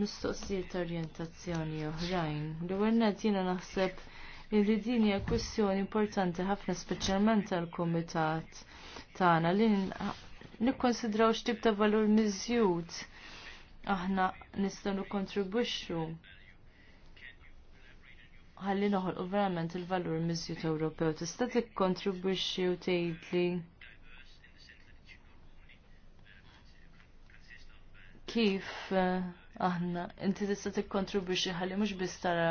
mistoqsijiet orientazzjoni oħrajn. L-ewwel jiena naħseb li din hija kwestjoni importanti ħafna speċjalment għall kumitat tagħna li nikkonsidraw x'tib ta' valur miżjud aħna nistgħu nikkontribwixxu ħalli noħolqu verament il-valur miżjud Ewropew. Tista' tikkontribwixxi u tgħidli kif eh, aħna inti tista' tikkontribwixxi ħalli mhux biss tara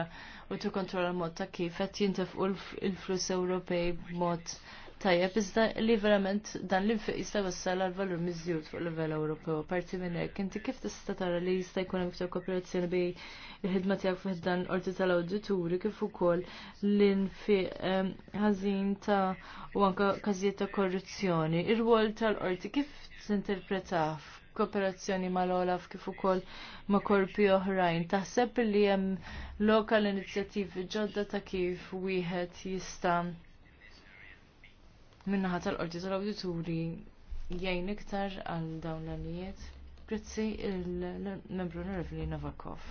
u tikkontrolla l-mod ta' kif qed jintefqu l-flus Ewropej b'mod tajjeb iżda li verament dan l jista' wassal għal valur miżjud fuq l livell Ewropew. Parti minn hekk, inti kif tista' tara li jista' jkun hemm ftit kooperazzjoni bej il-ħidma tiegħek fih dan qorti tal-awdituri kif ukoll l-infiq ehm, ħażin ta' u anke każijiet ta' korruzzjoni. Ir-rwol tal-qorti kif tinterpretah kooperazzjoni mal-Olaf kif ukoll ma' korpi oħrajn. Taħseb li hemm lokal inizjattivi ġodda ta' kif wieħed jista' minnaħa tal-qorti tal-awdituri jgħin iktar għal dawn l-għanijiet. Grazzi il-membru Nervli Navakov.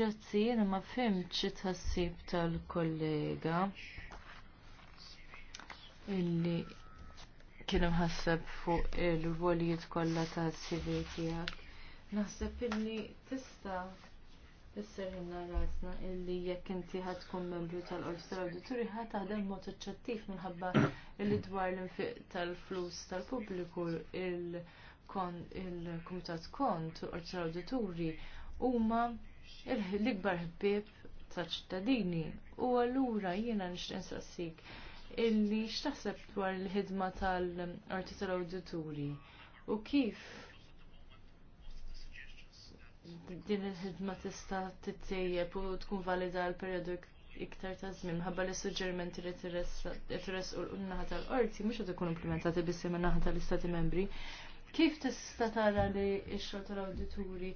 Grazzi, jena ma fimċi tħassib tal-kollega illi kien imħasseb fuq il-rwolijiet kollha ta' CV tiegħek. Naħseb illi tista' isserħinna rasna illi jekk inti ħad tkun membru tal-qorti tal-awdituri ħad taħdem mod eċċettiv minħabba illi dwar l-infiq tal-flus tal-pubbliku il-kumitat kont u qorti tal-awdituri huma l-ikbar ħbieb ta' ċittadini u allura jiena nixtieq nistaqsik illi x'taħseb dwar il-ħidma tal-Qorti tal-Awdituri u kif din il-ħidma tista' tittejjeb u tkun valida l-perjodu iktar ta' żmien ħabba li suġġerimenti li tirres n naħa tal-qorti mhux qed ikun implementati biss minn naħa tal-Istati Membri. Kif tista' tara li x-xogħol tal-awdituri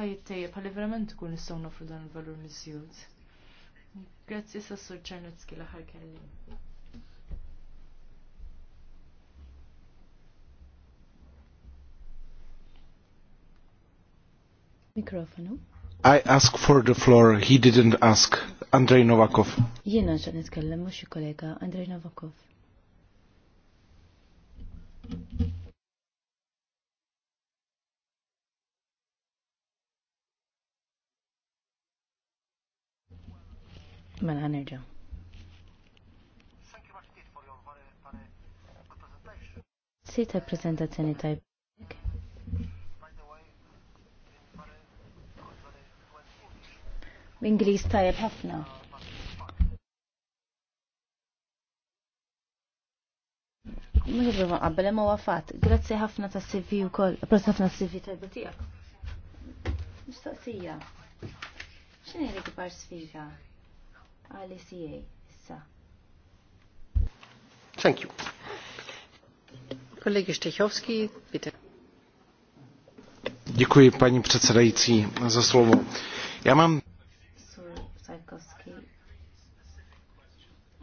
ħajittejjeb ħalli verament tkun nistgħu nofru dan il-valur miżjud? Grazzi sa' Sur Czernetski l-aħħar kelli. Mikrofonu. I ask for the floor, he didn't ask. Andrei Novakov. Jena ġan nitkellem mux kollega Andrei Novakov. Mela nerġa. Sita prezentazzjoni tajb. Ingliż tajjeb ħafna. Mux ma qabbel, ma wafat. Grazzi ħafna ta' CV u koll. Grazzi ħafna CV tajba tijak. Mistoqsija. ċini li kbar sfida għali CA issa? Thank you. Kolegi Sztechowski, bitte. Dziękuję Pani Przewodniczący za słowo. Ja mam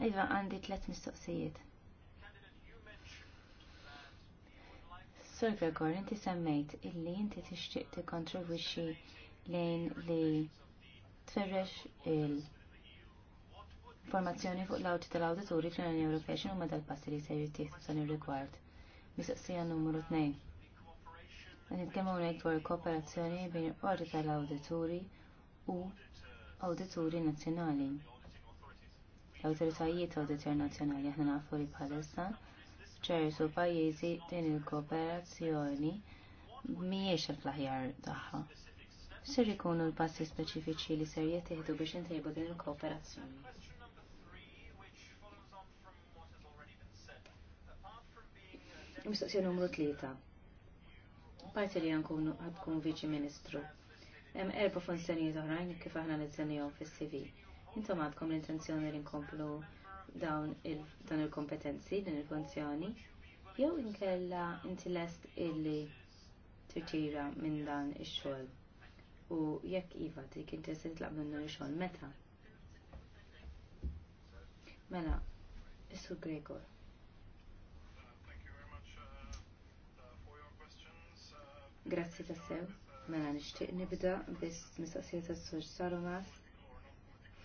Iva għandi tlet mistoqsijiet. Sur Gregor, inti semmejt illi inti tixtieq tikkontribwixxi lejn li tferrex il- informazzjoni fuq l-awti tal-awdituri fl-Unjoni Ewropea x'inhu huma dal-passi li se jittieħdu san ir-rigward. Mistoqsija numru 2. Nitkellmu hawnhekk dwar kooperazzjoni bejn qorti tal-awdituri u awdituri nazzjonali l-autoritajiet auditor nazjonali aħna nafu li bħalissa ċertu pajjiżi din il-kooperazzjoni mhijiex il-flaħjar tagħha. Ser ikunu l-passi speċifiċi li ser jittieħdu biex intejbu din il-kooperazzjoni. Mistoqsija numru tlieta. Parti li nkunu ħadkun viċi ministru. Hemm erba' funzjonijiet oħrajn kif aħna nizzennihom fis-CV Intom għadkom l-intenzjoni li nkomplu dawn il-kompetenzi, din il-funzjoni, jew inkella inti lest illi tirtira minn dan ix-xogħol. U jekk iva dik inti se titlaq minnu il xogħol meta? Mela, issu Gregor. Grazzi tassew. Mela nixtieq nibda bis mistaqsija tas-sur Saromas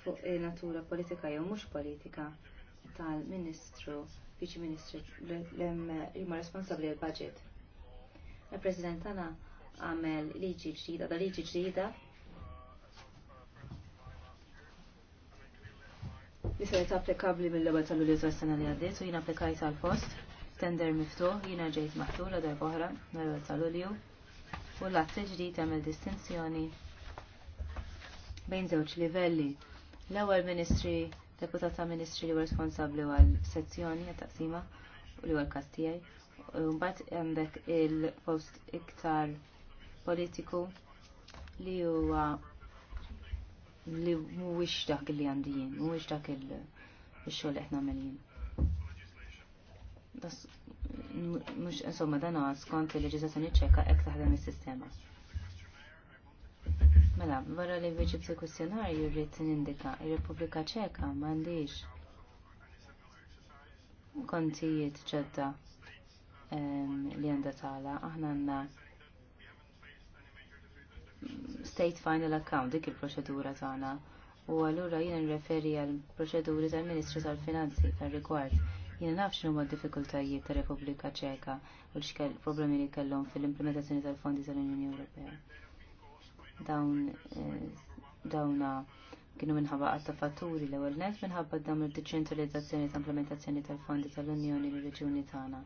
fuq natura politika jew mhux politika tal-Ministru, Viċi Ministru li huma responsabbli għall budget Il-President tagħna għamel liġi ġdida, da liġi ġdida li se applikabbli mill-ewwel tal-Lulju tas-sena li għaddiet u jien applikajt għall post tender miftuħ, jiena ġejt maħtura darba oħra mill-ewwel tal-Lulju u l-att ġdid għamel distinzjoni bejn żewġ livelli L-ewwel Ministri, deputat ta' Ministri li responsabbli għal sezzjoni ta' taqsima u li għal kastijaj. Mbagħad hemmhekk il-post iktar politiku li huwa li mhuwiex dak li għandi jien, mhuwiex dak il-xogħol li nagħmel għamel Mux, insomma, dan għas kont il-leġizazzjoni Ċekka ek taħdem il-sistema. Mela, wara li veġib se kwestjonarju rrid nindika ir-Repubblika Ċeka m'għandix kontijiet ġodda li għandha tala, aħna għandna state final account dik il-proċedura tagħna u allura jien nirreferi għal proċeduri tal-Ministru tal-Finanzi tal-rigward. Jien naf x'nu d diffikultajiet tar repubblika Ċeka u x'kell problemi li kellhom fil-implementazzjoni tal-fondi tal-Unjoni Ewropea dawn eh, dawna kienu minħabba għatta fatturi l ewwel net minħabba dawn il-deċentralizzazzjoni ta' implementazzjoni tal-fondi tal-Unjoni l reġjuni tagħna.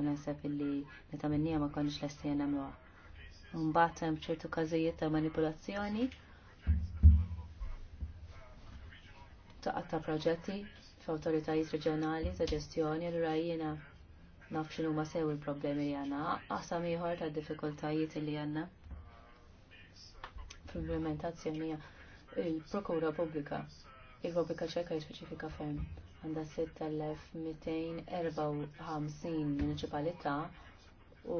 U naħseb illi meta minnija ma konniex lestija nagħmluha. Mbagħad hemm ċertu każijiet ta' manipulazzjoni ta' għatta proġetti f'awtoritajiet reġjonali ta' ġestjoni l rajjina naf x'inhuma sew il-problemi li għandna, qasam ieħor tad diffikultajiet li għandna fl implementazzjoni il-Prokura Pubblika. Il-Republika Ċeka jispeċifika ferm għandha 6254 municipalità u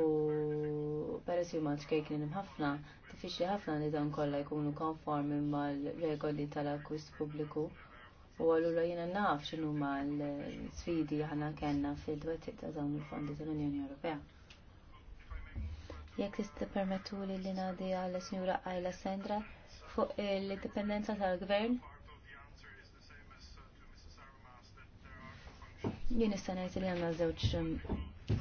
peress li malċ kejknin ħafna, diffiċli ħafna li dan kollha jkunu konformi mal-regoli tal-akwist pubbliku. U għallura jiena naf x'inhuma l-sfidi ħana kellna fil-dwettiq ta' dawn il-fondi tal-Unjoni Ewropea. Jekk tista' permettu li li ngħaddi għal Sinjura Ajla Sandra fuq l-indipendenza tal-gvern. Jien nista' ngħid li għandna żewġ um,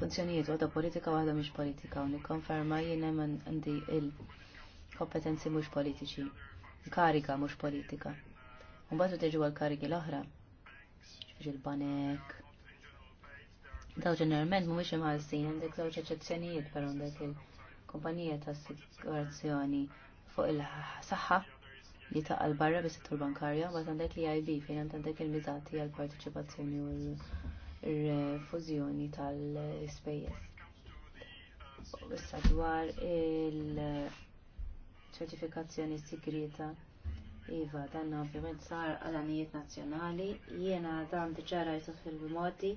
funzjonijiet waħda politika waħda mhix politika u nikkonferma jien hemm għandi il-kompetenzi mhux politiċi, karika mhux politika. Mbagħad teġu għal-karigi l-oħra, il-banek, Daw ġeneralment mhumiex imħallsin, għandek żewġ eċezzjonijiet per għandek kumpanija ta' assigurazzjoni fuq il-saħħa li taqal barra bis settur bankarja, ma għandek li IB fejn għandek il-mizati għal-partiċipazzjoni u l-fużjoni tal ispejjeż Issa dwar il-ċertifikazzjoni segreta Iva, dan ovvjament sar għal-anijiet nazzjonali, jiena dan diġa rajtu fil-modi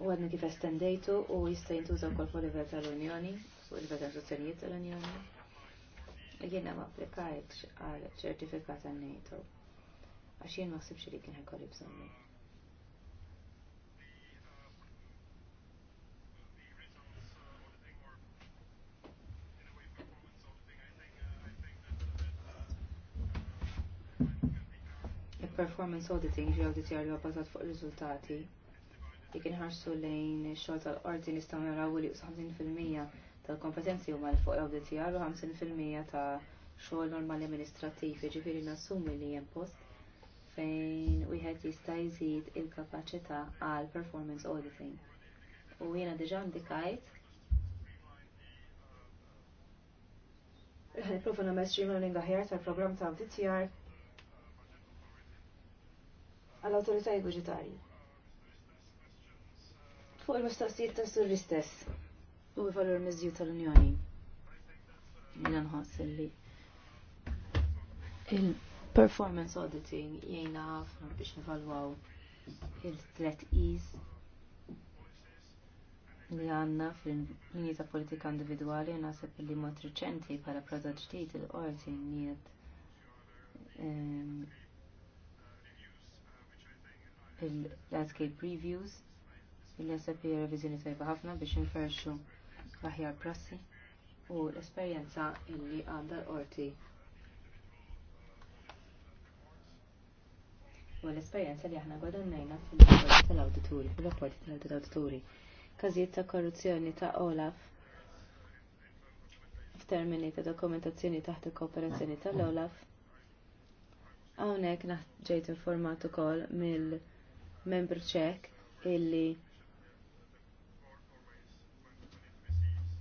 u għadna kif estendejtu u jista' jintuża wkoll fuq livell tal-Unjoni, fuq livell tal sostenijiet tal-Unjoni. Jiena ma applikajtx għal ċertifikat għal NATO għax jien ma ħsibx li kien ħekolli bżonni. performance auditing ġi auditjar li għabbażat fuq rizultati, Dik inħarsu lejn xogħol tal-qorti nistgħu naraw li 50% tal-kompetenzi huma l fuq l-awditjar u 50% ta' xogħol normali amministrattiv, jiġifieri nassumi li hemm post fejn wieħed jista' jżid il-kapaċità għal performance auditing. U jiena diġà ndikajt Nipprova nagħmel streamlining aħjar tal-programm ta' awditjar għall-awtoritajiet budġetarji fuq il-mistoqsijiet ta' sur stess u il valur miżju tal-Unjoni. Jina nħoss li il-performance auditing jena ħafna biex nivalwaw il-threat ease li għanna fil mini ta' politika individuali naħseb li mod reċenti bħala prodott ġdid il auditing jiet ehm, il-landscape reviews illi jasab li revizjoni tajba ħafna biex nferxu l-aħjar prassi u l-esperjenza illi għandha l-qorti. U l-esperjenza li aħna għadannajna fil-rapport tal-awdituri, fil-rapport tal-awdituri. Każijiet ta' korruzzjoni ta' Olaf f'termini ta' dokumentazzjoni taħt il-kooperazzjoni tal-Olaf. Hawnhekk ġejt informat ukoll mill-membru ċek illi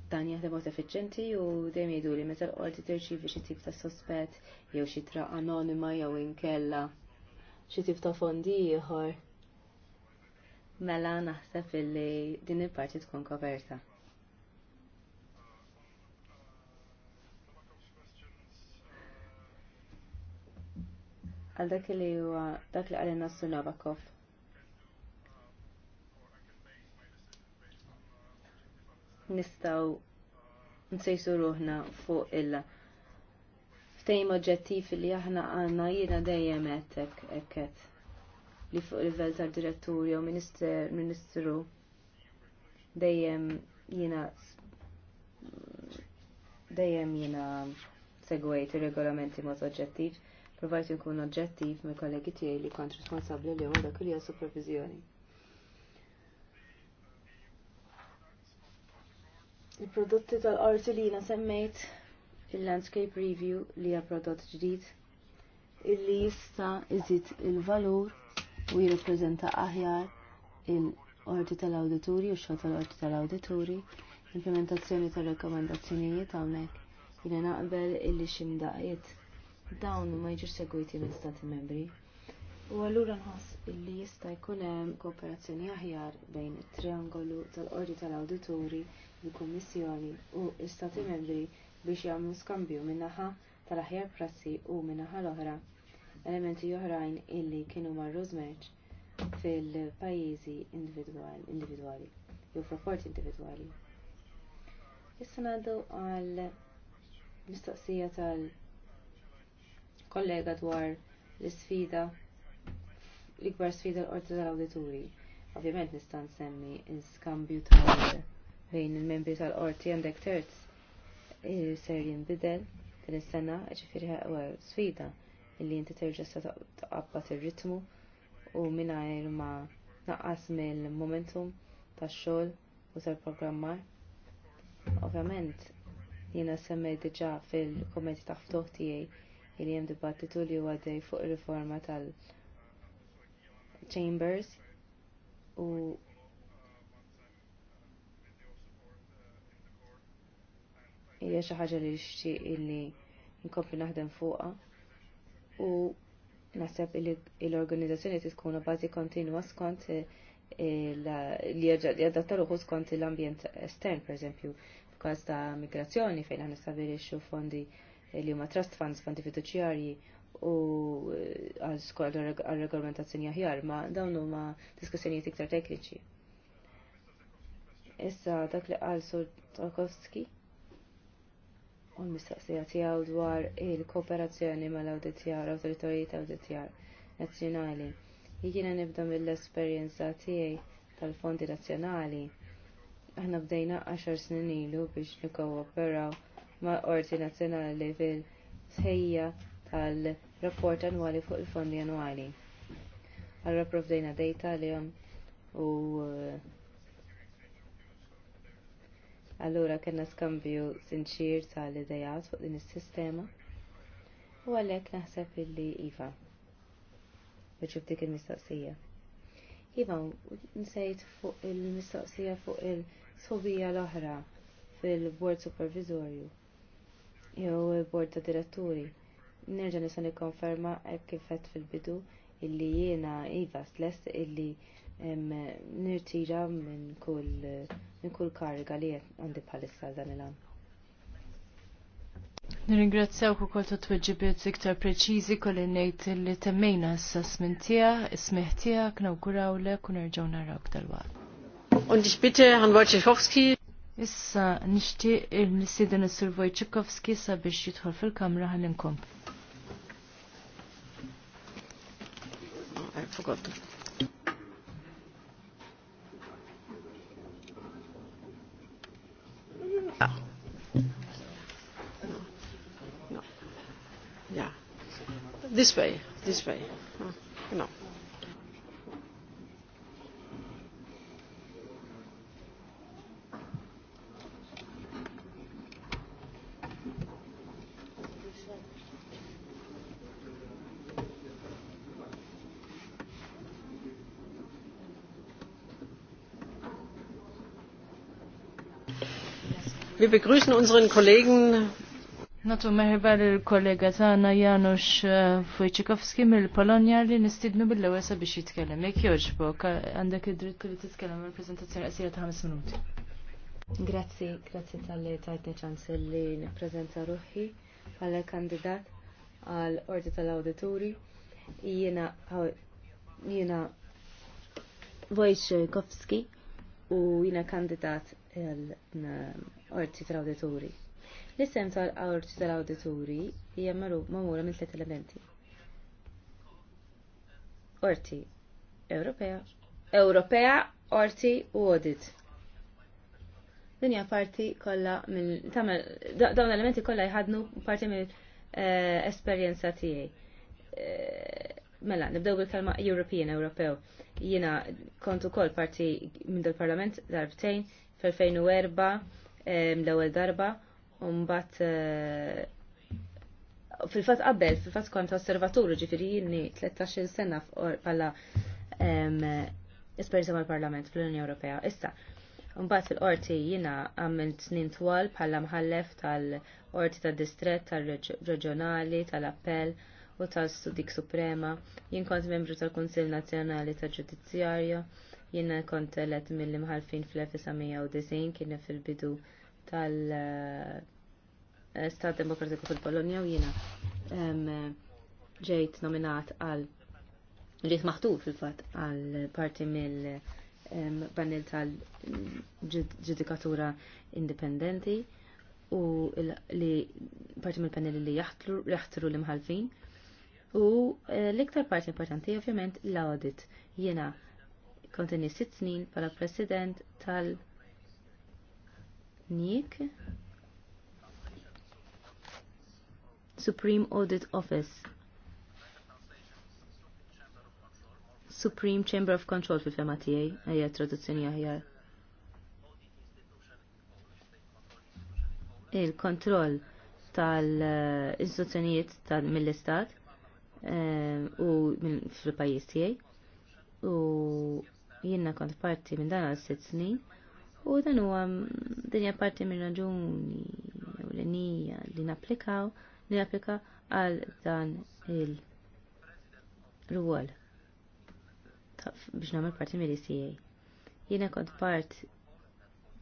dan jaħdem mod effiċenti u dejjem jgħidu li meta l-qorti tirċivi xi tip ta' sospett jew xi tra anonima jew inkella xi tip ta' fondi ieħor. Mela naħseb illi din il-parti tkun koperta. Għal dak li huwa dak li għalina s-sunabakov nistaw nsejsu ruħna fuq illa. Ftejm oġġettiv li aħna għanna jiena dejjem għetek ekket li fuq livell tal-direttur jew ministru dejjem jiena dejjem jina segwejt ir-regolamenti mod oġġettiv, provajt jinkun oġġettiv me kollegi tiegħi li kont responsabbli li huma dak li supervizjoni. Il-prodotti tal-qorti li jina semmejt il-landscape review li hija prodott ġdid illi jista' iżid il-valur u jirrappreżenta aħjar il-qorti tal-awdituri u x-xogħol tal-qorti tal-awdituri, implementazzjoni tal-rekomandazzjonijiet hawnhekk jiena naqbel illi ximdaqiet dawn ma jiġux segwiti minn stati membri. U allura nħoss illi jista' jkun hemm kooperazzjoni aħjar bejn it-triangolu tal-qorti tal-awdituri il-Kummissjoni u l-Stati membri biex jagħmlu skambju min-naħa tal-aħjar prassi u min-naħa l-oħra elementi oħrajn illi kienu marru żmerġ fil-pajjiżi individwali jew f'rapporti individwali. Issa ngħaddu għal mistoqsija tal-kollega dwar l-isfida l-ikbar sfida l-qorti tal-awdituri. Ovvjament nista' nsemmi l skambju tal bejn il-membri tal-qorti għandek terz e, ser jinbidel din is-sena, ġifieri huwa e, sfida illi inti terġa' se taqabbad ir-ritmu u mingħajr ma naqqas mill-momentum tax-xogħol u tal-programmar. Ovvjament jiena semmej diġà fil kummenti ta' ftuħ tiegħi illi hemm dibattitu li huwa dej fuq ir-riforma tal-Chambers u hija xi ħaġa li nixtieq illi nkompli naħdem fuqha u naħseb li l-organizzazzjoni tkun bażi kontinwa skont e, e, li jadattaru ruħu skont l-ambjent estern, pereżempju, f'każ ta' migrazzjoni fejn aħna stabilixxu fondi li huma trust funds, fondi fiduċjarji u e, għal skola għal-regolamentazzjoni aħjar, ma dawn huma diskussjonijiet iktar tekniċi. Issa dak li qal Sur Tarkovski u l-mistaqsija tiegħu dwar il-kooperazzjoni mal-awditjar, l-awtoritajiet awditjar nazzjonali. Jiena nibda mill-esperjenza tiegħi tal-fondi nazzjonali. Aħna bdejna 10 snin ilu biex nikkooperaw ma' Qorti Nazzjonali fil-sħejja tal-rapport annwali fuq il-fondi annwali. Allora provdejna data li u Allura kena skambju sinċir l idejat fuq din is-sistema. U għalhekk naħseb illi Iva. Bieċu dik il-mistoqsija. Iva, nsejt fuq il-mistoqsija fuq il-sobija l-oħra fil-bord supervisorju. Jew il-bord ta' diretturi. Nerġa' nisa nikkonferma hekk kif fil-bidu illi jiena Iva stess illi nirtira minn kull minn kull kariga li għandi bħalissa dan il-għam. Nirringrazzjaw u kol t-tweġibiet iktar preċizi kolli nejt li temmejna s sasmentija tijak, ismiħ tijak, kuraw le kun nerġaw narawk dal-waqt. Und ich bitte Herrn Wojciechowski. Issa nixtieq il-nisidin s sur Wojciechowski sabiex jidħol fil-kamra ħallinkom. I forgot. This way, this way. Hmm, no. Wir begrüßen unseren Kollegen Natu meħba l-kollega tagħna Janusz eh, Wojciechowski mill-Polonja li nistidnu bil lewesa sabiex jitkellem. Jekk jogħġbok għandek id-dritt li titkellem il prezentazzjoni qasira ta' 5 minuti. Grazzi, grazzi tal-li tajtni ċans li nippreżenta ruħi għal kandidat għal ordi tal-awdituri. Jena, jena, Wojciechowski u jiena kandidat għal eh, ordi tal auditori L-isem tal-qorti tal-awdituri hija magħmula minn tliet elementi. Orti Ewropea, Ewropea, Orti u Audit. Din hija parti kollha minn tagħmel dawn elementi kollha jħadnu parti mill eh, esperjenza tiegħi. Eh, mela, nibdew bil-kelma European Ewropew. Jiena kont ukoll parti minn dal-Parlament darbtejn fil-2004 eh, l-ewwel darba Umbat eh, fil-fat qabel, fil-fat kont osservaturu ġifiri jinni 13 sena pala esperienza mal-Parlament fl-Unjoni Ewropea. Issa, Mbagħad fil-qorti jiena għamilt snin twal bħala mħallef tal-qorti tad distret tal-reġjonali tal-appell u tal-Sudik Suprema. Jien kont membru tal-Kunsill Nazzjonali tal-Ġudizzjarja. Jiena kont let mill-imħalfin fl-1990 kien fil-bidu tal-Stat eh, Demokratiku fil-Polonja u jiena ġejt nominat għal ġejt maħtu fil-fatt għal parti mill-panel tal-ġudikatura indipendenti u li parti mill-panel li jaħtru l-imħalfin u eh, l-iktar parti importanti ovvjament l-audit jiena kontinni sit snin pala president tal- Nick. Supreme Audit Office Supreme Chamber of Control fil-fema tiegħi, hija traduzzjoni aħjar. Il-kontroll tal-istituzzjonijiet tal mill-istat eh, u fil-pajjiż tiegħi u jiena kont parti minn dan għal sitt snin U dan huwa mm, dinja parti minn raġuni u l-nija li napplikaw li applika għal dan il-rwol biex nagħmel parti mill-ICA. Jiena kont part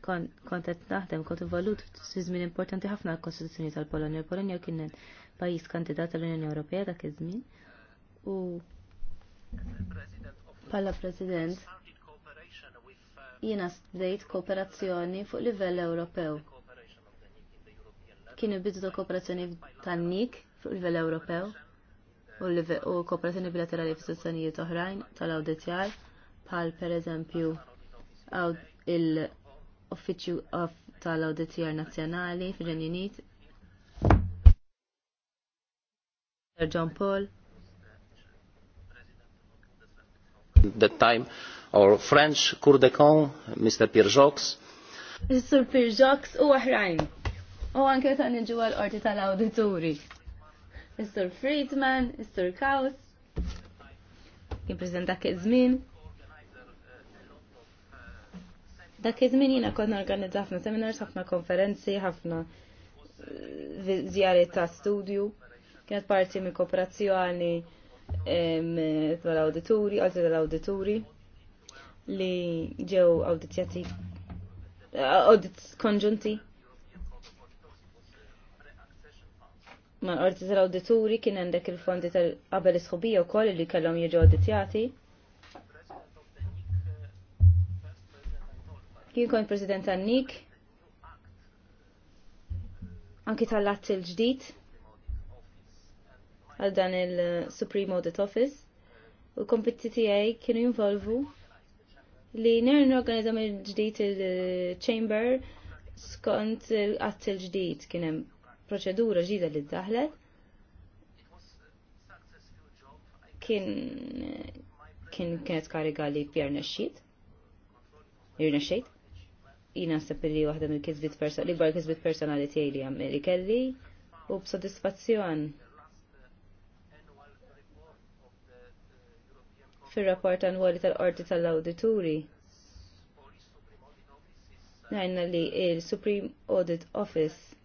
kont qed naħdem kont involut fi żmien importanti ħafna għall-Kostituzzjoni tal-Polonja. Il-Polonja kienet pajjiż kandidat tal-Unjoni Ewropea dak iż-żmien u bħala President jiena stdejt kooperazzjoni fuq livell Ewropew. Kienu bidu ta' kooperazzjoni tan-nik fuq livell Ewropew u kooperazzjoni bilaterali f'istazzjonijiet oħrajn tal-awditjar bħal pereżempju il-Uffiċċju tal-Awditjar Nazzjonali fil renju Unit. John Paul. That time or French Cour de Con, Mr. Pirjox. Mr. Pirjox u oħrajn. U anke ta' niġu għal-qorti tal Mr. Friedman, Mr. Kaus. Kien prezenta dak iż-żmien. Dak iż-żmien jiena konna organizza ħafna seminars, ħafna konferenzi, ħafna eh, zjariet ta' studju. Kienet parti mi kooperazzjoni eh, tal-awdituri, għalti tal-awdituri. tal awdituri għalti tal auditori tal awdituri li ġew audizjati uh, audit konġunti ma' orti tal audituri kien għandek il-fondi tal-qabel isħubija u koll li kellhom jiġu audizjati Kien kont president tan-Nik, anki tal-att il-ġdid għal dan il-Supreme Audit Office u l-kompetitti tiegħi kienu jinvolvu li n organizza minn ġdijt il-chamber skont il-qatt il-ġdijt kienem proċedura ġida li daħlet kien kien kienet kariga li pjar nesċit jirnexxejt jina sepp li waħda mill-kizbit personali li bar kizbit personali tiegħi li kelli u b'sodisfazzjon fil rapport annwali tal-Qorti tal-Awdituri. Najna li il-Supreme Audit Office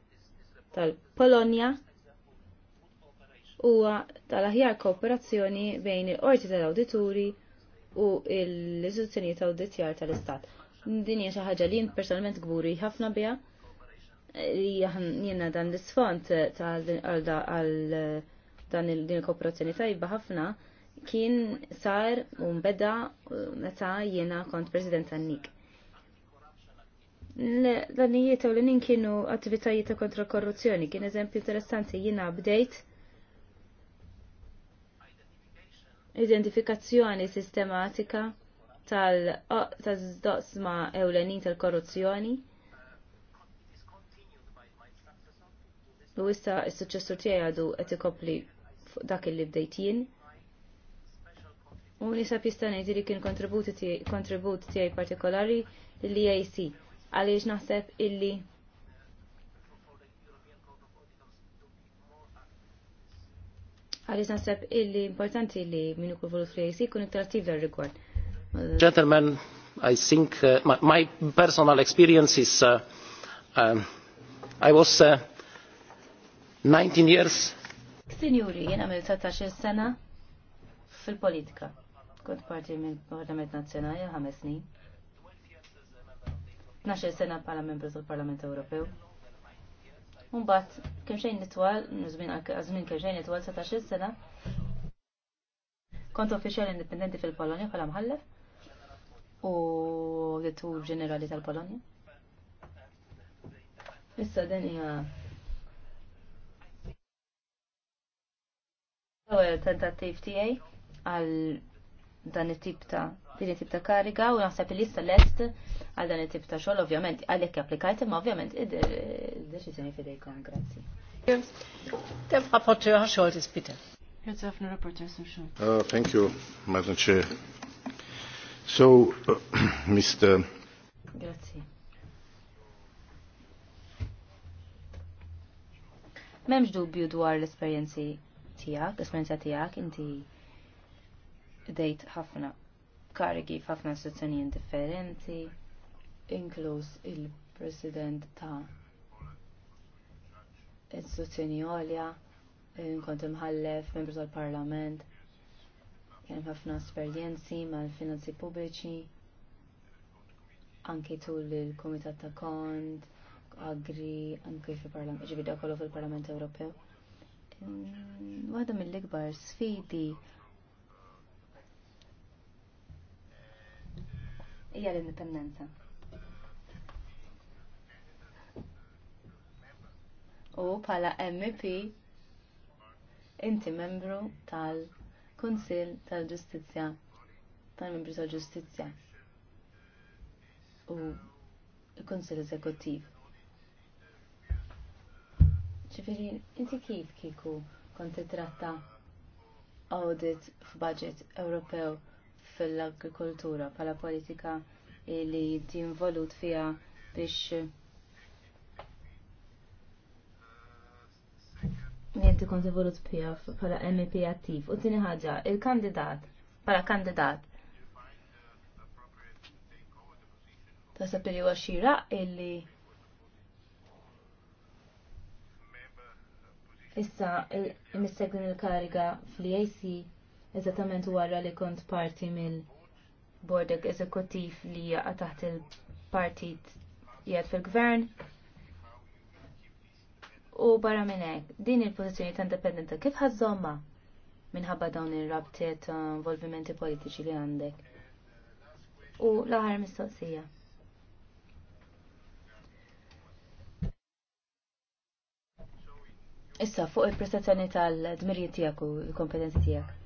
tal-Polonja huwa tal-aħjar kooperazzjoni bejn il-Qorti tal-Awdituri u l-istituzzjonijiet awditjar tal-Istat. Din hija xi ħaġa li jien personalment gburi ħafna biha jiena dan l-isfond tal-għal eh, dan il-kooperazzjoni tajba ħafna kien sar u mbeda meta jiena kont president tan-nik. L-għanijiet u l-nin kienu attivitajiet ta' kontra korruzzjoni, kien eżempju interessanti jiena bdejt identifikazzjoni sistematika tal-doqsma ewlenin tal-korruzzjoni. U issa s-suċessur tiegħi għadu qed ikopli dak li bdejt jien. U nisab jistanajti li kien kontribut tijaj partikolari li IC. Għaliex naħseb illi għaliex naħseb illi importanti li minn ukoll volut fl IC kun iktar attiv dar rigward. Gentlemen, I think uh, my, my personal experience is uh, um, I was uh, 19 years. Signori, jena mill-13 sena fil-politika. Kont parti minn Parlament Nazzjonali ħames snin. 12 sena bħala membru tal-Parlament Ewropew. Mbagħad kemm xejn nitwal, żmien kemm xejn nitwal 17 sena. Kont uffiċjal indipendenti fil-Polonja bħala mħallef u ditur ġenerali tal-Polonja. Issa din hija l-ewwel tentattiv tiegħi għal dan it-tip ta' din it-tip ta' kariga u naħseb li issa lest għal dan it-tip ta' xogħol ovvjament għalhekk applikajt imma ovvjament id-deċiżjoni fidejkom, grazzi. Dem rapporteur Scholtes, bitte. Jetzt öffne Rapporteur Scholtes. Uh, thank you, Madam Chair. So, uh, Mr. Grazie. Memx dubju dwar l-esperienzi tijak, l-esperienza tijak, inti dejt ħafna karigi f'ħafna istituzzjonijiet differenti, inkluż il-President ta' istituzzjoni għolja, kont imħallef membru tal-Parlament, kien ħafna esperjenzi mal-finanzi pubbliċi, anki tul il-Komitat ta' Kont, Agri, anki fil-Parlament, ġivida kollu fil-Parlament Ewropew. Waħda mill-ikbar sfidi hija l-indipendenza. U bħala MEP inti membru tal-Kunsill tal-Ġustizzja tal membru tal-Ġustizzja u l-Kunsill Eżekuttiv. Ġifiri, inti kif kieku kont titratta audit f'budget Ewropew fil-agrikoltura bħala politika li jibdi involut fiha biex kont involut fija bħala MEP attiv. U tini ħaġa, il-kandidat, bħala kandidat, Ta' sapir huwa għaxira illi Issa, il il-kariga fl AC eżattament wara li kont parti mill bordek eżekuttiv li jaqa' taħt il-partit jgħad fil-gvern. U barra minn hekk, din il-pożizzjoni ta' independenta kif ħażomma minħabba dawn ir-rabtiet ta' uh, involvimenti politiċi li għandek. U l-aħħar mistoqsija. Issa fuq il-prestazzjoni tal-dmirijiet tiegħek u l-kompetenzi tiegħek.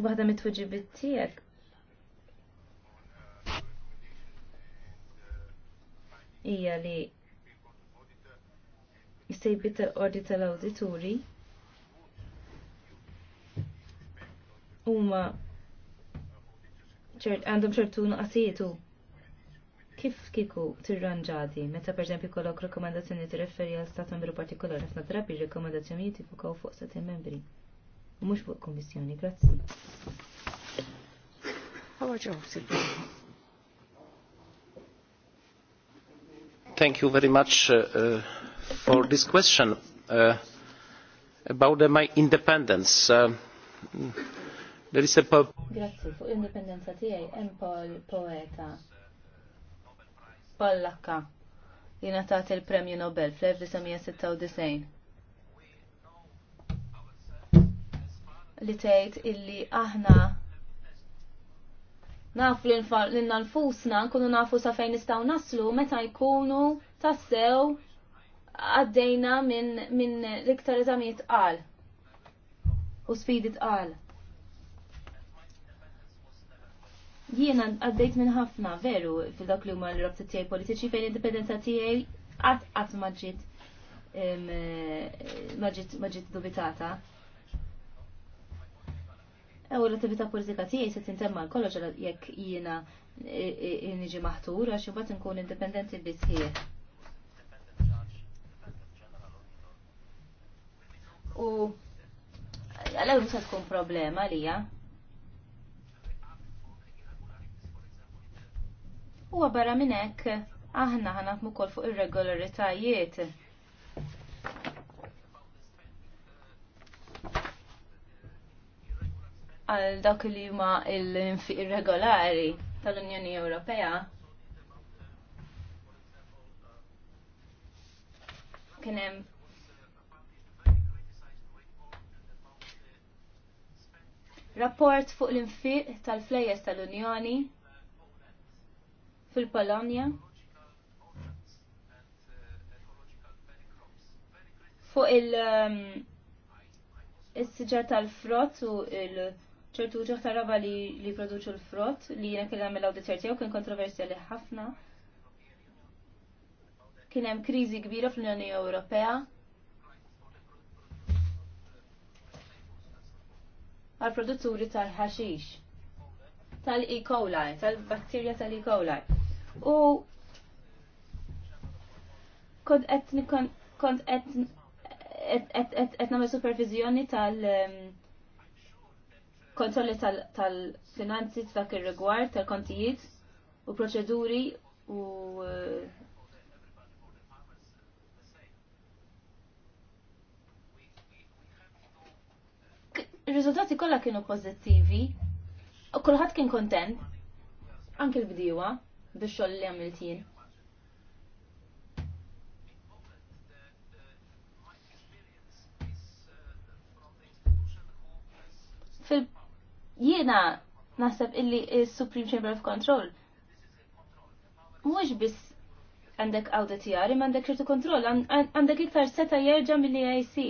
waħda mit-tweġibit tiegħek. Hija li jsejbit tal-qorti tal-awdituri huma għandhom ċertu nuqqasietu kif kiku tirranġati meta perżempju kollok rekomendazzjoni tirreferi għal stat membru partikolari ħafna drabi rekomendazzjonijiet jifukaw fuq stati membri u mux fuq il Grazzi. Thank you very much uh, uh, for this question uh, about uh, my independence. Uh, there is a Grazie, fuq indipendenza tiegħi hemm Paul poeta Pollakka jingħatat il-Premju Nobel fl-1996. li tgħid illi aħna nafu li nfusna nkunu nafu sa fejn nistgħu naslu meta jkunu tassew għaddejna minn min l-iktar eżamijiet qal u sfidi tqal. Jiena għaddejt minn ħafna veru fil dak li huma l-rabta tiegħi politiċi fejn l-indipendenza tiegħi qatt qatt eh, ma ġiet dubitata u l-attività politika tiegħi se tintemm mal kollox jekk jiena e, e, e, niġi maħtur għax imbagħad inkun indipendenti biss bisħieħ. U għalhekk mhux tkun problema lija. Huwa barra minn hekk aħna ħanafmu kol fuq ir-regolaritajiet. għal dak li huma l-infiq irregolari tal-Unjoni Ewropea Kienem rapport fuq l-infiq tal-flejjes tal-Unjoni fil-Polonja fuq il- um, tal-frott u il- ċertu ġoħta raba li li produċu l-frott li jena kellha mill auditor tiegħu kien kontroversjali ħafna. Kien hemm kriżi kbira fl-Unjoni Ewropea. għal produtturi tal-ħaxix, tal-E. coli, tal-bakterja tal-E. coli. U kont etni, kont etni, etna me supervizjoni tal- um, kontrolli tal-finanzi f'dak il rigward tal-kontijiet u proċeduri u Il-rizultati eh, kollha kienu pozittivi u kulħadd kien kontent anke l-bdiewa biex xogħol li għamilt jien. fil Jiena naħseb illi il-Supreme Chamber of Control mhux biss għandek awditjar ma għandek ċertu kontrol, għandek iktar seta jerġa' mill-EIC.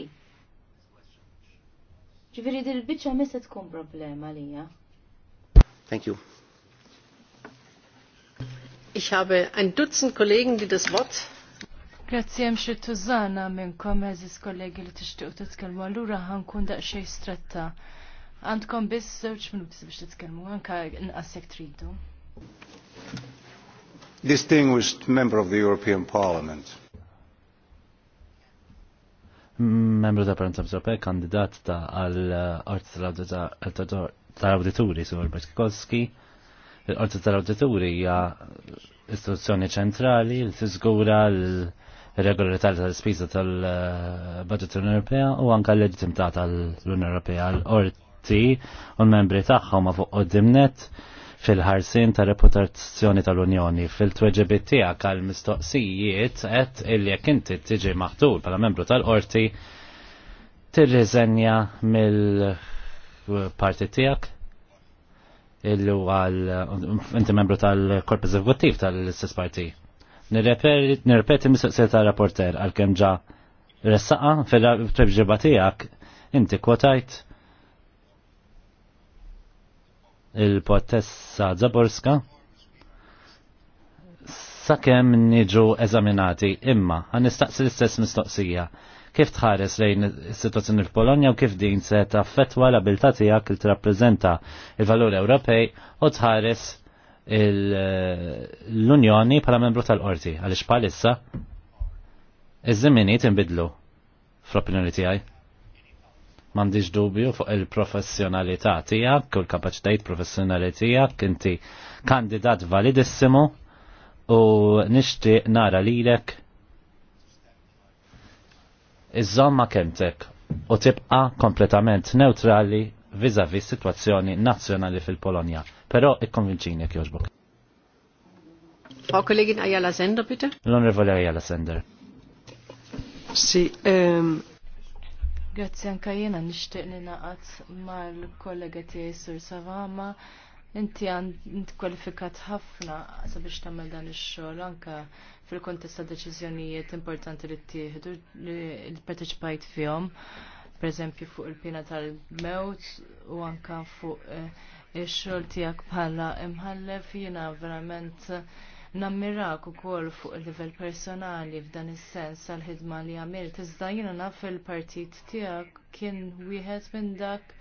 Ġviri dir biċċa mista tkun problema lija. Thank you. Ich habe ein Dutzend Kollegen, die das Wort. Grazie hemm xi tużana kom eżis kollegi li tixtiequ titkellmu allura ħankun daqsxejn stretta. Għandkom biss żewġ minuti biex titkellmu, anka nqas jekk tridu. Distinguished member of the European Parliament. Membru ta' Parenza Europea, kandidat ta' għal-Orti uh, tal auditori Sur Bertkowski. L-Orti tal auditori hija istituzzjoni ċentrali li tiżgura l-regolarità tal-spiża tal-Budget uh, Europea u anka l-leġitimità tal-Unjoni Europea l-Orti l u l-membri tagħhom ma fuq qoddimnet fil-ħarsin ta' reputazzjoni tal-Unjoni. Fil-tweġibit tiegħek għal-mistoqsijiet qed illi jekk inti tiġi maħtul bħala membru tal-qorti tirriżenja mill-parti tiegħek illu għal inti membru tal-korp eżekuttiv tal-istess parti. Nirrepeti mistoqsija ta' rapporter għal kemm ġa ressaqa fil-tweġiba tiegħek inti kwotajt il-potessa Zaborska sakemm niġu eżaminati imma għan nistaqsi l-istess mistoqsija kif tħares lejn is-sitwazzjoni f'Polonja u kif din se taffettwa l-abilità tiegħek li tirrappreżenta il-valur Ewropej u tħares l-Unjoni bħala membru tal-Qorti għaliex bħalissa iż-żminijiet inbidlu fl-opinjoni tiegħi mandiġ dubju fuq il-professjonalità tijak, kull kapacitajt professjonali tiegħek, inti kandidat validissimu u nishti nara lilek iż-żomma kemtek u tibqa kompletament neutrali vizavi situazzjoni nazzjonali fil-Polonja. Però ikkonvinċini kjoġbok. Frau Kollegin Ayala Sender, bitte. L'onorevole Ayala Sender. Sì, si, ehm, Grazzi anka jena nishtiq li naqat mal-kollega tiegħi Sur Savama. Inti għand kwalifikat ħafna sabiex tagħmel dan ix-xogħol anke fil-kontest ta' deċiżjonijiet importanti li ttieħdu li pparteċipajt fihom, pereżempju fuq il-pina tal-mewt u anke fuq eh, ix-xogħol tiegħek bħala imħallef jiena verament nammirak ukoll fuq il-livell personali f'dan is-sens għal ħidma li għamilt. Iżda jiena naf il-partit tiegħek kien wieħed minn dak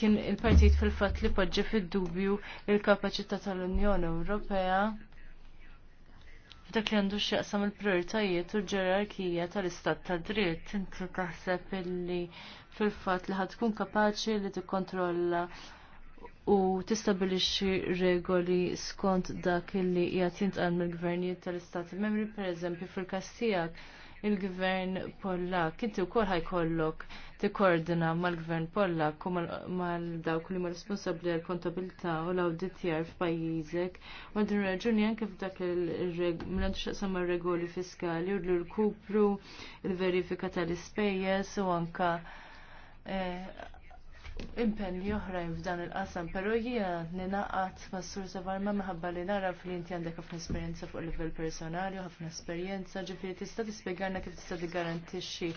kien il-partit fil-fatt li poġġi fid-dubju il-kapaċità tal-Unjoni Ewropea f'dak li għandu x'jaqsam il-prioritajiet u l-ġerarkija tal-istat tad dritt. Inti taħseb illi fil-fatt li ħad tkun kapaċi li tikkontrolla u tistabilixxi regoli skont dak li qiegħed jintqal mill-gvernijiet tal-istati membri pereżempju fil kastijak tiegħek il-gvern Pollak inti wkoll ħajkollok koordina mal-gvern Pollak u mal-dawk li huma responsabbli għall kontabilità u l-awditjar f'pajjiżek. Ma din raġuni anke f'dak il-għandu xaqsam regoli fiskali u l-kupru, il-verifika tal-ispejjeż u anka eh, impenju oħrajn f'dan il-qasam, pero jiena ninaqat ma' sur savarma minħabba li nara fl-inti għandek ħafna esperjenza fuq livell personali, ħafna esperjenza, ġifieri tista' tispjegana kif tista' tigarantixxi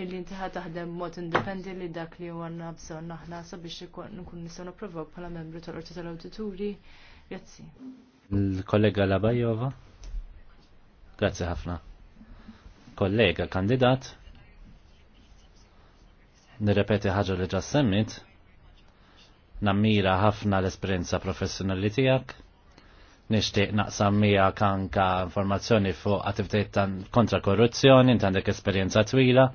li inti ħa taħdem mod indipendi li dak li għandna bżonn aħna sabiex nkun nisaw nipprovaw bħala membru tal-Qorti tal awtituri Grazzi. Il-kollega Labajova. Grazzi ħafna. Kollega kandidat nirrepeti ħaġa li ġassemmit, nammira ħafna l-esperienza professjonali tijak, nishtiq naqsam mija kanka informazzjoni fuq tan kontra korruzzjoni, int għandek esperjenza twila,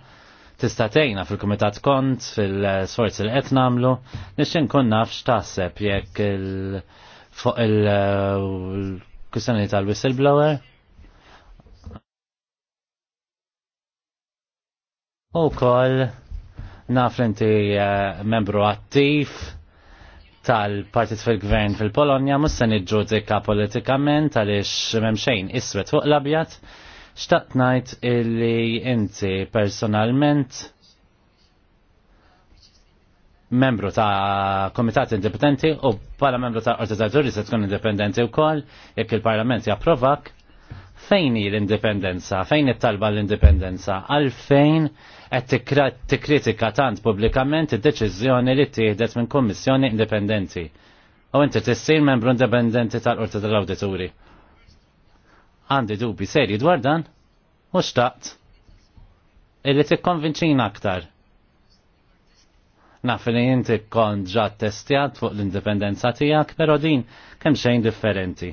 tista' fil-Kumitat Kont fil-sforzi li qed nagħmlu, nixtieq nkun naf x'taħseb jekk il fuq il-kwistjoni tal-whistleblower. U koll Naf inti eh, membru attiv tal-partit fil-gvern fil-Polonja mus se niġġudika politikament għaliex memxejn iswed fuq labjat, Xtaqt ngħid illi inti personalment membru ta' komitat indipendenti u pala membru ta' orti se tkun indipendenti u koll, jekk il-parlament japprovak, fejn hi l-indipendenza, fejn it-talba l-indipendenza, għalfejn qed tikkritika tant pubblikament id-deċiżjoni li tieħdet minn kummissjoni indipendenti. U inti tissir membru indipendenti tal-Qorti tal-Awdituri. Għandi dubi serji dwar dan? U xtaqt? Illi tikkonvinċina aktar. Naf li inti kont ġa testjat fuq l-indipendenza tiegħek, però din kemm xejn differenti.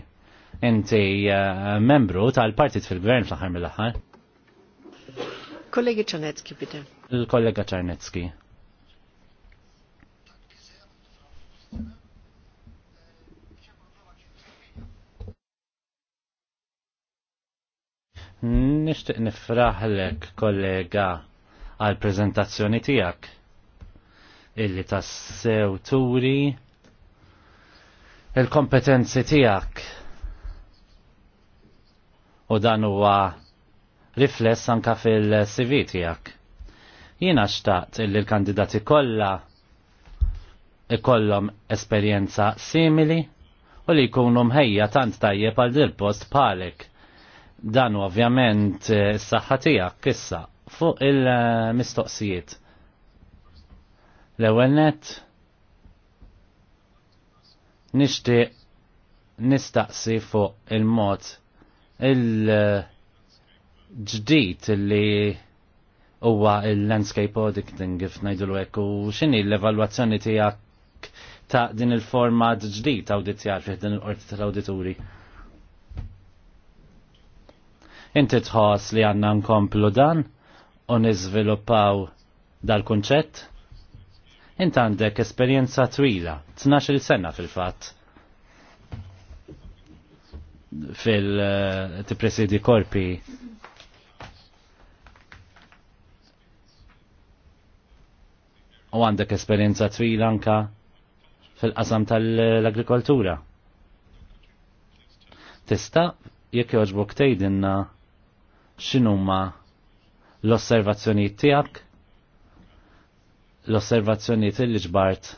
Inti uh, membru tal-partit fil-gvern fl-aħħar mill-aħħar. Kollegi Czarnecki, bitte. Il-kollega Czarnecki. Nishtiq nifraħlek, kollega, għal-prezentazzjoni tijak illi tassew turi il-kompetenzi tijak u dan huwa rifless anka fil-CV tijak. Jina xtaqt illi l-kandidati kolla ikollom esperienza simili u li jkunu mħejja tant tajjeb għal dil-post palek. Dan ovvjament eh, s-saxħa tijak issa fuq il-mistoqsijiet. L-ewel net nishtiq nistaqsi fuq il-mod il-, -mod, il ġdid li huwa il-landscape auditing if ngħidu hekk u x'inhi l-evalwazzjoni tiegħek ta' din il-format ġdid awditjar fih din il-qorti tal-awdituri. Inti tħoss li għandna nkomplu dan u niżviluppaw dal-kunċett? Inti għandek esperjenza twila, 12 sena fil-fatt fil-tipresidi eh, korpi u għandek esperienza twila anka fil-qasam tal-agrikoltura. Tista jekk joġbok tgħidilna x'inhuma l-osservazzjonijiet tiegħek, l-osservazzjonijiet li ġbart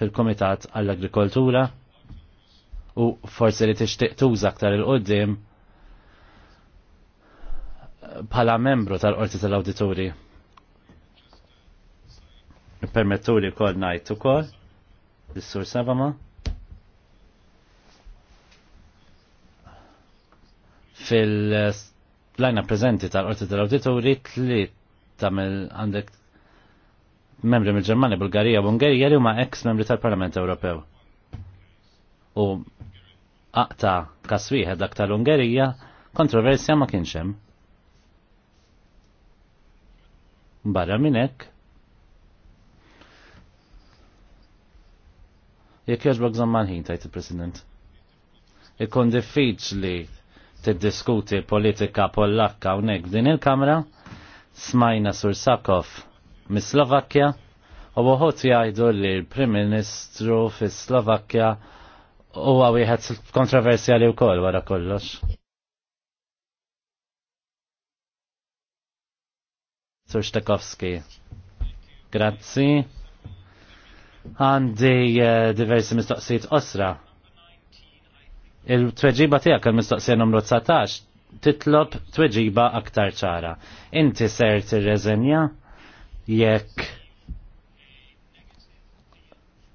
fil-Komitat għall-Agrikoltura u forsi li tixtieq tuża aktar il-qoddim bħala membru tal-Qorti tal-Awditori. tal qorti tal awditori tal Permettu li kol najt u kol. Is-sur Sabama. Fil-lajna prezenti tal-Qorti tal auditori li tamil għandek membri mill ġermani Bulgarija, Bungerija li huma ex membri tal-Parlament Ewropew. U aqta kaswiħed dak tal-Ungerija kontroversja ma kienx hemm. Barra minn hekk, Jekk jogħġbok żamman ħin tajt il-President. Ikun diffiċli tiddiskuti politika pollakka hawnhekk din il-Kamra smajna Sur Sakov mis-Slovakkja u uħut jgħidu li l-Prim Ministru fis-Slovakkja huwa wieħed kontroversjali wkoll wara kollox. Sur Stekowski. Grazzi. Għandi eh, diversi mistoqsijiet osra. Il-tweġiba tiegħek il-mistoqsija numru 19 titlob tweġiba aktar ċara. Inti ser tirreżenja jekk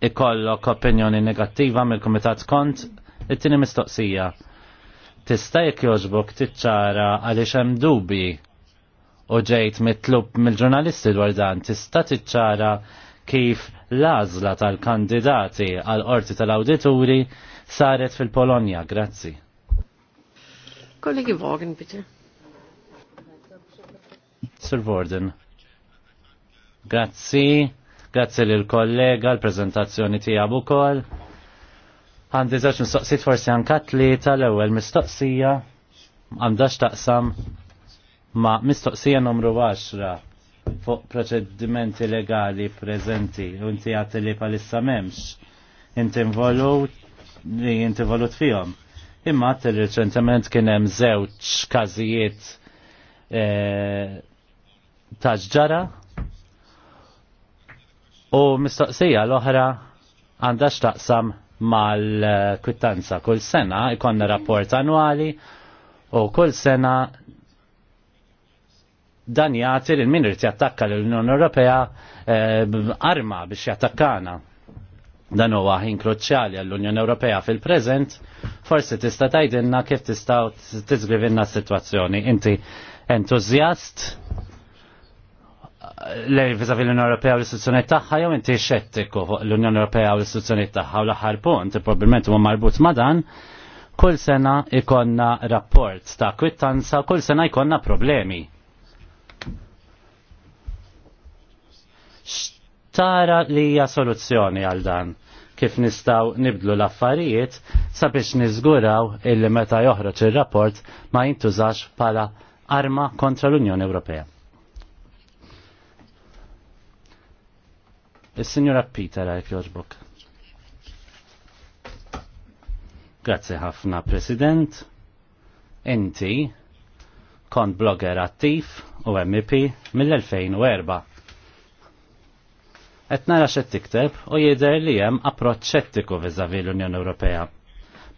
ikollok opinjoni negattiva mill-Kumitat Kont it-tieni mistoqsija. Tista' jekk jogħġbok tiċċara għaliex hemm dubi u ġejt mitlub mill-ġurnalisti dwar dan tista' tiċċara kif l azla tal-kandidati għal qorti tal-awdituri saret fil-Polonja. Grazzi. Kollegi Vogen, bitte. Sir Vorden. Grazzi. Grazzi l kollega l-prezentazzjoni tiegħu ukoll. Għandi żewġ mistoqsit forsi anka tlieta l-ewwel mistoqsija għandax taqsam ma' mistoqsija numru 10 fuq proċedimenti legali prezenti u inti għati li palissa memx. Inti involut li inti involut fihom. Imma għati li recentement kien hemm żewġ każijiet e, ta' u mistoqsija l-oħra għandha x'taqsam mal-kwittanza kull sena ikonna rapport annwali u kull sena dan jagħti li min irid jattakka l-Unjoni Ewropea eh, arma biex jattakkana. Dan huwa ħin kruċjali għall-Unjoni Ewropea fil-preżent, forsi tista' tgħidilna kif tistgħu tiżgrivilna s-sitwazzjoni. Inti entużjast eh, lej viza l unjoni Ewropea u l-istituzzjonijiet tagħha jew inti xettiku fuq l-Unjoni Ewropea u l-istituzzjonijiet tagħha u l-aħħar punt, probabbilment huwa marbut ma' dan, kull sena ikonna rapport ta' kwittanza, kull sena ikonna problemi xtara li hija soluzzjoni għal dan kif nistaw nibdlu l-affarijiet sabiex nizguraw illi meta joħroġ ir-rapport ma jintużax pala arma kontra l-Unjoni Ewropea. Is-Sinjura Peter għal joġbok. Grazzi ħafna, President. Inti kont blogger attiv u MEP mill-2004 Qed nara xed tikteb u jidher li hemm approċċ xettiku viżavi l-Unjoni Ewropea.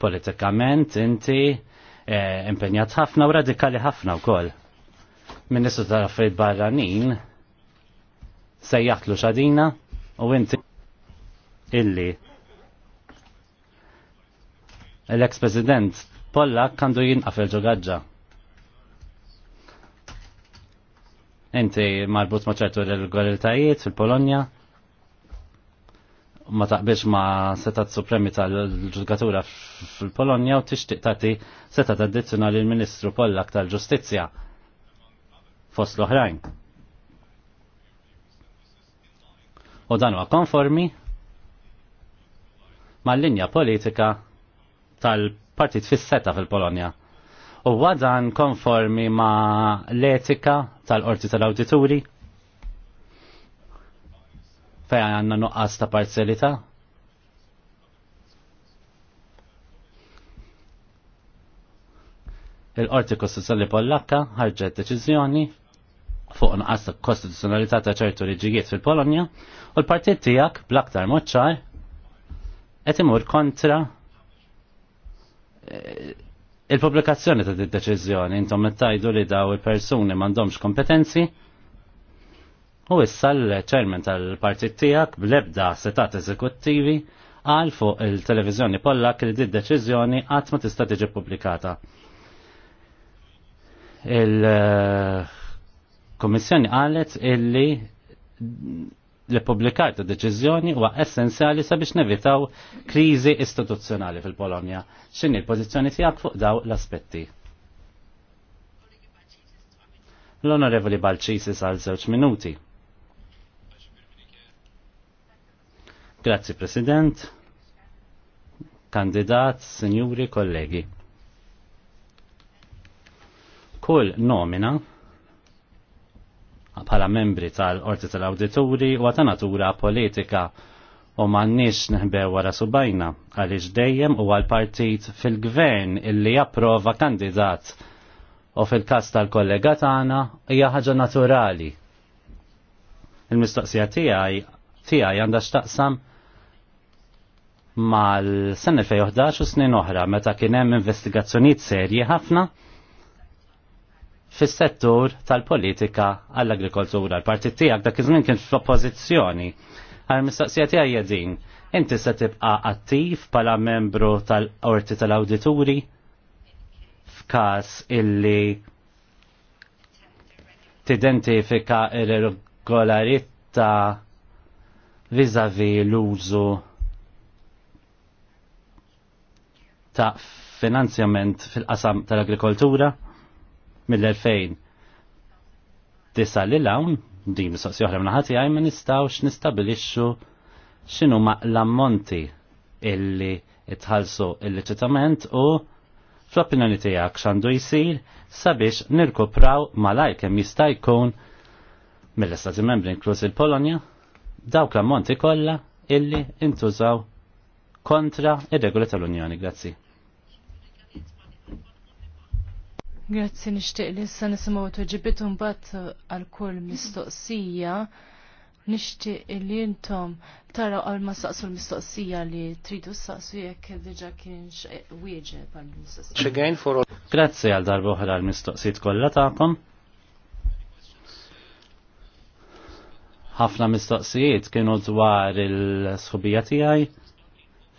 Politikament inti eh, impenjat ħafna u radikali ħafna wkoll. Ministru tal-Affarijiet Barranin se jaħtlu xadina u inti illi l-ex-president Polla kandu jinqaf il-ġogaġġa. Inti marbut ma ċertu l-goriltajiet fil-Polonja, ma taqbilx ma setat supremi tal ġudgatura fil-Polonja u tixtieq tagħti setat addizzjonali l-Ministru Pollak tal-Ġustizzja fost l-oħrajn. U dan huwa konformi mal-linja politika tal-partit fis-seta fil-Polonja. U dan konformi ma l-etika tal-qorti tal-awdituri fej għanna nuqqas ta' parzialità? Il-Qorti Kostituzzjonali Pollakka ħarġet deċiżjoni fuq nuqqas ta' kostituzzjonalità ta' ċertu liġijiet fil-Polonja u l-partit tiegħek bl-aktar moċċar qed imur kontra eh, il-pubblikazzjoni ta' id-deċiżjoni intom mettajdu li daw il-persuni m'għandhomx kompetenzi U issa l-ċermen tal-partit tijak bl-ebda setat eżekuttivi għal fuq il-televizjoni Pollak li di deċiżjoni għat ma tista' tiġi publikata. il komissjoni qalet illi li publikar deċizjoni deċiżjoni huwa essenzjali sabiex nevitaw kriżi istituzzjonali fil-Polonja. X'inhi l-pożizzjoni tiegħek fuq daw l-aspetti? L-Onorevoli Balċisis għal żewġ minuti. Grazzi President, kandidat, sinjuri, kollegi. Kull nomina bħala membri tal-Orti tal-Awdituri u ta' natura politika u mannix neħbew wara subajna għaliex dejjem u għal-partit fil-gvern illi japprova kandidat u fil-kas tal-kollega tagħna hija ħaġa naturali. Il-mistoqsija tiegħi tija għandha x'taqsam mal-sen 2011 u snin oħra meta kien hemm investigazzjonijiet serji ħafna fis-settur tal-politika għall-agrikoltura. Il-partit tiegħek dak iż-żmien kien fl-oppożizzjoni. Għal mistoqsija tiegħi din, inti se tibqa' attiv bħala membru tal-qorti tal-awdituri f'każ illi tidentifika irregolarità vizavi l-użu ta' finanzjament fil-qasam tal-agrikoltura mill-2000 tisa li lawn, din mistoqsi oħra mnaħati għaj ma nistawx nistabilixxu xinu ma l-ammonti illi itħalsu il-leċitament u fl-opinjoni tiegħek x'għandu jsir sabiex nirkupraw malaj kemm jista' jkun mill-Istati Membri inkluż il-Polonja dawk l-ammonti kollha illi intużaw kontra ir-regoli tal-Unjoni. Grazzi. Grazzi nixtieq li issa nisimgħu tweġibiet mbagħad għal kull mistoqsija nixtieq li intom taraw għal ma saqsu l-mistoqsija li tridu saqsu jekk diġa kienx wieġeb għal mistoqsija. Grazzi għal darba oħra l-mistoqsijiet kollha tagħkom. ħafna mistoqsijiet kienu dwar il-sħubija tiegħi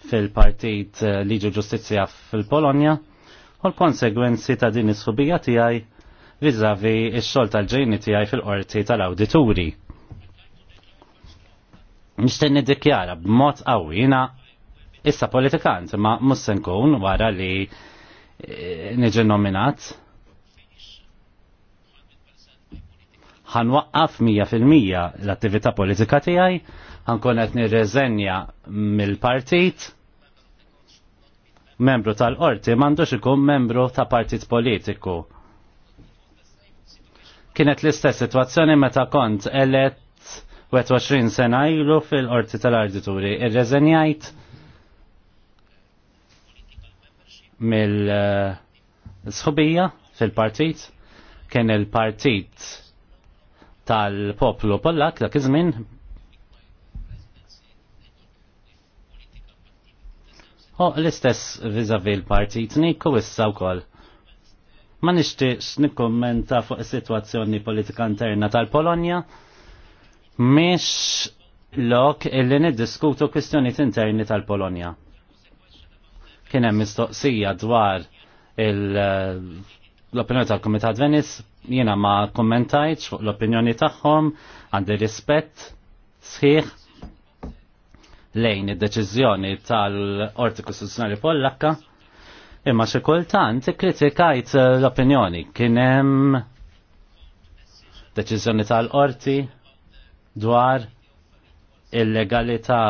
fil-partit Liġu Ġustizzja fil-Polonja u l-konsegwenzi ta' din is-sħubija tiegħi viżavi x-xogħol tal-ġejni tiegħi fil-qorti tal-awdituri. Nixtieq niddikjara b'mod qawwina issa politikant ma' mhux se nkun wara li eh, niġi nominat ħanwaqqaf 100% l-attività politika tiegħi, ħankun qed nirreżenja mill-partit, membru tal-qorti m'għandux ikun membru ta' partit politiku. Kienet l-istess sitwazzjoni meta kont elett 21 sena ilu fil-qorti tal-ardituri. Irreżenjajt mill-sħubija fil-partit kien il-partit tal-poplu Pollak dak iż-żmien Ho l-istess vizavi l-partit nikku issa wkoll. Ma nixtiex nikkummenta fuq is-sitwazzjoni politika interna tal-Polonja miex lok illi niddiskutu kwistjonijiet interni tal-Polonja. Kien hemm mistoqsija dwar il- l-opinjoni tal-Komitat Venice jiena ma kommentajt fuq l-opinjoni tagħhom għandi rispett sħiħ lejn id-deċiżjoni tal-Orti Kostituzzjonali Pollakka imma xi kultant ikkritikajt l-opinjoni kien hemm deċiżjoni tal-Qorti dwar il-legalità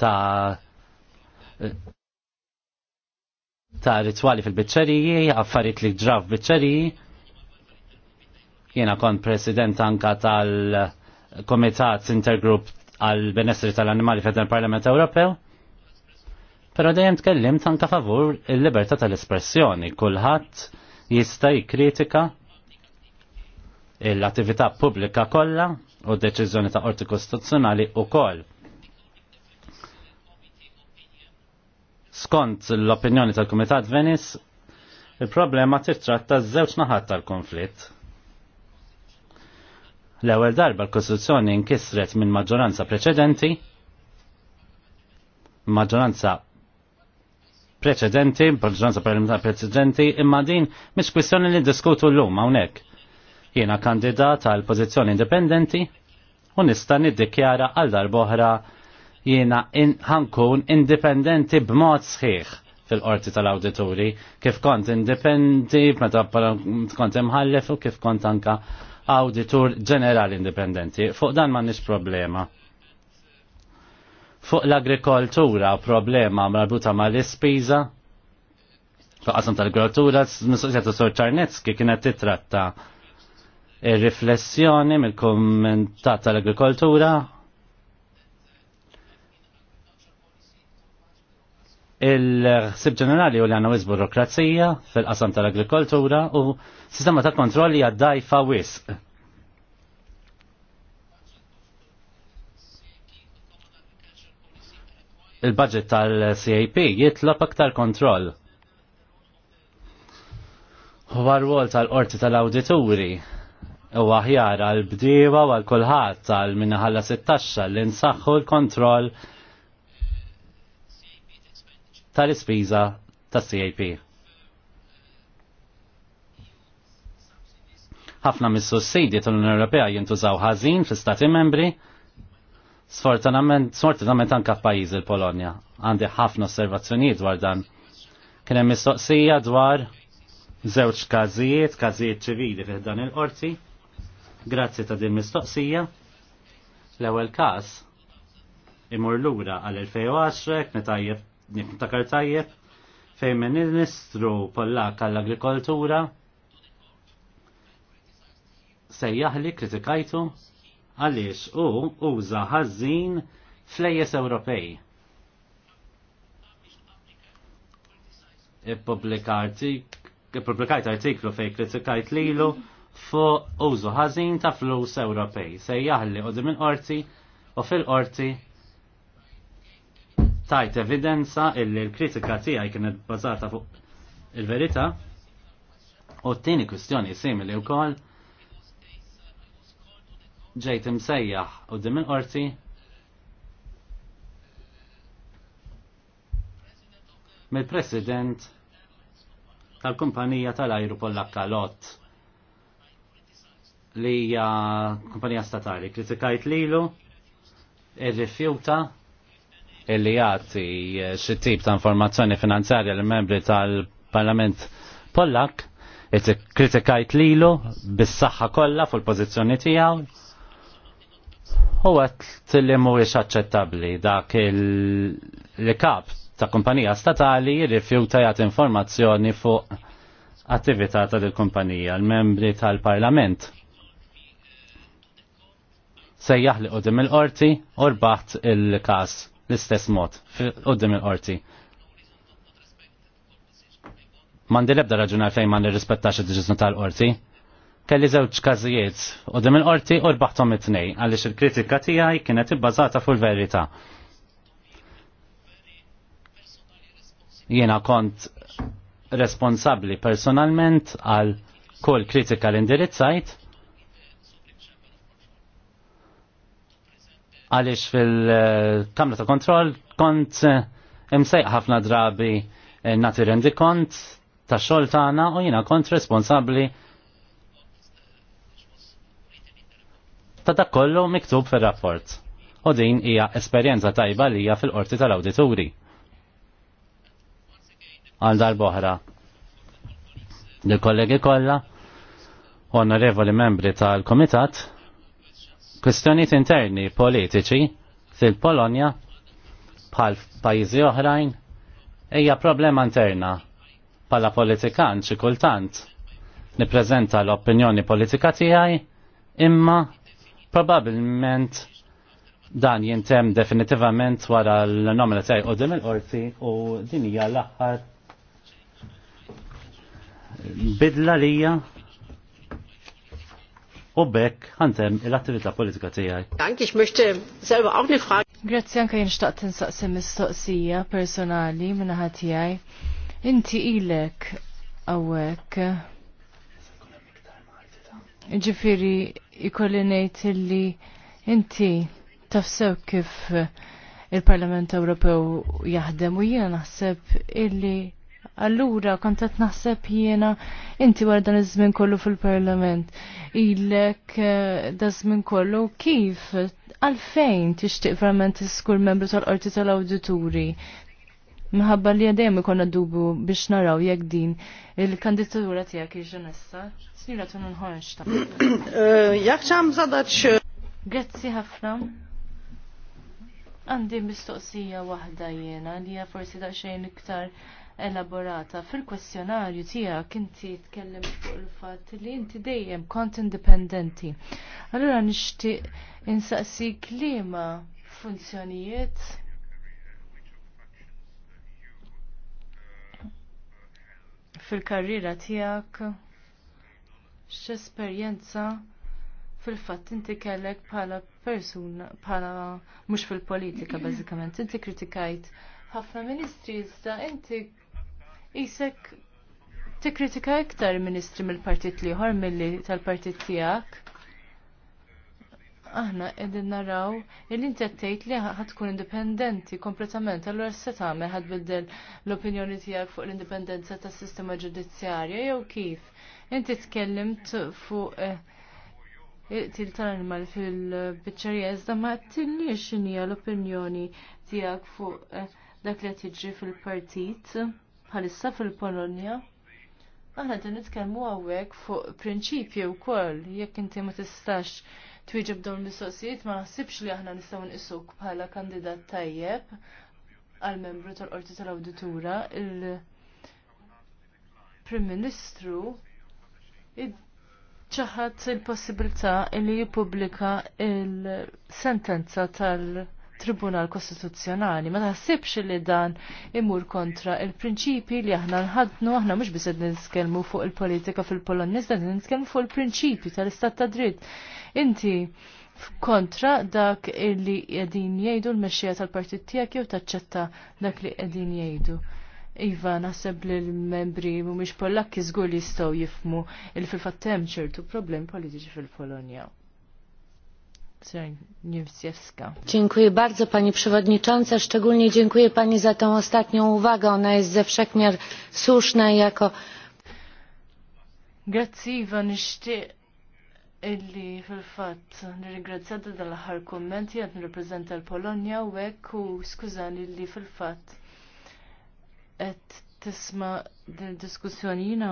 ta' ta' rituali fil-bicċeriji, affarijiet li ġraf bicċeriji. Jiena kon president anka tal-Komitat Intergroup għal benessri tal-Animali fed parlament Ewropew. Pero dejjem tkellim tanka favur il-libertà tal-espressjoni. Kulħadd jista' jikkritika l-attività pubblika kollha u d-deċiżjoni ta' qorti kostituzzjonali koll. skont l-opinjoni tal-Kumitat Venis, il-problema titratta żewġ naħat tal-konflitt. L-ewwel darba l-Kostituzzjoni nkisret minn maġġoranza preċedenti, maġġoranza preċedenti, maġġoranza parlamentari preċedenti, imma din mhix kwistjoni li diskutu llum hawnhekk. Jiena kandidat għal pożizzjoni indipendenti u nista' niddikjara għal darba oħra jiena ħankun in indipendenti b'mod sħiħ fil-qorti tal auditori kif kont indipendi, meta kont imħallef u kif kont anka awditur ġenerali indipendenti. Fuq dan ma nix problema. Fuq l-agrikoltura problema marbuta ma l-ispiża, fuq qasam tal-agrikoltura, mis-sosja Sor Czarnecki kienet titratta il riflessjoni mill-kommentat tal-agrikoltura il-ħsib ġenerali u li għanna wis burokrazija fil-qasam tal-agrikoltura u sistema ta' kontrolli fa' wisq. il-budget tal-CAP jitlob aktar kontroll. U għarwol tal-qorti tal-awdituri u aħjar għal-bdiewa u għal-kulħadd tal minnaħalla 16 li nsaħħu l-kontroll tal-ispiża tas-CAP. Ħafna mis-sussidi tal-Unjoni Ewropea jintużaw ħażin fl-Stati membri Sfortunament, anke anka f'pajjiż il-Polonja. Għandi ħafna osservazzjonijiet dwar dan. Kien hemm mistoqsija dwar żewġ każijiet, każijiet ċivili fih dan il-qorti. Grazzi ta' din mistoqsija. L-ewwel każ imur lura għal 2010 kien tajjeb niftakar tajjeb fejn ministru Pollak għall-agrikoltura sejjaħli kritikajtu għaliex u uża ħażin flejjes Ewropej. Ippubblikajt artiklu fej kritikajt lilu fuq użu ħażin ta' flus Ewropej. Sejjaħli u minn qorti u fil-qorti tajt evidenza illi l-kritika tiegħi kienet bbażata fuq il-verità u t-tieni kwistjoni simili wkoll ġejt imsejjaħ u dim il-qorti mill-president tal-kumpanija tal-ajru pollakka Lot li hija kumpanija statali kritikajt lilu irrifjuta illi jagħti eh, xi tip ta' informazzjoni finanzjarja li membri tal-Parlament Pollak qed kritikajt lilu bis-saħħa kollha fuq il-pożizzjoni tiegħu u għat li mhuwiex aċċettabbli dak il-kap ta' kumpanija statali jirrifjuta jagħti informazzjoni fuq attività ta' dil-kumpanija l-membri tal-Parlament. Se li dim il-qorti u rbaħt il-każ l-istess mod, għoddim il-qorti. Mandi lebda raġunar fejn ma nirrispettax id-deċiżjoni tal-qorti. Kelli żewġ każijiet qudiem il-qorti u rbaħthom it nej għaliex il-kritika tiegħi kienet ibbażata fuq il-verità. Jiena kont responsabli personalment għal kull kritika l-indirizzajt għaliex fil-kamra ta' kontroll kont eh, imsej ħafna drabi eh, nagħti rendi kont ta' xogħol tagħna u jiena kont responsabli ta' dak kollu miktub fir-rapport. U din hija esperjenza tajba hija fil-qorti tal-awdituri. Għal darboħra. Il-kollegi kollha, onorevoli membri tal-komitat, Kwestjonijiet interni politiċi fil-Polonja bħal pajjiżi oħrajn hija problema interna bħala politikan xi kultant nippreżenta l-opinjoni politika tiegħi imma probabilment dan jintem definitivament wara l-nomina tiegħi dim il-qorti u din hija l-aħħar bidla lija u bekk ħantem l-attività politika tijaj. Anki x'mixti selva hawn nifra. Grazzi anke jien xtaqt tinsaqsi mistoqsija personali minna ħatijaj. tiegħi. Inti ilek għawek. Ġifiri ikolli ngħid illi inti tafsew kif il-Parlament Ewropew jaħdem u jiena naħseb illi Allura kont qed naħseb jiena inti wara dan iż-żmien kollu fil-Parlament. Ilek eh, da żmien kollu kif għalfejn tixtieq verament tiskur membru tal-qorti tal-awdituri Mħabba li għadajem ikonna dubu biex naraw jekk din il-kandidatura tijak iġenessa. Snira tun nħonx ta' eh, Jak ċam zadaċ? Eh, Grazzi ħafna. Għandi mistoqsija wahda jena li forsi daqsxejn iktar elaborata. Fil-kwestjonarju tiegħek inti tkellem fuq il-fatt li inti dejjem kont indipendenti. Allura nixtieq insaqsi klima funzjonijiet fil-karriera tiegħek x'esperjenza fil-fatt inti kellek bħala persuna bħala mhux fil-politika bażikament inti kritikajt ħafna ministri iżda inti isek tikkritika iktar ministri mill-partit mill milli tal-partit tiegħek. Aħna qegħdin naraw il inti tgħid li ħadkun indipendenti kompletament, allura se tagħmel ħad biddel l-opinjoni tiegħek fuq l-indipendenza tas-sistema ġudizzjarja jew kif. Inti tkellimt fuq eh, il tal-animal fil bicċarja iżda ma tillix xinija l-opinjoni tiegħek fuq eh, dak li qed jiġri fil-partit bħalissa fil-Polonja. Aħna din nitkellmu hawnhekk fuq prinċipji wkoll jekk inti ma tistax twieġeb dawn l istoqsijiet ma naħsibx li aħna nistgħu nqisuk bħala kandidat tajjeb għal membru tal-Qorti tal-Awditura il-Prim Ministru ċaħat il-possibilità li jippubblika il-sentenza tal-Qorti Tribunal Kostituzzjonali. Ma taħsibx li dan imur kontra il-prinċipi li aħna nħadnu, aħna mhux biss qed nitkellmu fuq il-politika fil-Polonja, iżda nitkellmu fuq il-prinċipi tal-Istat ta' dritt. Inti kontra dak li qegħdin jgħidu l-mexxija tal-partit tiegħek jew taċċetta dak li qegħdin jgħidu. Iva, naħseb li l-membri mhumiex Pollakki żgur li jistgħu jifmu il fil-fattem ċertu problemi politiċi fil-Polonja. Dziękuję bardzo Pani Przewodnicząca. Szczególnie dziękuję Pani za tą ostatnią uwagę. Ona jest ze wszechmiar słuszna jako... illi fil-fat dal-ħar għad l-Polonja u u illi fil-fat tisma din diskussjoni jina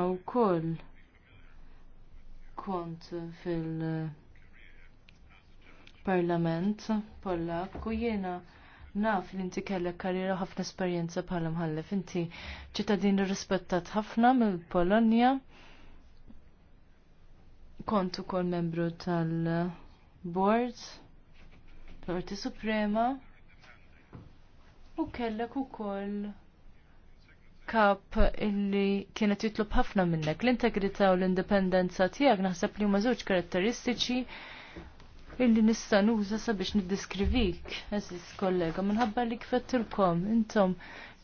kont fil- parlament Pollak u jiena naf li inti kellek karriera ħafna esperjenza bħala mħallef. Inti ċittadin rispettat ħafna mill-Polonja. Kont ukoll membru tal-Board tal Suprema u kellek ukoll kap illi kienet jitlob ħafna minnek l-integrità u l-indipendenza tiegħek naħseb li huma żewġ karatteristiċi illi nista' nuża sabiex niddiskrivik, eżis kollega, minħabba li kfettilkom, intom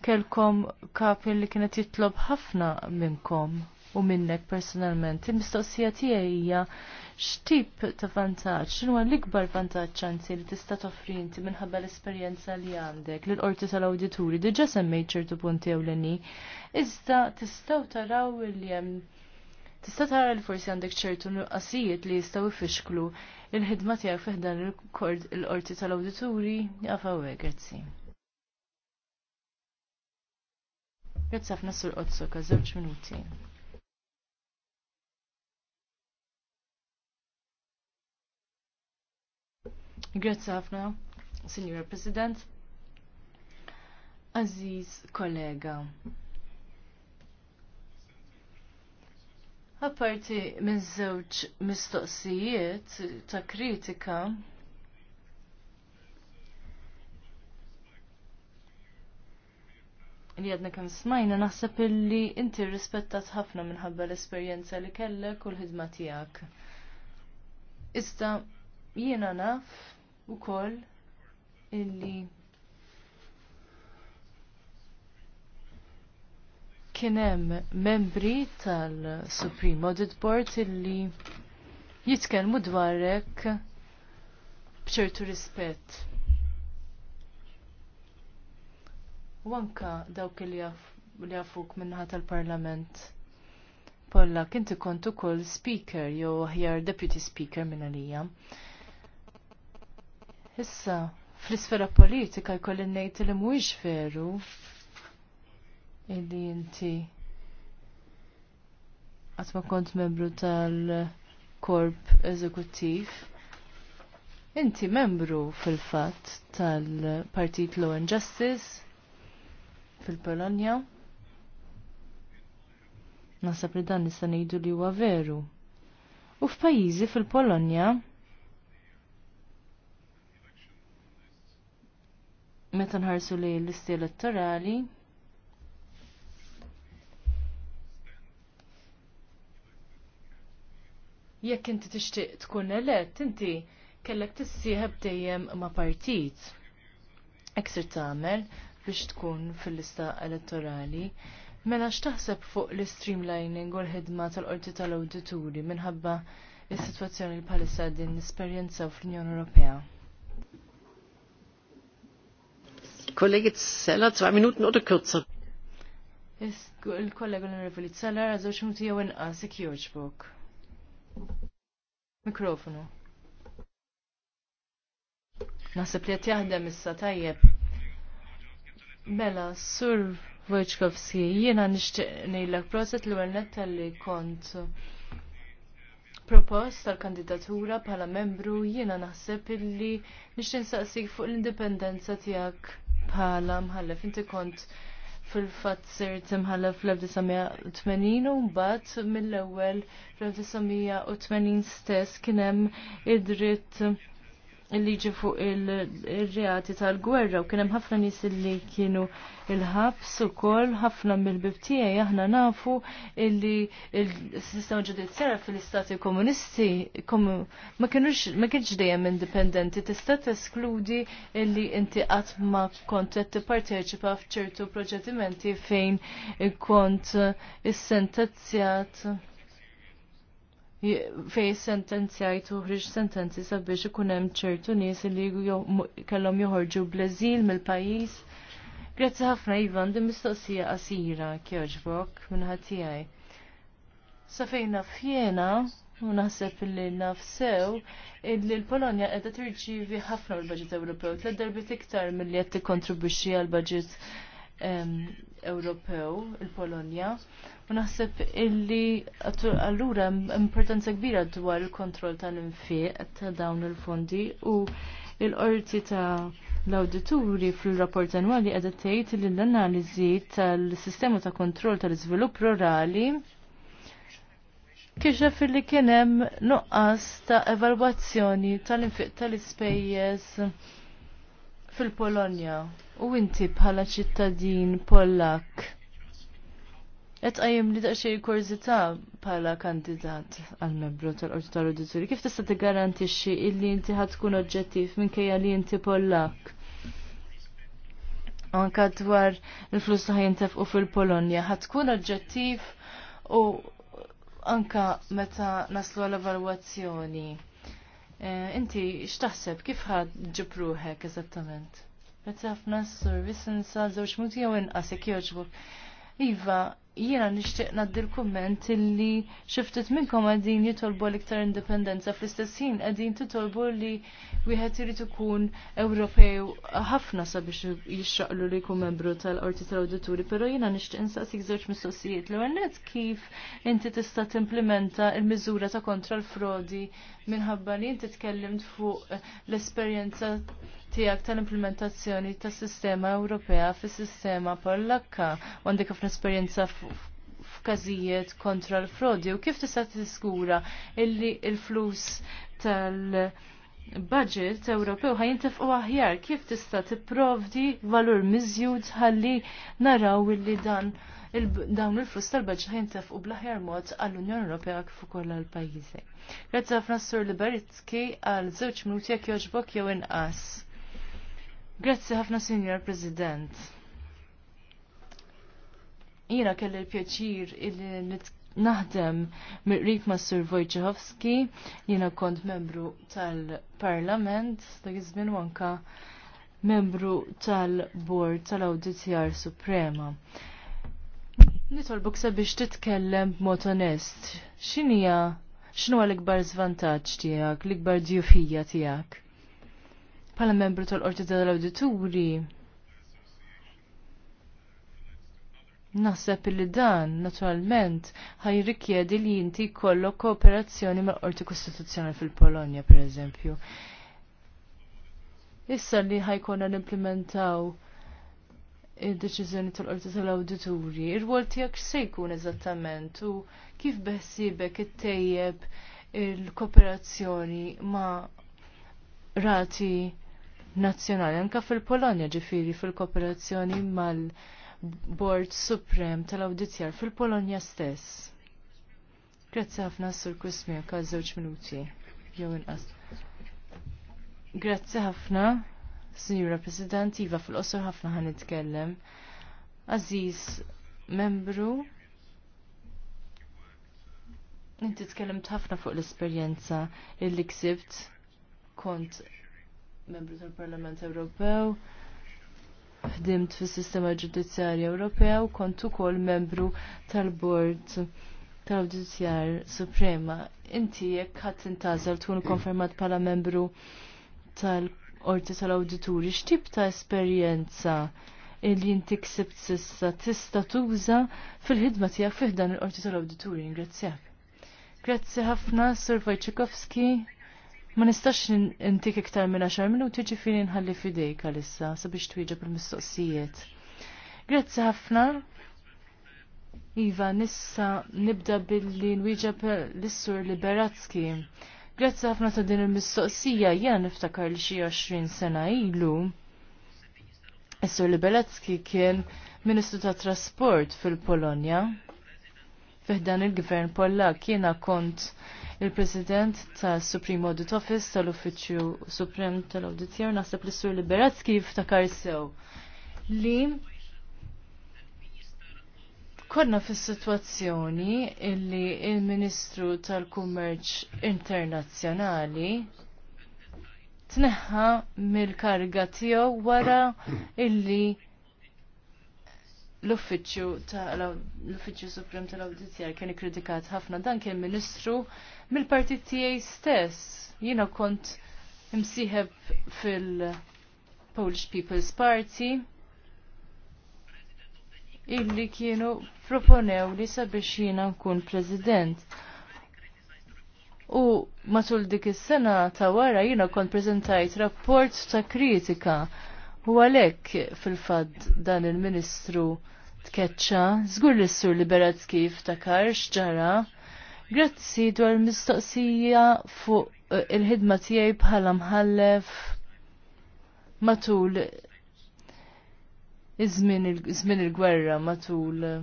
kelkom kap li kienet jitlob ħafna minnkom u minnek personalment. Il-mistoqsija tiegħi hija x'tip ta' vantaġġ, x'inhu l-ikbar vantaġġ anzi li tista' toffri inti minħabba l-esperjenza li għandek lil qorti tal-awdituri diġà semmejt ċertu punti ewleni. Iżda tistgħu taraw li hemm tista' tara li forsi għandek ċertu nuqqasijiet li jistgħu ifixklu il-ħidma tiegħek fih dan il-qorti tal-awdituri hekk grazzi. Grazzi ħafna sur qozzoka, żewġ minuti. Grazzi ħafna, Signor President. Aziz kollega, Apparti minn żewġ mistoqsijiet ta' kritika, li għadna kem smajna naħseb illi inti rispettat ħafna minħabba l-esperienza li kellek u l-ħidma tijak. Iżda jiena naf u koll illi kien hemm membri tal-Supreme Audit Board illi jitkellmu dwarek bċertu rispett. U anka dawk li jafuk minnaħat tal-Parlament. Polla, kinti kontu kol speaker, jew ħjar deputy speaker minn għalija. Issa, fl-isfera politika jkolli ngħid li mhuwiex veru illi inti ma kont membru tal-korp eżekuttiv. Inti membru fil-fat tal-Partit Law and Justice fil-Polonja. Nasab li dan nista' ngħidu li huwa veru. U f'pajjiżi fil-Polonja meta nħarsu li l-listi elettorali jekk inti tixtieq tkun elett, inti kellek tissieħeb dejjem ma' partit. Eksir tagħmel biex tkun fil-lista elettorali. Mela x'taħseb fuq l-streamlining u l-ħidma tal-qorti tal-awdituri minħabba is-sitwazzjoni li bħalissa din nisperjenzaw fl-Unjoni Ewropea. Kollegi Tsella, 2 minuten oder kürzer. Il-kollega l-Onorevoli Tsella, għazoċ jew inqas, book. Mikrofonu. Nasib li qed jaħdem issa tajjeb. Mela, Sur Wojtkowski, jiena nixtieq ngħidlek proset li netta li kont propost tal-kandidatura bħala membru jiena naħseb illi nixtieq nsaqsik fuq l-indipendenza tiegħek bħala mħallef inti kont fil-fat sir timħalla fl-1980 u mbagħad mill-ewwel fl-1980 stess kien hemm id-dritt il-liġi fuq il-reati tal-gwerra u kienem ħafna nis li kienu il-ħabs u koll ħafna mill-bibtija jahna nafu illi il-sistema ġudizzjara fil-istati komunisti ma kienx dejjem indipendenti tista' teskludi illi inti qatt ma kont qed tipparteċipa f'ċertu proġedimenti fejn kont is-sentezzjat fej sentenzjajt uħriġ sentenzi sabiex ikun hemm ċertu nies li kellhom joħorġu bleżil mill-pajjiż. Grazzi ħafna Ivan, din mistoqsija qasira kjoġbok minħat tiegħi. Sa f'jena naf jiena u naħseb li nafsew illi l-Polonja qiegħda tirċievi ħafna l budget Ewropew tliet darbit iktar milli qed tikkontribwixxi għall budget ehm, Ewropew, il-Polonja, u naħseb illi allura importanza kbira dwar il-kontroll tal-infiq ta' dawn il-fondi u il-qorti ta' l-awdituri fil-rapport annwali qiegħda tgħid li l-analiżi tal-sistema ta' kontroll tal-iżvilupp rurali kixef li kienem nuqqas ta' evalwazzjoni tal-infiq tal-ispejjeż fil-Polonja u inti bħala ċittadin Pollak. Et għajem li daċċej korzita bħala kandidat għal-membru tal-Qorti tal-Auditori. Kif tista' xie illi inti oġġettif oġġettiv minkejja li inti Pollak? Anka dwar il-flus li u fil-Polonja, ħatkun oġġettiv u anka meta naslu għal-evalwazzjoni. Eh, inti x'taħseb kif ħad ġipruħek eżattament? Grazzi ħafna s servis n-sal żewġ muti jew inqas jekk jogħġbok. Iva, jiena nixtieq ngħaddi l komment illi xiftit minnkom qegħdin jitolbu l-iktar indipendenza fl-istess ħin qegħdin titolbu li wieħed irid ikun Ewropew ħafna sabiex jixxaqlu li jkun membru tal-qorti tal-awdituri, però jiena nixtieq insaqsik żewġ mistoqsijiet l net kif inti tista' timplementa l-miżura ta' kontra l-frodi minħabba li inti tkellimt fuq l-esperjenza tijak tal-implementazzjoni tas sistema Ewropea fis sistema Pollakka u għandek ħafna esperjenza f'każijiet kontra l-frodi u kif tista' tiskura illi l-flus tal- budget Ewropew u aħjar kif tista' tipprovdi valur miżjud ħalli naraw illi dan il dawn il-flus tal-budget ħajintefqu bl-aħjar mod għall-Unjoni Ewropea kif ukoll għall-pajjiżi. Grazzi ħafna Sur Liberitski għal żewġ minuti jekk jogħġbok jew inqas. Grazzi ħafna, Signor President. Jina kelli l-pjaċir illi naħdem mir-rit ma' Sir Wojciechowski, jina kont membru tal-Parlament, dak iż-żmien wanka membru tal-Bord tal-Awditjar Suprema. Nitolbuk sabiex titkellem b'mod onest. X'inhija x'inhu l-ikbar żvantaġġ tiegħek, l-ikbar djufija tiegħek? Pala membru tal-Qorti tal-Awdituri. Naħseb li dan, naturalment, ħaj rikjedi li jinti kollo kooperazzjoni mal qorti Kostituzzjonali fil-Polonja, per eżempju. Issa li ħajkonna n-implementaw il-deċizjoni tal-qorti tal auditori ir-wol tijak jkun eżattament u kif beħsibek it-tejjeb il-kooperazzjoni ma' rati nazzjonali anka fil-Polonja ġifiri fil-kooperazzjoni mal-Bord Suprem tal audizjar fil-Polonja stess. Grazzi ħafna sur Kusmija ka' żewġ minuti jew inqas. Grazzi ħafna, Signora President, iva fil-qosor ħafna ħan itkellem. Aziz, membru, inti tkellimt ħafna fuq l-esperjenza illi ksibt kont membru tal-Parlament Ewropew, ħdimt fis sistema ġudizzjarja Ewropew, kont ukoll membru tal-Bord tal-Ġudizzjar Suprema. Inti jekk ħadd intażel tkun konfermat bħala membru tal-Qorti tal-Awdituri, x'tip ta' esperjenza illi inti ksibt sissa tista' tuża fil-ħidma tiegħek fih dan il-Qorti tal-Awdituri. Ingrazzjak. Grazzi ħafna, Sur Wojciechowski. Ma nistax intik iktar minn 10 minuti fini nħalli fidejk għalissa sabiex twieġeb il-mistoqsijiet. Grazzi ħafna. Iva, nissa nibda billi nwieġeb l-issur Liberatski. Grazzi ħafna ta' din il-mistoqsija jena niftakar li xi 20 sena ilu. Issur Liberatski kien Ministru ta' Trasport fil-Polonja. Fiħdan il-Gvern Pollak jiena kont il-President tal Supreme Audit Office tal-Uffiċċju Suprem tal-Auditjer naħseb li sur Liberatski jiftakar sew li konna fis situazzjoni illi il-Ministru tal-Kummerċ Internazzjonali tneħħa mill-karga tiegħu wara illi l-uffiċċju l-uffiċċju Suprem tal-Awditjar kien ikkritikat ħafna dan kien ministru mill-partit tiegħi stess. Jiena kont imsieħeb fil-Polish People's Party illi kienu proponew li sabiex jiena nkun president. U matul dik is-sena ta' wara jiena kont preżentajt rapport ta' kritika U għalek fil-fad dan il-ministru tkeċċa. Żgur li s-sur Liberatski takar x'ġara. Grazzi dwar mistoqsija fuq eh, il-ħidma tiegħi bħala mħallef matul iż-żmien il-gwerra matul eh,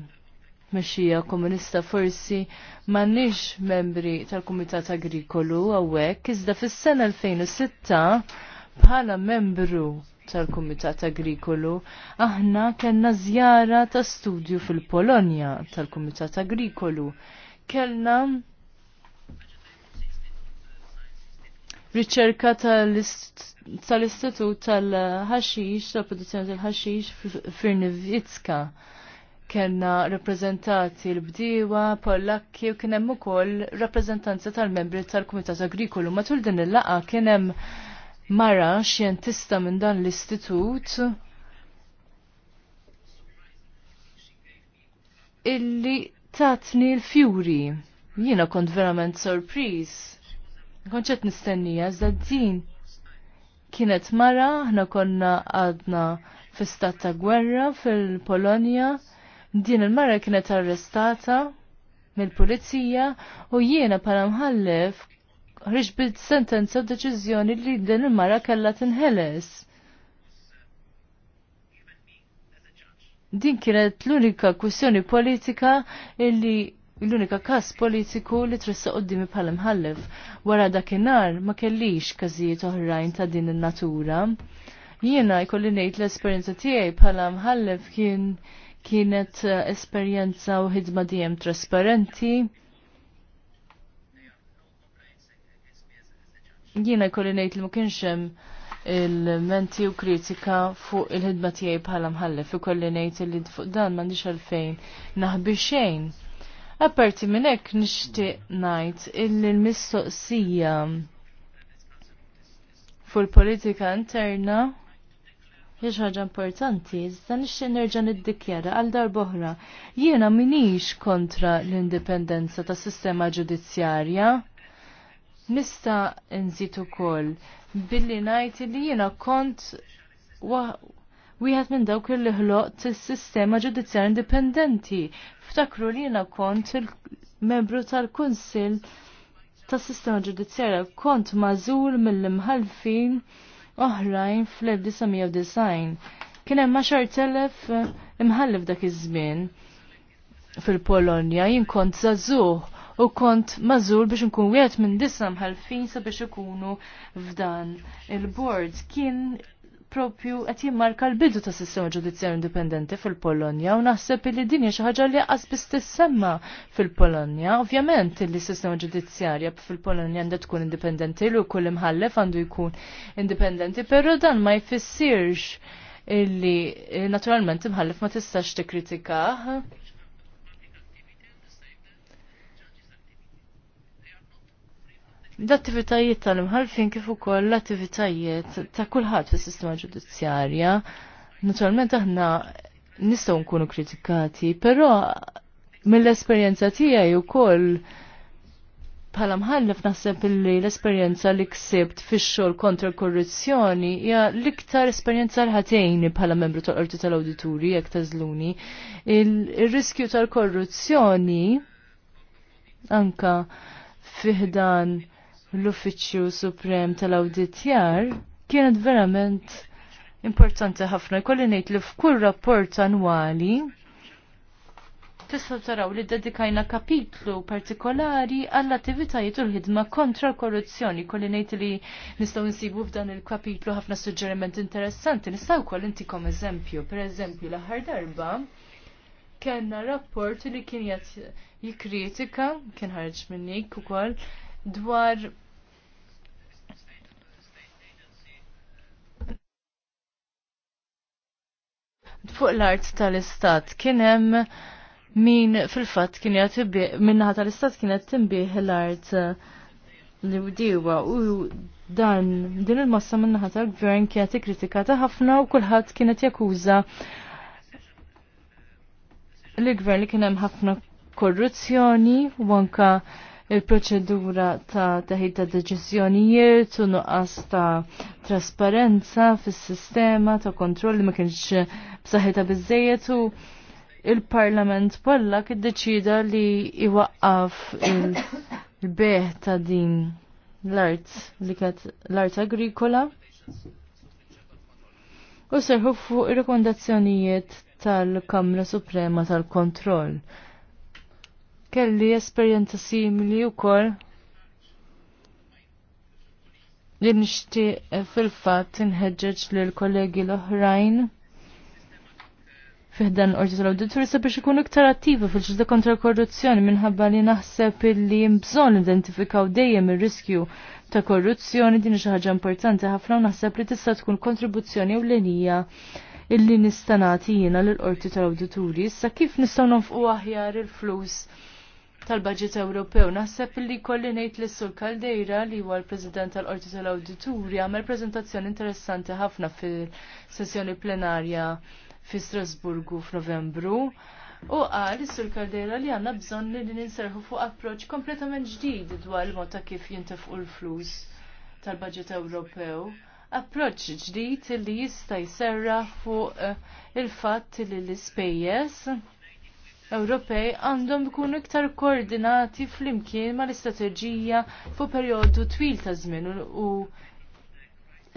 mexxija komunista forsi m'għandniex membri tal-Kumitat Agrikolu hawnhekk iżda fis-sena 2006 bħala membru tal-Kumitat Agrikolu, aħna kellna żjara ta' studju fil-Polonja tal-Kumitat Agrikolu. Kellna riċerka tal-Istitut tal-Ħaxix, tal-Produzzjoni tal-Ħaxix fil nivitska Kenna rappresentati l-bdiewa, pollakki u kien hemm ukoll rappreżentanza tal-membri tal-Kumitat Agrikolu. Matul din il-laqa kien hemm mara xjentista minn dan l-istitut illi tatni l-fjuri. Jiena kont verament sorpriż. Konċet nistennija, zaddin kienet mara, ħna konna għadna fistat ta' gwerra fil-Polonja. Din il-mara kienet arrestata mill-pulizija u jiena pala mħallef ħriġ bil-sentenza u deċiżjoni li din il-mara kellha tinħeles. Din kienet l-unika kwestjoni politika illi l-unika kas politiku li trissa qoddimi bħala ħallif. Wara dakinhar ma kellix każijiet oħrajn ta' din in-natura. Jiena jkolli ngħid l-esperjenza tiegħi bħala mħallef kien kienet eh, esperjenza u ħidma dejjem trasparenti jiena jkolli ngħid li ma kienx hemm il-menti u kritika fuq il-ħidma tiegħi bħala mħallef kolli ngħid li fuq dan m'għandix għalfejn naħbi xejn. Apparti minn hekk nixtieq ngħid illi l-mistoqsija fuq il-politika interna Jiex ħaġa importanti, iżda nixtieq nerġa' niddikjara għal darb'oħra. Jiena minix kontra l-indipendenza tas sistema ġudizzjarja nista nżid ukoll billi ngħid li jiena kont wieħed minn dawk il ħloqt is-sistema ġudizzjar indipendenti. Ftakru li jiena kont il-membru tal-Kunsill tas-sistema ġudizzjarja kont mażul mill-imħalfin oħrajn fl-1990. Kien hemm ma' telef imħallef dak iż-żmien fil-Polonja jien kont zazuh u kont mażur biex nkun wieħed minn disa sa sabiex ikunu f'dan il-board. Kien propju qed jimmarka l-bidu ta' sistema ġudizzjarju indipendenti fil-Polonja u naħseb li din hija xi ħaġa li qas biss tissemma fil-Polonja. Ovvjament li s-sistema ġudizzjarja fil-Polonja għandha tkun indipendenti u kull imħallef għandu jkun indipendenti, però dan ma jfissirx illi naturalment imħallef ma tistax tikkritikah l-attivitajiet tal-imħalfin kif ukoll l-attivitajiet ta' kulħadd fis-sistema ġudizzjarja. Naturalment aħna nistgħu nkunu kritikati, però mill-esperjenza tiegħi wkoll bħala mħallef naħseb li l-esperjenza li ksibt fix-xogħol kontra korruzzjoni hija l-iktar esperjenza l-ħatejni bħala membru tal-qorti tal-awdituri jekk tażluni. Ir-riskju tal-korruzzjoni anka fiħdan l-Uffiċċju Suprem tal-Awditjar kienet verament importanti ħafna. Kolli ngħid li f'kull rapport annwali tistgħu taraw li dedikajna kapitlu partikolari għall attivitajiet u l-ħidma kontra korruzzjoni. Kolli ngħid li nistgħu nsibu f'dan il-kapitlu ħafna suġġerimenti interessanti. Nistgħu wkoll intikom eżempju, pereżempju l-aħħar darba kellna rapport li kien jikritika, kien ħarġ minnik ukoll dwar fuq l-art tal-istat kien hemm min fil-fatt kien jatibbi minnaħa tal-istat kienet timbih l-art uh, li wdiewa u dan din il-massa minnaħa tal-gvern kienet ikkritikata ħafna u kulħadd kienet jakkuża l-gvern li kien hemm ħafna korruzzjoni u anka il-proċedura ta' taħid ta' deċiżjonijiet u nuqqas ta' trasparenza fis-sistema ta' kontroll li ma kienx b'saħħitha biżejjed u il-Parlament kollha kiddeċida li iwaqqaf il-beħ ta' din l-art li kat l-art agrikola u serħu fuq ir-rekomendazzjonijiet tal-Kamra Suprema tal-Kontroll kelli esperjenza simili wkoll li nixtieq fil-fatt inħeġġeġ l kollegi l-oħrajn fiħdan orġi tal-auditori sabiex ikun iktar attivi fil-ġilda kontra korruzzjoni minħabba li naħseb li jimbżon identifikaw dejjem ir-riskju ta' korruzzjoni din xi ħaġa importanti ħafna u naħseb li tista' tkun kontribuzzjoni ewlenija illi nistanati jiena l-qorti tal auditori Issa kif nistgħu nonfqu aħjar il-flus tal baġit Ewropew. Naħseb li kolli ngħid li sur Kaldejra li huwa l-President tal-Qorti tal-Awdituri għamel preżentazzjoni interessanti ħafna fil-sessjoni plenarja fi Strasburgu f'Novembru. U qal is-Sur li għandna bżonn li ninserħu fuq approċċ kompletament ġdid dwar il-mod ta' kif jintefqu l-flus tal baġit Ewropew approċ ġdid li jista' jserraħ fuq eh, il-fatt li l-ispejjeż Ewropej għandhom ikunu iktar koordinati flimkien mal istrateġija fuq perjodu twil ta' żmien u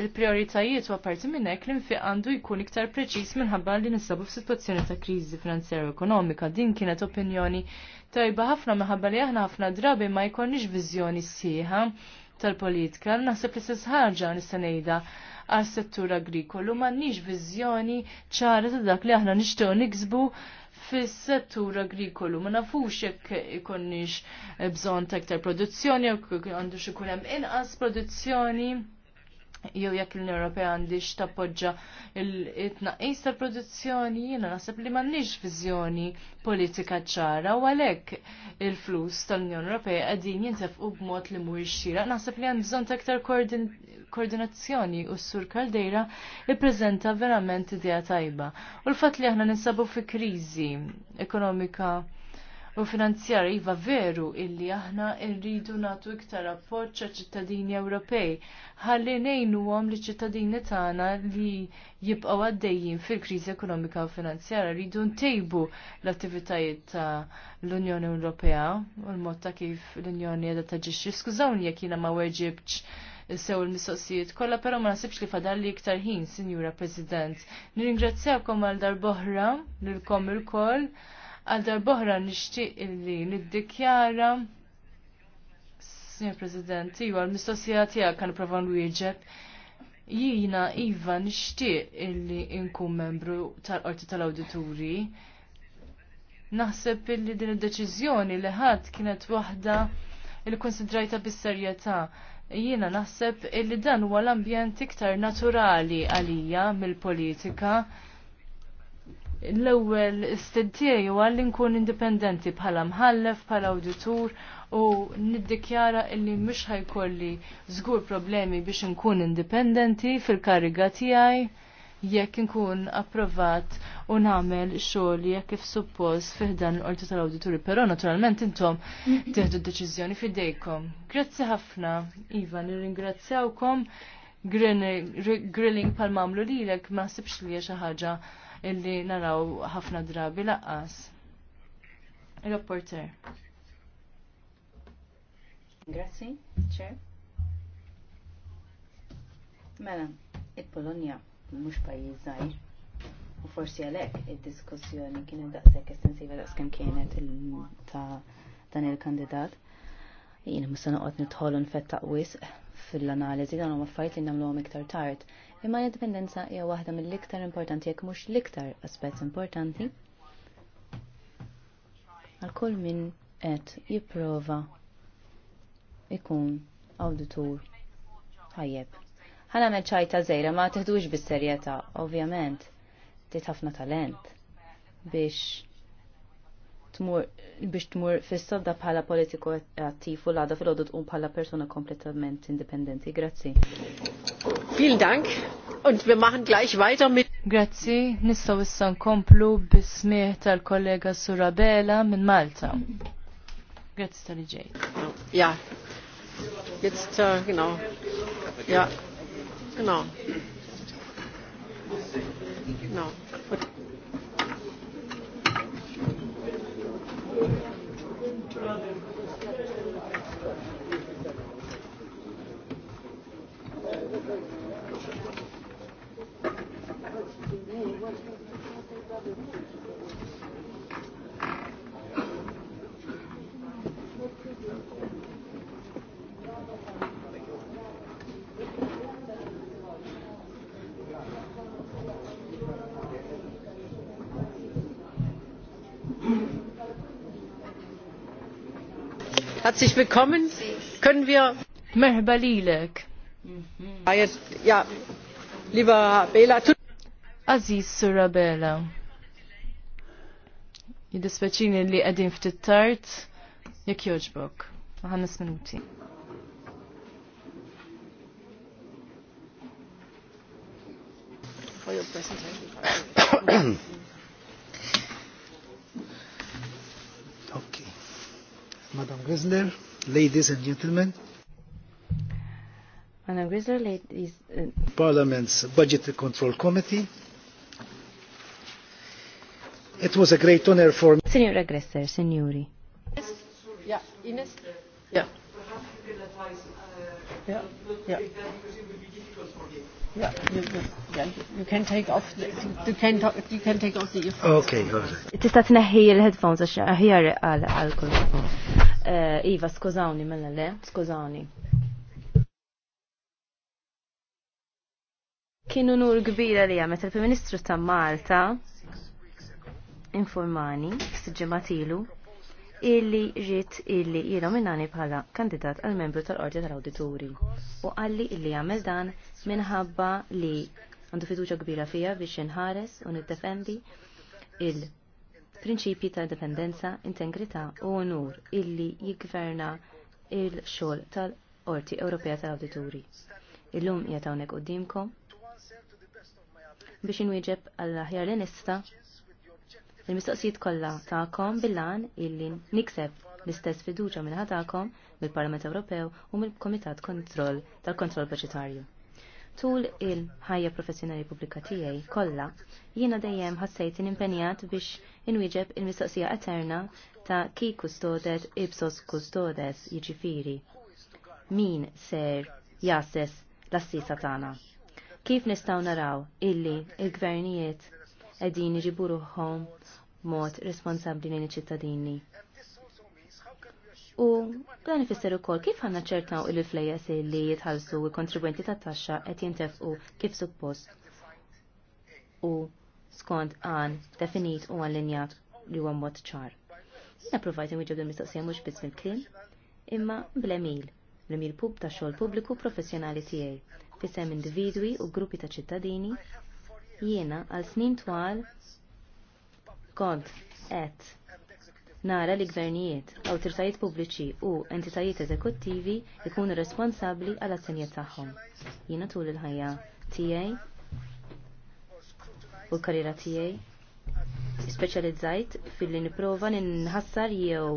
il-prioritajiet u apparti minn hekk l għandu jkun iktar preċiż minħabba li f f'sitwazzjoni ta' kriżi finanzjarja u ekonomika. Din kienet opinjoni tajba ħafna minħabba li aħna ħafna drabi ma jkollniex viżjoni sieħa tal-politika, naħseb li s-sħarġa nistanejda għal settur agrikolu, ma nix vizjoni ċara ta' dak li aħna nishtu niksbu fis-settur agrikolu. Ma nafux jekk ikonniex bżonn ta' iktar produzzjoni, għandu xikunem hemm inqas produzzjoni jew jekk l-Unjoni Ewropea għandix tappoġġa it-tnaqqis tal-produzzjoni, jiena naħseb li m'għandniex viżjoni politika ċara u għalhekk il-flus tal-Unjoni Ewropea qegħdin jintefqu b'mod li mhuwiex xira. Naħseb li hemm bżonn aktar koordinazzjoni u s-Sur Kaldejra ippreżenta verament idea tajba. U l-fatt li aħna ninsabu fi kriżi ekonomika u finanzjar iva veru illi aħna rridu natu iktar appoġġ ċittadini Ewropej. Ħalli ngħinuhom li ċittadini tagħna li jibqgħu għaddejjin fil-kriżi ekonomika u finanzjara rridu ntejbu l-attivitajiet ta' l-Unjoni Ewropea u l-mod ta' kif l-Unjoni qiegħda taġixxi. Skużawni jekk jiena ma weġibx sew il-mistoqsijiet kollha, però ma nasibx li fadalli iktar ħin, Sinjura President. Nirringrazzjawkom għal darboħra lilkom il-koll għal darboħra nixtieq illi niddikjara Signor President, iwa l-mistoqsija tiegħek kan provan wieġeb. Jina iva nixtieq illi nkun membru tal-Qorti tal-Awdituri. Naħseb illi din id-deċiżjoni li ħadd kienet waħda illi konsidrajta bis-serjetà jiena naħseb illi dan huwa l-ambjent iktar naturali għalija mill-politika l-ewwel istidtiegħi għalli nkun indipendenti bħala mħallef, bħala awditur u niddikjara illi mhux ħajkolli żgur problemi biex nkun indipendenti fil-kariga tiegħi jekk nkun approvat u nagħmel xogħol jekk kif suppost fih dan l-qorti tal-awdituri, però naturalment intom teħdu d-deċiżjoni fidejkom. Grazzi ħafna, Iva, nirringrazzjawkom grilling pal-mamlu lilek ma sibx li xi ħaġa illi naraw ħafna drabi laqqas. Il-rapporter. Grazzi, ċer. Mela, il-Polonja mhux pajjiż żgħir. U forsi għalhekk id-diskussjoni kienet daqshekk estensiva daqskemm kienet ta' dan il-kandidat. Jien mhux se noqgħod nidħol nfettaq wisq fil-analiżi dan huma affarijiet li nagħmluhom iktar tard. Imma l-indipendenza hija waħda mill-iktar importanti jekk mhux l-iktar aspett importanti għal kull min qed jipprova ikun awditur ħajjeb. Ħana għamel ċajta żejra ma teħdux bis-serjetà, ovvjament, tit ħafna talent biex biex tmur fis-sodda bħala politiku attiv u l-għada fil-għodu tqum bħala persona kompletament indipendenti. Grazzi. Vielen Dank und wir machen gleich weiter mit. Grazzi, nistaw issa komplu bismieħ tal-kollega Surabela minn Malta. Grazzi tal-ġej. Ja, jetzt, äh, genau. Ja, genau. Herzlich willkommen. Können wir Mehbalilek? Ah, ja, lieber Bela. Aziz Surabela. Jiddispeċini li għedin ftit tart jek joġbok. Ħannes minuti. okay. Madam Grisler, ladies and gentlemen. Madam Grisler, ladies. Uh, Parliament's Budget Control Committee. It was a great honor for me. Signora Gresser, signori. Yeah, Ines? Yeah. yeah. yeah. Yeah, you, you, can take off the, you can you can take off the Okay, go ahead. Tista' tneħħi l-headphones għax aħjar għal għal kull. Eh, iva, skużawni mela le, skużawni. Kienu nur kbira li għamet il-Prim Ministru ta' Malta informani s-ġematilu illi ġiet illi jira bħala kandidat għal membru tal-Ordja tal-Awdituri u għalli illi għamel dan minħabba li għandu fiduċa kbira fija biex inħares u nittefendi il-prinċipji ta' indipendenza, integrità u onur illi jikverna il-xol tal-Orti Ewropea tal auditori Illum jgħatawnek u dimkom biex inwieġeb għall-ħjar l-nista il-mistoqsijiet kollha tagħkom bil-lan illi nikseb l-istess fiduċa minnħa tagħkom mill-Parlament Ewropew u mill-Komitat Kontroll tal-Kontroll Budgetarju. Tul il-ħajja professjonali pubblika tiegħi kollha, jiena dejjem ħassejt impenjat biex inwieġeb il-mistoqsija eterna ta' ki kustodet ibsos kustodes jiġifieri. Min ser jasses l-assisa tagħna. Kif nistgħu naraw illi il-gvernijiet qegħdin iġibu ruħhom mod responsabbli lejn iċ-ċittadini. U dan ifisser ukoll kif għandna ċertaw il flejjes li jitħallsu il-kontribwenti tat-taxxa qed jintefqu kif suppost u skont għan definit u allinjat li huwa mod ċar. Jina provajt imwiġu il mistoqsija mhux biss mill-kliem, imma bl-emil, l-emil pub ta' xogħol pubbliku professjonali tiegħi, fisem individwi u gruppi ta' ċittadini, jiena għal snin twal kont qed nara li gvernijiet, awtoritajiet pubbliċi u entitajiet eżekuttivi jkunu responsabbli għal azzjonijiet tagħhom. Jiena tul il-ħajja tiegħi u l-karriera tiegħi speċjalizzajt filli nipprova nħassar jew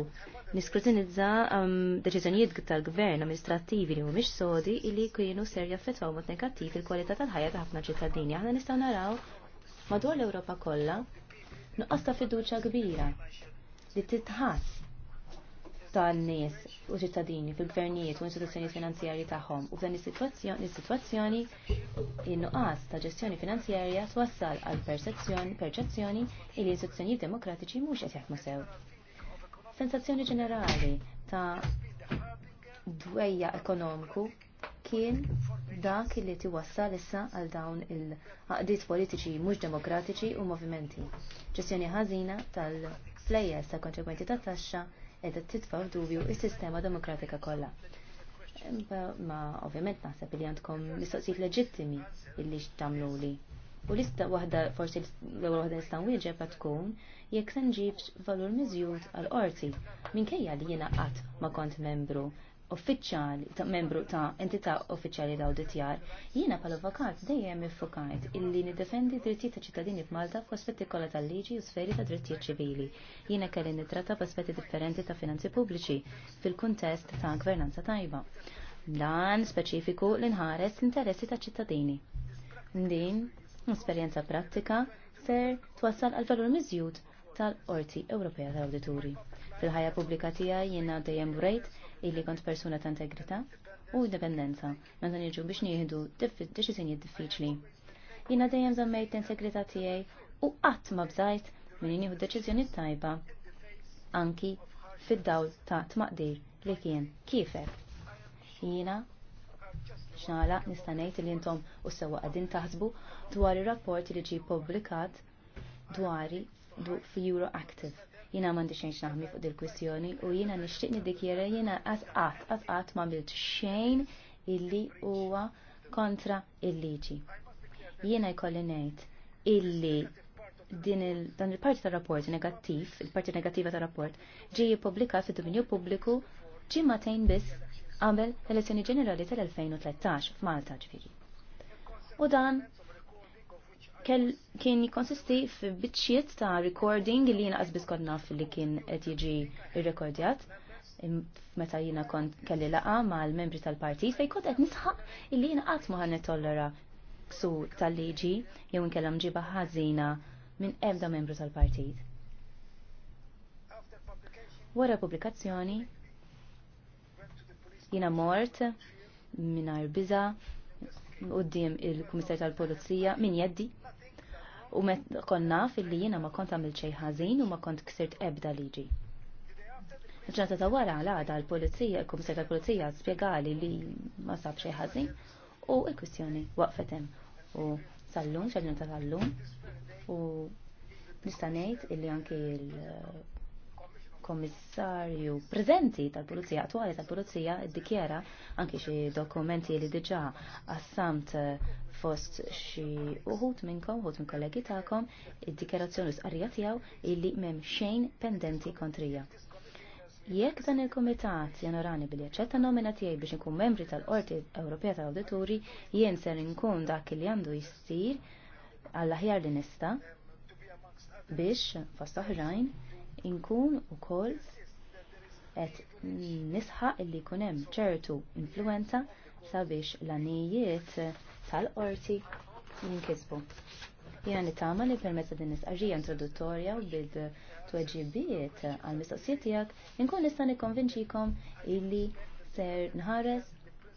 niskrutinizza um, deċiżjonijiet tal-gvern amministrattivi li mhumiex sodi illi kienu ser jaffettwaw mod negattiv il-kwalità tal-ħajja ta' ħafna ċittadini. Aħna nistgħu naraw madwar l-Ewropa kollha nuqqas ta' fiduċa kbira li titħass tan-nies u ċittadini fil-gvernijiet u instituzzjoni finanzjarji tagħhom u f'dan is-sitwazzjoni in-nuqqas ta' ġestjoni finanzjarja twassal għal perċezzjoni li l-istituzzjonijiet demokratiċi mhux qed jaħdmu sew. Sensazzjoni ġenerali ta' dwejja ekonomiku kien dak li tiwassal issa għal dawn il-qdiet politiċi mhux demokratiċi u movimenti. Ġestjoni ħażina tal plejers ta' konsegwenti ta' taxxa qiegħda titfa' dubju s-sistema demokratika kollha. Ma ovvjament naħseb li għandkom mistoqsijiet leġittimi illi x'tamlu li. U lista waħda forsi l-ewwel waħda nista' nwieġeb qed tkun jekk se nġibx valur miżjud għall qorti minkejja li jiena qatt ma kont membru uffiċjali, ta' membru ta' entità uffiċjali ta' auditjar, jiena pal avokat dejjem iffokajt illi nidefendi drittijiet ta' ċittadini f'Malta f'aspetti kollha tal-liġi u sferi ta' drittijiet ċivili. Jiena kelli nittratta f'aspetti differenti ta' finanzi pubbliċi fil-kuntest ta' gvernanza tajba. Dan speċifiku l-inħares l-interessi ta' ċittadini. Din, esperjenza prattika, ser twassal għal valur miżjud tal-Qorti Ewropea tal-Awdituri. Fil-ħajja pubblika tiegħi jiena dejjem rejt illi kont persuna ta' integrità u indipendenza meta niġu biex nieħdu deċiżjonijiet diffiċli. Jiena dejjem żammejt integrità tiegħi u qatt ma bżajt minn nieħu deċiżjoni tajba anki fid-dawl ta' tmaqdir li kien kifek. Jina xnala nista' ngħid li intom u sewa għadin taħsbu dwar ir-rapport li ġie ppubblikat dwar fi Euroactive Jina mandi xejn xnaħmi fuq dil-kwistjoni u jina nixtieq niddikjera jina qatt għatqat ma għamilt xejn illi huwa kontra il-liġi. Jina jkolli ngħid illi din il, dan il-parti tar rapport negattiv, il-parti negattiva tar rapport, ġie jippubblikat fid-dominju pubbliku ġimmatejn biss qabel elezzjoni ġenerali tal-2013 f'Malta ġifieri. U dan kien jikonsisti f'biċċiet ta' recording li jina qasbis kont naf li kien qed jiġi rrekordjat meta jina kont kelli laqa mal-membri tal-partit fejn kont qed nisħaq illi jina qatt ma tollera ksu tal-liġi jew inkellem ġiba ħażina minn ebda membru tal-partit. Wara pubblikazzjoni jina mort minar biza quddiem il-Kummissar tal-Polizija min jeddi u met konna fil-li jina ma kont għamil xej ħażin u ma kont ksirt ebda liġi. Ġata ta' wara għada l-polizija, il-komisar tal-polizija spiegali li ma sab xej ħażin u il-kwistjoni waqfetem u sallum, xaġnata tal-lum u nistanejt illi anki l Kommissarju komissarju prezenti tal-Pulizija, attuali tal-Pulizija, iddikjera anki xi dokumenti li diġà assamt fost xi uħut minnkom, uħut minn kollegi tagħkom, id-dikjerazzjoni sqarrija tiegħu illi m'hemm xejn pendenti kontrija. Jekk dan il-Komitat janorani billi jaċċetta nomina tiegħi biex inkun membri tal-Qorti Ewropea tal-Awdituri, jien ser inkun dak li għandu jsir għall aħjar li nista' biex fost oħrajn inkun ukoll qed nisħaq illi jkun hemm ċertu influwenza sabiex l-anijiet tal-qorti jinkisbu. Jiena nitama li permezza din nisqarġija introduttorja u bid tweġibiet għall mistoqsijiet tiegħek inkun nista' nikkonvinċikom illi ser nħares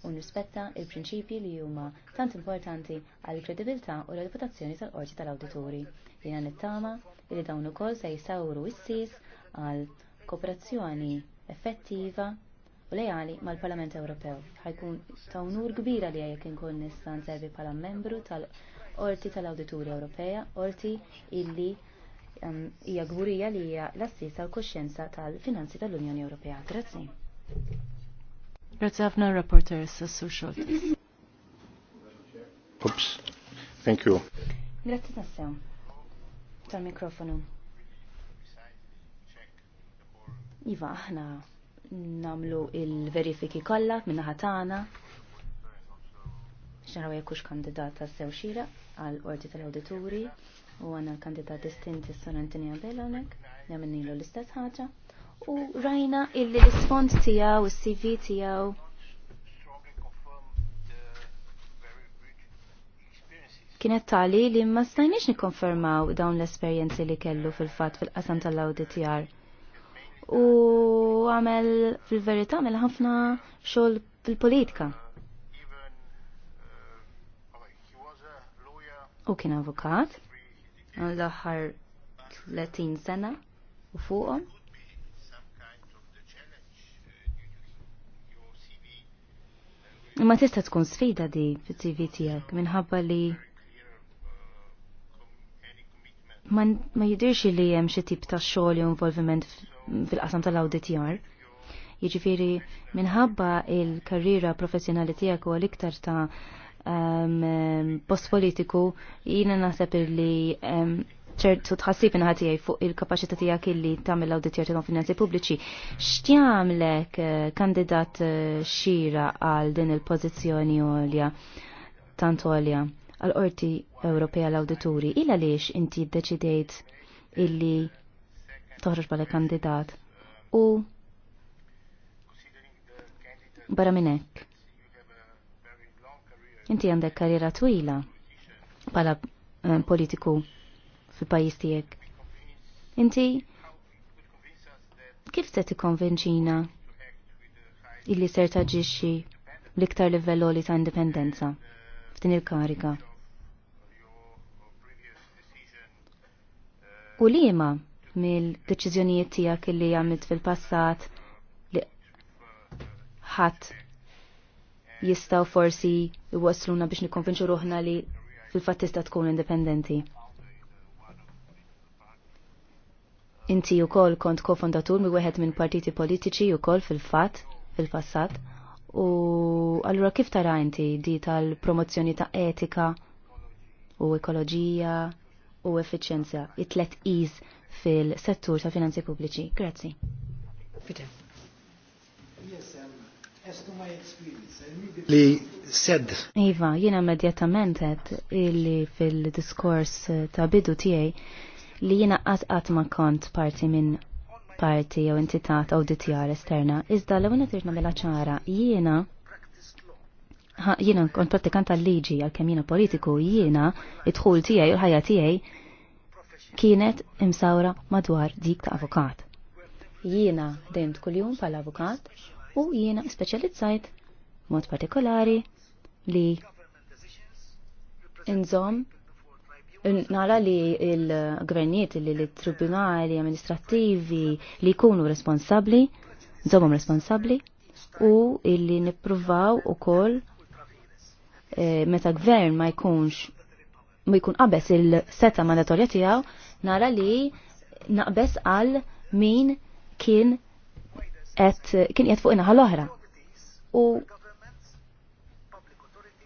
u nrispetta l prinċipji li huma tant importanti għall kredibilta u l reputazzjoni tal-qorti tal-awdituri. Jiena nittama li dawn ukoll se jsawru s-sis għal kooperazzjoni effettiva u lejali mal-Parlament Ewropew. Ħajkun ta' unur kbira li jekk inkun nista' nservi bħala membru tal-Orti tal-Awdituri Ewropea, orti illi um, hija gburija li hija l-assis għall kuxjenza tal-finanzi tal-Unjoni Ewropea. Grazzi. Grazzi ħafna rapporter Sassu Scholtes. Thank you. Grazzi tassew tal-mikrofonu. Iva, aħna namlu il-verifiki kollha minna ħatana. Xaraw jekkux kandidata sew xira għal ordi tal-awdituri u għanna l-kandidat distinti s-sonantini għabel għonek, l-istess ħaġa. U rajna illi l-sfond tijaw, il-CV tijaw, kienet tali li ma stajniex nikkonfermaw dawn l-esperjenzi li kellu fil-fat fil-qasam tal-auditjar. U għamel fil-verità għamel ħafna xogħol fil-politika. U kien avukat l-aħħar 30 sena u fuqhom. Ma tista' tkun sfida di fit-TV tiegħek minħabba li ma jidirx li hemm xi tip ta' xogħol involviment fil-qasam tal auditjar Jiġifieri minħabba il-karriera professjonali tiegħek u l-iktar ta' ehm, post politiku jiena naħseb li ehm, ċertu tħassib inħatijaj fuq il-kapacità tiegħek illi tagħmel l-Auditjar ta' finanzi pubbliċi. lek eh, kandidat eh, xira għal din il-pożizzjoni għolja tant għolja? għal qorti Ewropea l-Awdituri. Illa lix inti deċidejt illi toħroġ bħala kandidat u barra minnek. Inti għandek karriera twila bħala eh, politiku fi pajis tijek. Inti kif se tikkonvinċina illi ser taġixxi l-iktar livell ta' indipendenza f'din il-karika? u liema mill-deċiżjonijiet tiegħek li għamilt fil-passat li ħadd jistaw forsi jwasluna biex nikkonvinċu ruħna li fil-fatt tkun indipendenti. Inti u kol kont kofondatur mi wieħed minn partiti politiċi u kol fil-fat, fil-passat, u allura kif tara inti di tal-promozzjoni ta' etika u ekoloġija u efficienza, it-tlet iż fil-settur ta' finanzi pubbliċi. Grazzi. Peter. Yes, um, Iva, jiena immedjatament għed illi fil-diskors ta' bidu tiegħi li jiena qatt ma kont parti minn parti jew entità ta' auditjar esterna, iżda l għunet irna mela ċara jiena jiena kont pratikant tal-liġi għal jiena politiku jiena id-dħul tiegħi u l-ħajja tiegħi kienet imsawra madwar dik ta' avukat. Jiena dejjem kuljum bħala avukat u jiena speċjalizzajt mod partikolari li inżom nara li il-gvernijiet li l-tribunali amministrativi li jkunu responsabli, nżomhom responsabli u illi nippruvaw ukoll Eh, meta gvern ma jkunx ma jkun qabes il-seta mandatorja tiegħu nara li naqbes għal min kien qed kien qed fuq inaħa l-oħra. U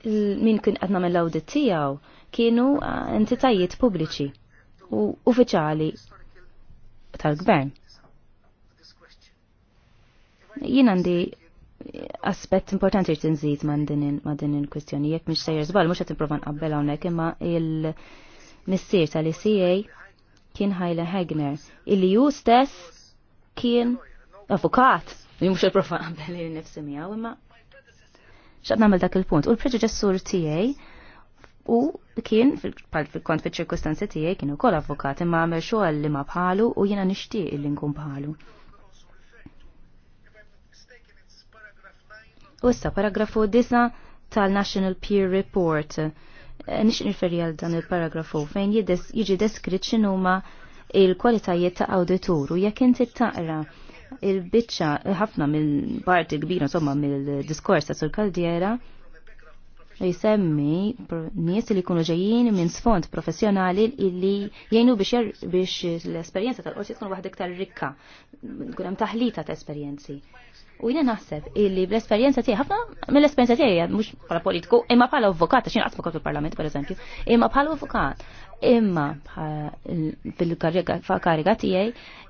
min kien qed nagħmel l-awdit tiegħu kienu entitajiet pubbliċi u uffiċjali tal-gvern. Jien għandi aspett importanti rrit nżid ma' din il-kwistjoni. Jekk mhux sejjer żball mhux qed nipprova nqabbel hawnhekk imma il-missier tal-ICA kien Ħajla Hegner illi ju stess kien avukat. Jien mhux nipprova nqabbel li nifsi miegħu imma x'qed nagħmel dak il-punt. U l-preġeġessur tiegħi u kien fil-kont fil-ċirkustanzi tiegħi kien ukoll avukat imma għamel xogħol li ma bħalu u jiena nixtieq illi nkun bħalu. U issa paragrafu 9 tal-National Peer Report. Eh, nix nirferi għal dan il-paragrafu fejn jiġi deskritt x'inhuma il-kwalitajiet ta' awditur u jekk inti taqra il-biċċa ħafna mill-parti kbira insomma mill-diskors ta' Sur Kaldiera jisemmi nies li kunu ġejjin minn sfond professjonali illi jgħinu biex l-esperjenza tal-qorsi tkun waħda iktar rikka, tkun hemm taħlita ta' esperjenzi. U jina naħseb illi bl-esperienza tiegħi ħafna mill-esperienza tiegħi mhux bħala politiku, imma bħala avvokat għax inqas fil-Parlament pereżempju, imma bħala avvokat. Imma fil-kariga tiegħi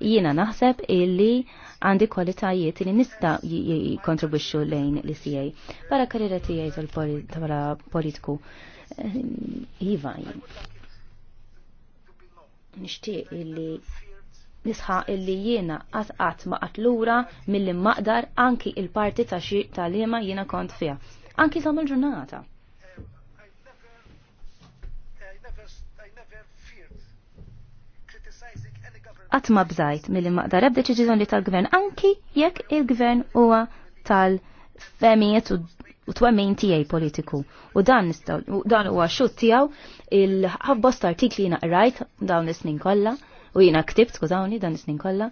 jiena naħseb illi għandi kwalitajiet li nista jikkontribwixxu lejn li tiegħi. Bara karriera tiegħi tal-politiku. bara eh, Iva, nixtieq illi nisħa illi jiena għatqat ma qatlura mill maqdar anki il-parti ta' xi tal-liema jiena kont fija. Anki sam il-ġurnata. Qatt ma bżajt milli maqdar ebda li tal-gvern anki jekk il-gvern huwa tal-femijiet u u twemmin tiegħi politiku. U dan dan huwa xut tiegħu il-ħabbost artikli rajt dawn is-snin kollha u jiena ktibt, skużawni, dan is-snin kollha,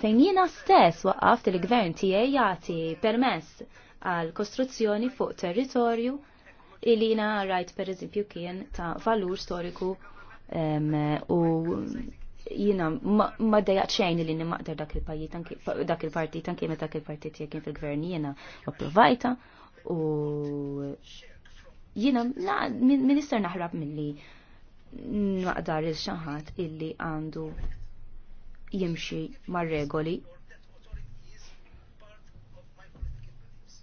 fejn jiena stess waqqaf il-gvern tiegħi jagħti permess għal kostruzzjoni fuq territorju il jina rajt pereżempju kien ta' valur storiku u jiena ma dejjaq xejn li nimaqder dak il-pajjiż dak il-partit anke meta dak il-partit jekk kien fil-gvern jiena approvajta u jiena minister naħrab milli naqdar il-xaħat illi għandu jimxi mar-regoli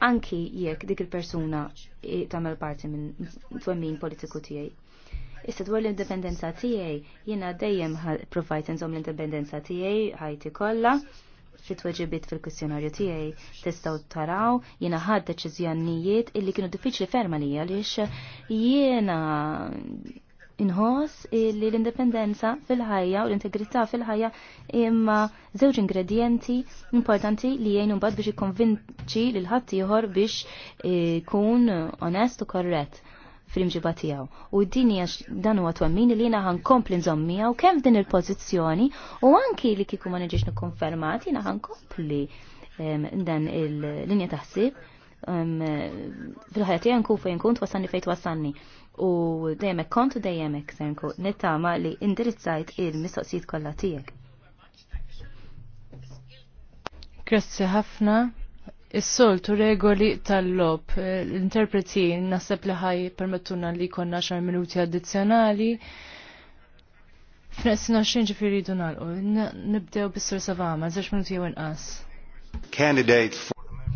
anki jekk dik il-persuna tagħmel parti minn twemmin politiku tiegħi. Issa dwar l-indipendenza tiegħi jiena dejjem provajt inżomm l-indipendenza tiegħi ħajti kollha fit-tweġibiet fil-kwistjonarju tiegħi tistgħu taraw jiena ħadd deċiżjonijiet illi kienu diffiċli ferma li għaliex jiena inħoss li l-indipendenza fil-ħajja u l-integrità fil-ħajja imma żewġ ingredienti importanti li jgħinu mbagħad biex ikkonvinċi lil ħadd ieħor biex kun onest u korret fil imġiba tiegħu. U din hija dan huwa twemmin li għan kompli nżomm miegħu kemm din il-pożizzjoni u anki li kieku ma niġix nikkonfermat għan kompli dan il-linja taħsib fil-ħajja tiegħi nkun fejn kunt fejn twassanni u dejjem kont dejjem hekk senku nittama li indirizzajt il-mistoqsijiet kollha tiegħek. Grazzi ħafna. Is-soltu regoli tal-lob, eh, l-interpreti nasab li ħaj permettuna li konna 10 minuti addizzjonali. F'nessin 20 ġifiri dunalqu, nibdew bis-sur savama, 10 minuti jew inqas. Candidate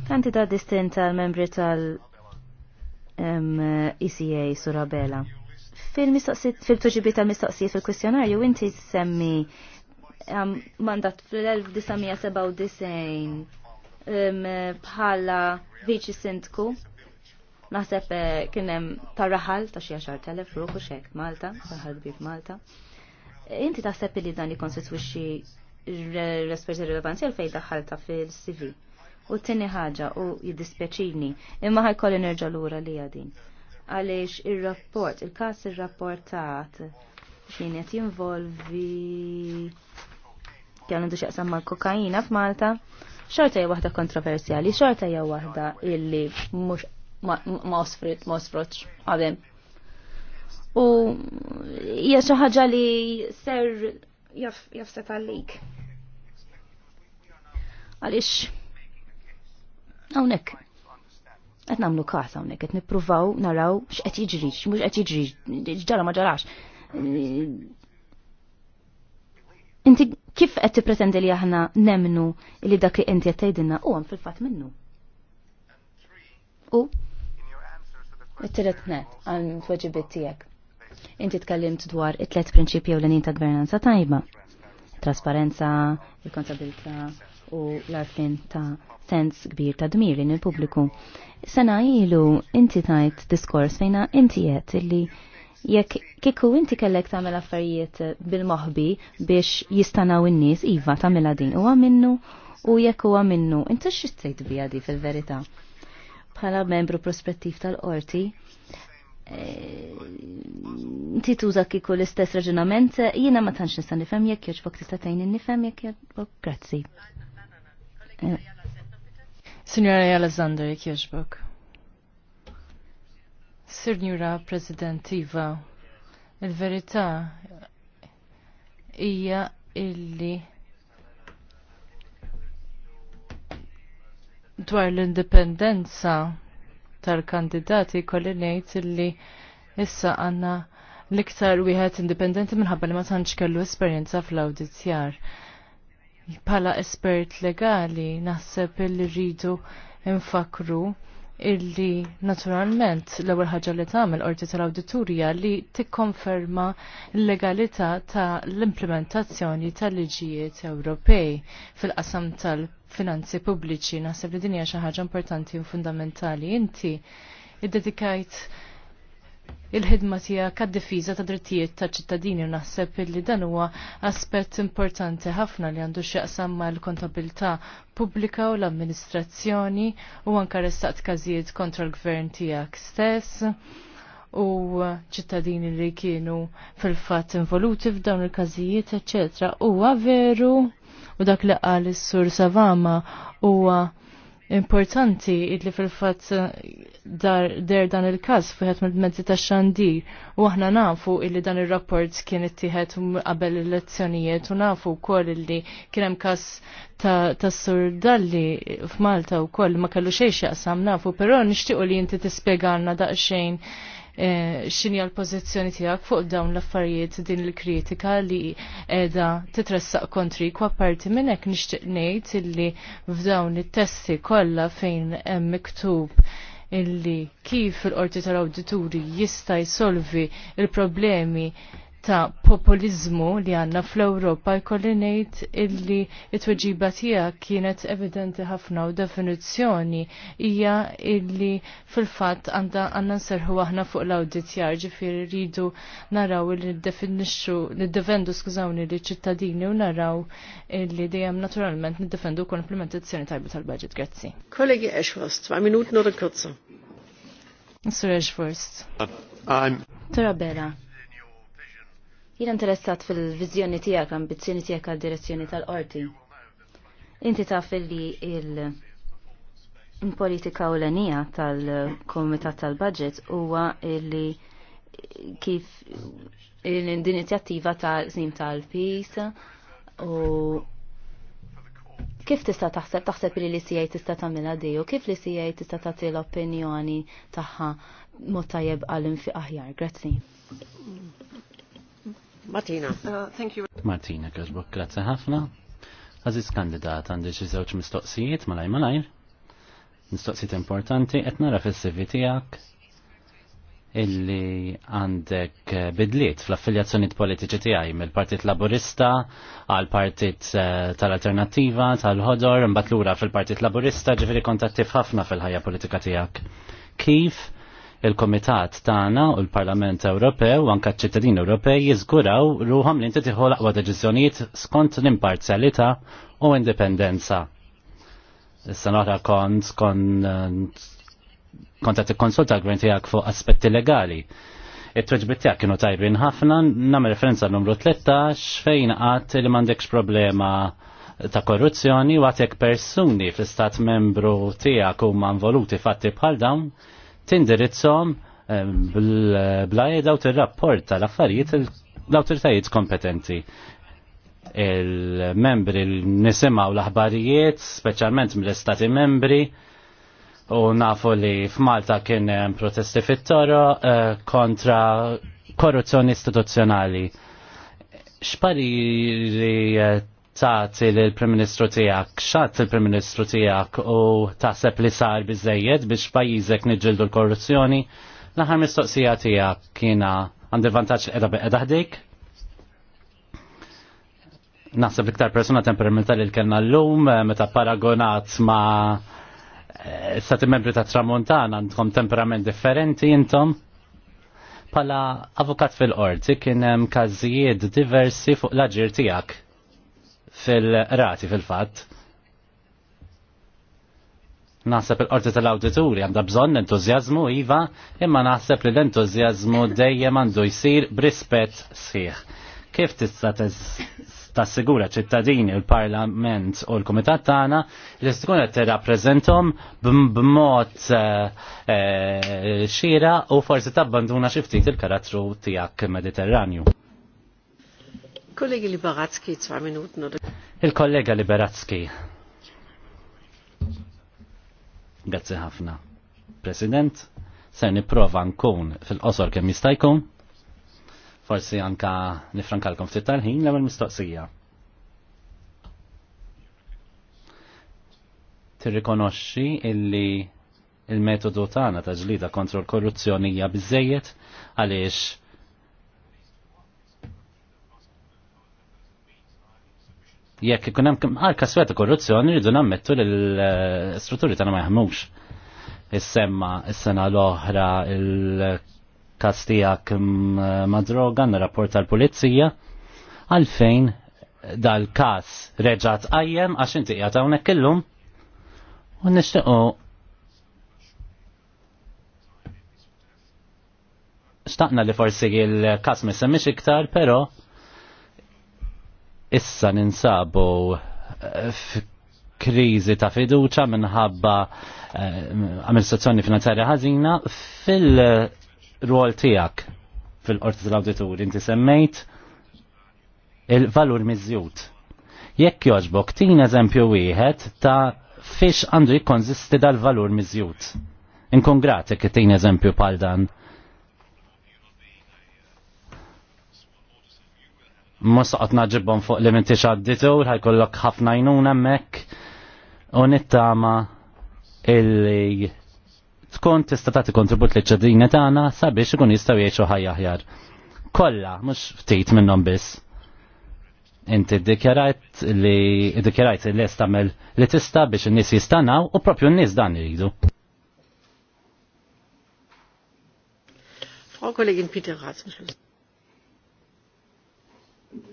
Kandidat distinta l-membri tal- ECA e Surabela. Fil-tuġibi tal-mistoqsijiet fil-kwestjonarju inti semmi mandat fil-1997 bħala viċi sindku naħseb eh, kienem raħal ta' xi għaxar telef ruħu xek Malta, raħal bif Malta. Inti taħseb li dan jikonsistwixxi r-resperti rilevanzi għal fejn daħħalta fil-CV. U t-tini ħaġa u jiddispjaċini imma ħajkolli nerġa' lura li għadin. Għaliex ir-rapport, il-każ ir-rapportat xien qed jinvolvi kienu għandu x'jaqsam mal-kokaina f'Malta, xorta hija waħda kontroversjali, xorta hija waħda illi mhux ma osfrit, ma osfrotx għadem. U hija xi ħaġa li ser jaf jaf għalik. Għaliex Hawnhekk qed nagħmlu każ hawnhekk qed nippruvaw naraw x'qed jiġri, mhux qed jiġri, ġara ma ġarax. Inti kif qed tippretendi li aħna nemnu li dak li inti qed tgħidilna huwa fil-fatt minnu. U it-tielet net għal tweġibiet tiegħek. Inti tkellimt dwar it-tlet prinċipji ewlenin ta' gvernanza tajba. Trasparenza, il-kontabilità u l-arfin ta' sens kbir ta' dmir in il publiku Sena ilu inti tajt diskors fejna inti jett illi jekk kiku inti kellek tagħmel affarijiet bil-moħbi biex jistanaw in-nies iva tagħmilha din huwa minnu u jekk huwa minnu inti x'istejt bija di fil-verità. Bħala membru prospettiv tal-qorti, eh, inti tuża kiku l-istess raġunament, jiena ma tantx nista' nifhem jekk jogħġbok tista' tgħin nifhem jekk jogħġbok grazzi. Eh, Signora jek kieġbok. Signora Presidentiva, il-verità hija illi dwar l-indipendenza tal-kandidati kolli ngħid illi issa għandna l-iktar wieħed indipendenti minħabba li ma tantx kellu esperjenza fl-awditjar pala espert legali naħseb illi rridu infakru illi naturalment l-ewwel ħaġa li tagħmel qorti tal-awditurja li tikkonferma l-legalità ta' l-implementazzjoni tal-liġijiet Ewropej fil-qasam tal-finanzi pubbliċi. Naħseb li din hija xi ħaġa importanti u fundamentali. Inti id-dedikajt il-ħidma tiegħek kad difiża ta' drittijiet ta' ċittadini u naħseb li dan huwa aspett importanti ħafna li għandu x'jaqsam l kontabilità pubblika u l-amministrazzjoni u anke restaqt każijiet kontra l-gvern tiegħek stess u ċittadini li kienu fil-fat involuti f'dawn il-każijiet, eccetera. Huwa veru u dak li qal is-sur Savama huwa importanti li fil-fatt eh, dar der dan il-każ fuħet mill-mezzi ta' xandir u aħna nafu illi dan ir-rapport kien ittieħed qabel il-lezzjonijiet u nafu wkoll illi kien hemm każ ta', ta sur dalli f'Malta wkoll ma kellu xejn x'jaqsam nafu, però nixtiequ li inti tispjegalna daqsxejn Eh, x'inhi l-pożizzjoni tiegħek fuq dawn l-affarijiet din il-kritika li qiegħda titressaq kontri kwa parti minn hekk nixtieq ngħid illi f'dawn it-testi kollha fejn hemm miktub illi kif il-qorti tal-awdituri jista' jsolvi il-problemi ta' populizmu li għanna fl-Europa jkolli ngħid illi it-tweġiba tiegħek kienet evidenti ħafna u definizzjoni hija illi fil-fatt għandna nserħu aħna fuq l-awditjar ġifieri rridu naraw li nid defendu skużawni li ċittadini u naraw illi dejjem naturalment niddefendu wkoll implementazzjoni tajbu tal-budget. Grazzi. Kollegi Ashworst, ma' minut nur kürzer. Sir Tara Bera. Jina interessat fil-vizjoni tijak, ambizjoni tijak għal-direzzjoni tal-qorti. Inti taf li il- politika ewlenija tal-Komitat tal-Budget huwa li kif l-inizjattiva ta' sim tal-PIS u kif tista' taħseb taħseb li l-CA tista' tagħmilha di u kif l-CA tista' tagħti l-opinjoni tagħha mod tajjeb għal infiq aħjar. Grazzi. Martina. Uh, thank you. Martina Kersbok, grazzi ħafna. Aziz kandidat għandi xi żewġ mistoqsijiet malaj malajr. Mistoqsijiet importanti qed nara fis-CV tiegħek illi għandek bidliet fl affiljazzjonijiet politiċi tiegħi mill-Partit Laburista għal Partit eh, tal-Alternattiva tal-Ħodor mbagħad lura fil-Partit Laburista ġifieri kontattif ħafna fil-ħajja politika tiegħek. Kif il-Komitat tagħna u l-Parlament Ewropew u anke ċ-ċittadini Ewropej jiżguraw ruhom li inti tieħu l-aqwa deċiżjonijiet skont l-imparzjalità u indipendenza. Issa noħra kont kont qed ikkonsulta l-gvern tiegħek fuq aspetti legali. It-tweġbit tiegħek kienu tajbin ħafna, nagħmel referenza numru 13 fejn qatt li m'għandekx problema ta' korruzzjoni u għatek persuni fl-istat membru tijak u involuti fatti bħal dawn, tindirizzhom eh, bl-għajda u tir-rapport tal-affarijiet l-awtoritajiet kompetenti il-membri nisimaw l-aħbarijiet, specialment mill-istati membri, u nafu li f'Malta kien protesti fit-toro eh, kontra korruzzjoni istituzzjonali. li taħt il-Prim Ministru tijak, xat il-Prim Ministru tijak u taħseb li sar bizzejed biex pajizek nġildu l-korruzzjoni, laħar mistoqsija tijak kiena għandi vantaċ edha beqeda ħdik? Naħseb iktar persona temperamentali il kellna l-lum, eh, meta paragonat ma eh, stati membri ta' tramontana għandkom temperament differenti intom. Pala avukat fil-qorti kien hemm każijiet diversi fuq l tijak tiegħek fil-rati fil-fatt. Naħseb il-qorti tal-awdituri għandha bżonn entużjażmu iva, imma naħseb li l-entużjażmu dejjem għandu jsir brispett sħiħ. Kif tista' tassigura ċittadini il-Parlament u l-Komitat tagħna li tkun qed tirrappreżentom b'mod eh, eh, xira u forsi tabbanduna xi ftit il-karattru tiegħek mediterranju. Il-kollega Liberatski, 2 minuten. Oder? Il-kollega Liberatski. Grazie ħafna. President, se niprofa nkun fil-qosor kemm jistajkun. Forsi anka nifrankalkom ftit tal-ħin l-ewwel mistoqsija. Tirrikonoxxi illi il-metodu tagħna ta' ġlida kontra l-korruzzjoni hija biżejjed għaliex jekk ikun hemm arka sweta korruzzjoni rridu nammettu li l-strutturi tagħna ma jaħmux. Is-semma is-sena l-oħra il-kas tiegħek madroga droga rapport tal-pulizija għalfejn dal-kas reġat qajjem għax inti qiegħed hawnhekk illum u nixtiequ Xtaqna li forsi il-kas ma semmix iktar, pero issa ninsabu eh, kriżi ta' fiduċa minħabba eh, amministrazzjoni finanzjarja ħażina fil-rol tiegħek fil-qorti tal-awditur inti semmejt il-valur miżjud. Jekk joġbok tin eżempju wieħed ta' fiex għandu jikkonsisti dal-valur miżjud. Inkun grati tin eżempju pal dan. ma saqat naġibbon fuq li minti xadditur, ħajkollok ħafna jnun hemmhekk u nittama illi tkun tista' tagħti kontribut li ċedini tagħna sabiex ikun jistaw jgħixu ħajjaħjar. Kolla, mux mhux ftit minnhom biss. Inti dikjarajt li dikjarajt li tagħmel li tista' biex in-nies jistanaw u propju n-nies dan jridu. Frau Kollegin Peter Ratz,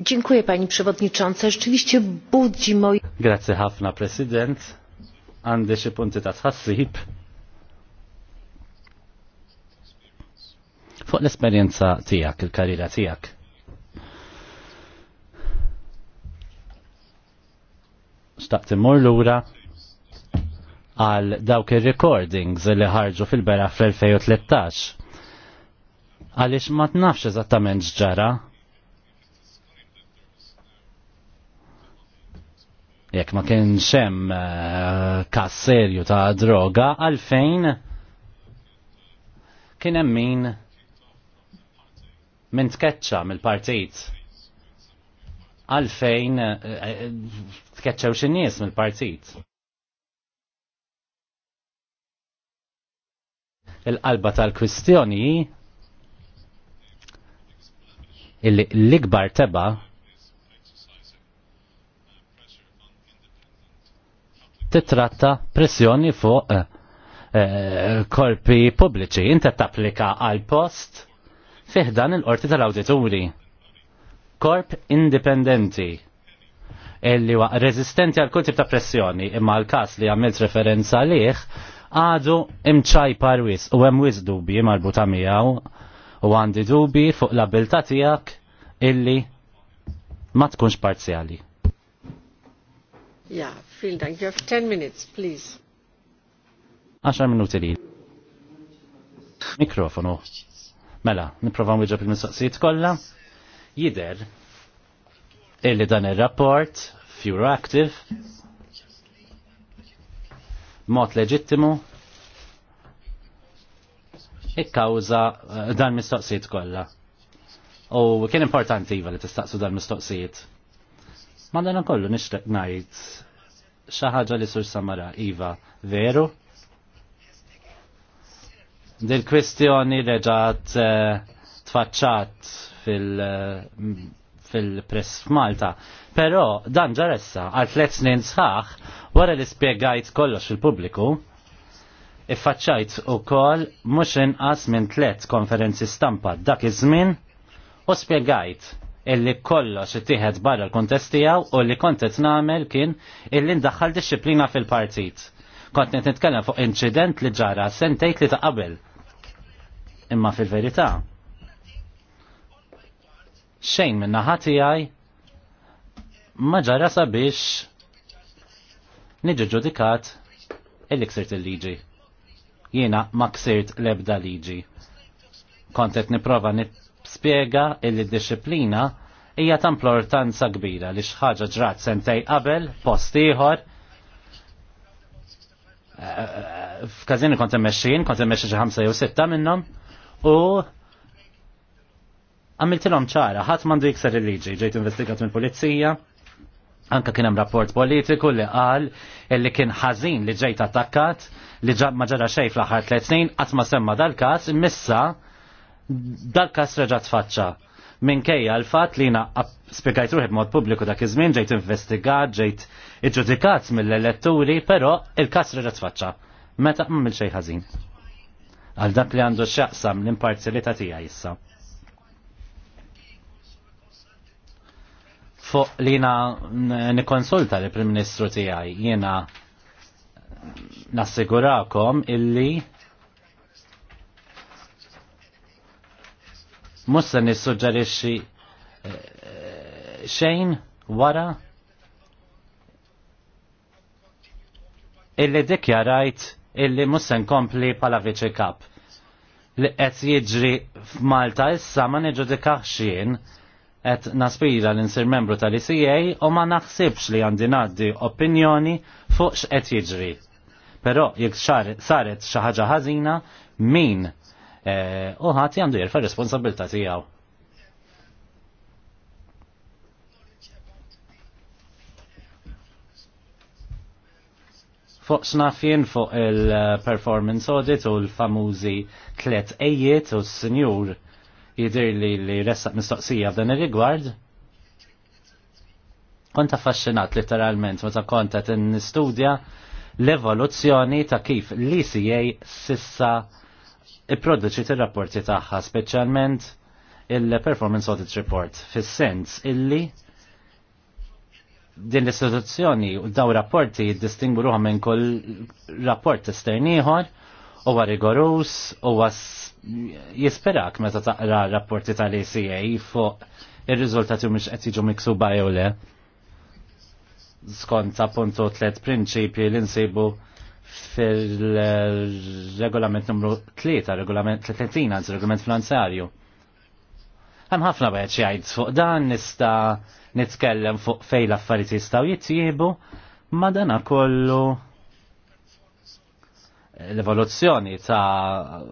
Dziękuję Pani Przewodnicząca. Rzeczywiście budzi moje... Grazie ħafna President. Għandi xi punti ta' tħassib. Fuq l-esperjenza tiegħek, il-karriera tiegħek. mor l lura għal dawk il-recordings li ħarġu fil-bera fl-2013. Għalix ma nafx eżattament ġara jekk ma kienx hemm eh, kasserju serju ta' droga għalfejn kien hemm min minn tkeċċa mill-partit għalfejn eh, eh, tkeċċew xi nies mill-partit. Il-qalba tal-kwistjoni illi l-ikbar teba' titratta pressjoni fuq eh, eh, korpi pubbliċi. Inta tapplika għal post fiħdan il-qorti tal-awdituri. Korp indipendenti illi wa rezistenti għal kull tip ta' pressjoni imma l-kas li għamilt referenza liħ għadu imċaj parwis u hemm wis dubi marbuta miegħu u għandi dubi fuq l-abilta tiegħek illi ma tkunx parzjali. Ja, Vielen You have 10 minutes, please. 10 minuti li. Mikrofonu. Mela, niprofa nwiġab bil-mistoqsijiet kollha. Jider illi dan ir-rapport Furoactive mod leġittimu ikkawza eh, dan mistoqsijiet kollha. U kien importanti iva li tistaqsu dan mistoqsijiet. Ma dan kollu nishtek ngħid xaħġa li sur Samara, Iva, veru? Dil-kwistjoni reġat eh, tfaċċat fil- eh, press f'Malta. Pero dan ġaressa għal tliet snin sħaħ wara li spjegajt kollox il-pubbliku, iffaċċajt ukoll mhux inqas minn tliet konferenzi stampa dak iż-żmien u spjegajt illi kollox ittieħed barra l-kontest tiegħu u li kont qed nagħmel kien illi ndaħħal disċiplina fil-partit. Kont qed nitkellem fuq incident li ġara sentejn li ta' qabel. Imma fil-verità xejn minn naħa ma ġara sabiex niġi ġudikat illi ksirt il-liġi. Jiena ma ksirt l-ebda liġi. Kontet niprofa spiega il-disciplina hija ta' importanza kbira li xħaġa ġrat sentej qabel, post ieħor. Eh, f'każini kont immexxin, kont immexxi xi ħamsa jew sitta minnhom u għamiltilhom ċara, ħadd m'għandu jikser il-liġi, ġejt investigat mill-pulizija, anka kien hemm rapport politiku li qal li kien ħażin li ġejt attakkat li ġab ma ġara xejn fl-aħħar tliet snin qatt ma semma dal-każ imissa Dak kas reġat faċċa. Minkejja l-fat li jina spiegajt ruħi b'mod pubbliku dak iż-żmien ġejt investigat, ġejt iġġudikat mill-elettori, però il-kas reġat faċċa. Meta għamil xej ħażin. Għal dak li għandu x'jaqsam l-imparzjalità tiegħi issa. Fuq li jina nikonsulta l-Prim Ministru tiegħi jiena nassigurakom illi mhux se nissuġġerixxi eh, eh, xejn wara illi dikjarajt illi mussen nkompli pala viċi kap. Li qed jiġri f'Malta issa ma niġudikax xien qed naspira l insir membru tal-ICA u ma naħsibx li għandi ngħaddi opinjoni fuq x'qed jiġri. Però jekk saret xi ħaġa ħażina min Eh, u ħadd għandu jirfa' responsabilità tiegħu. fuq snafjen fuq il-performance audit u l-famużi tlet ejiet u s-senjur jidir li li ressaq mistoqsija f'dan ir-rigward. Kont affaxxinat letteralment meta kont qed nistudja l-evoluzzjoni ta' kif l-ECA sissa i-produċi ir-rapporti tagħha speċjalment il-Performance Audit Report fis-sens illi din l-istituzzjoni u daw rapporti distingu ruħa minn kull rapport estern ieħor huwa rigorus huwa jisperak meta taqra rapporti tal-ACA fuq ir-riżultati mhux qed jiġu miksuba jew le skont appunto tliet prinċipji li nsibu fil-regolament numru 3, regolament 30, għaz regolament finanzarju. Hemm ħafna bħed jgħid fuq dan nista nitkellem fuq fej l-affarijiet jistgħu jittjiebu, ma dan kollu l-evoluzzjoni ta'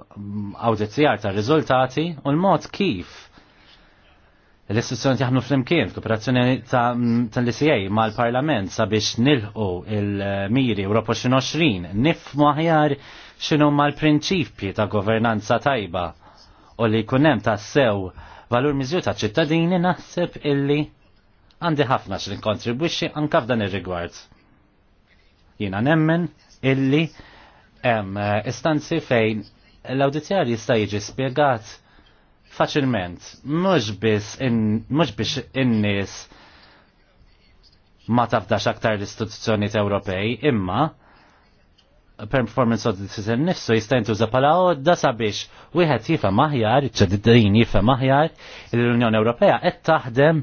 awdizzjar ta' riżultati u l-mod kif l-istituzzjoni jaħnu fl-imkien, kooperazzjoni tal-ICA mal parlament sabiex nilħu il-miri Europa 2020, nifmu aħjar xinu mal prinċipji ta' governanza tajba u li kunem ta' sew valur mizju ta' ċittadini naħseb illi għandi ħafna xin kontribuixi anka f'dan ir-rigward. Jina nemmen illi hemm istanzi fejn l-awditjar jista' jiġi spjegat faċilment. Mhux biss mhux biex in-nies ma tafdax aktar l-istituzzjonijiet Ewropej, imma performance audit nifsu jista' jintuża bħala odda sabiex wieħed jifhem maħjar, iċ-ċediddin jifhem aħjar l-Unjoni Ewropea qed taħdem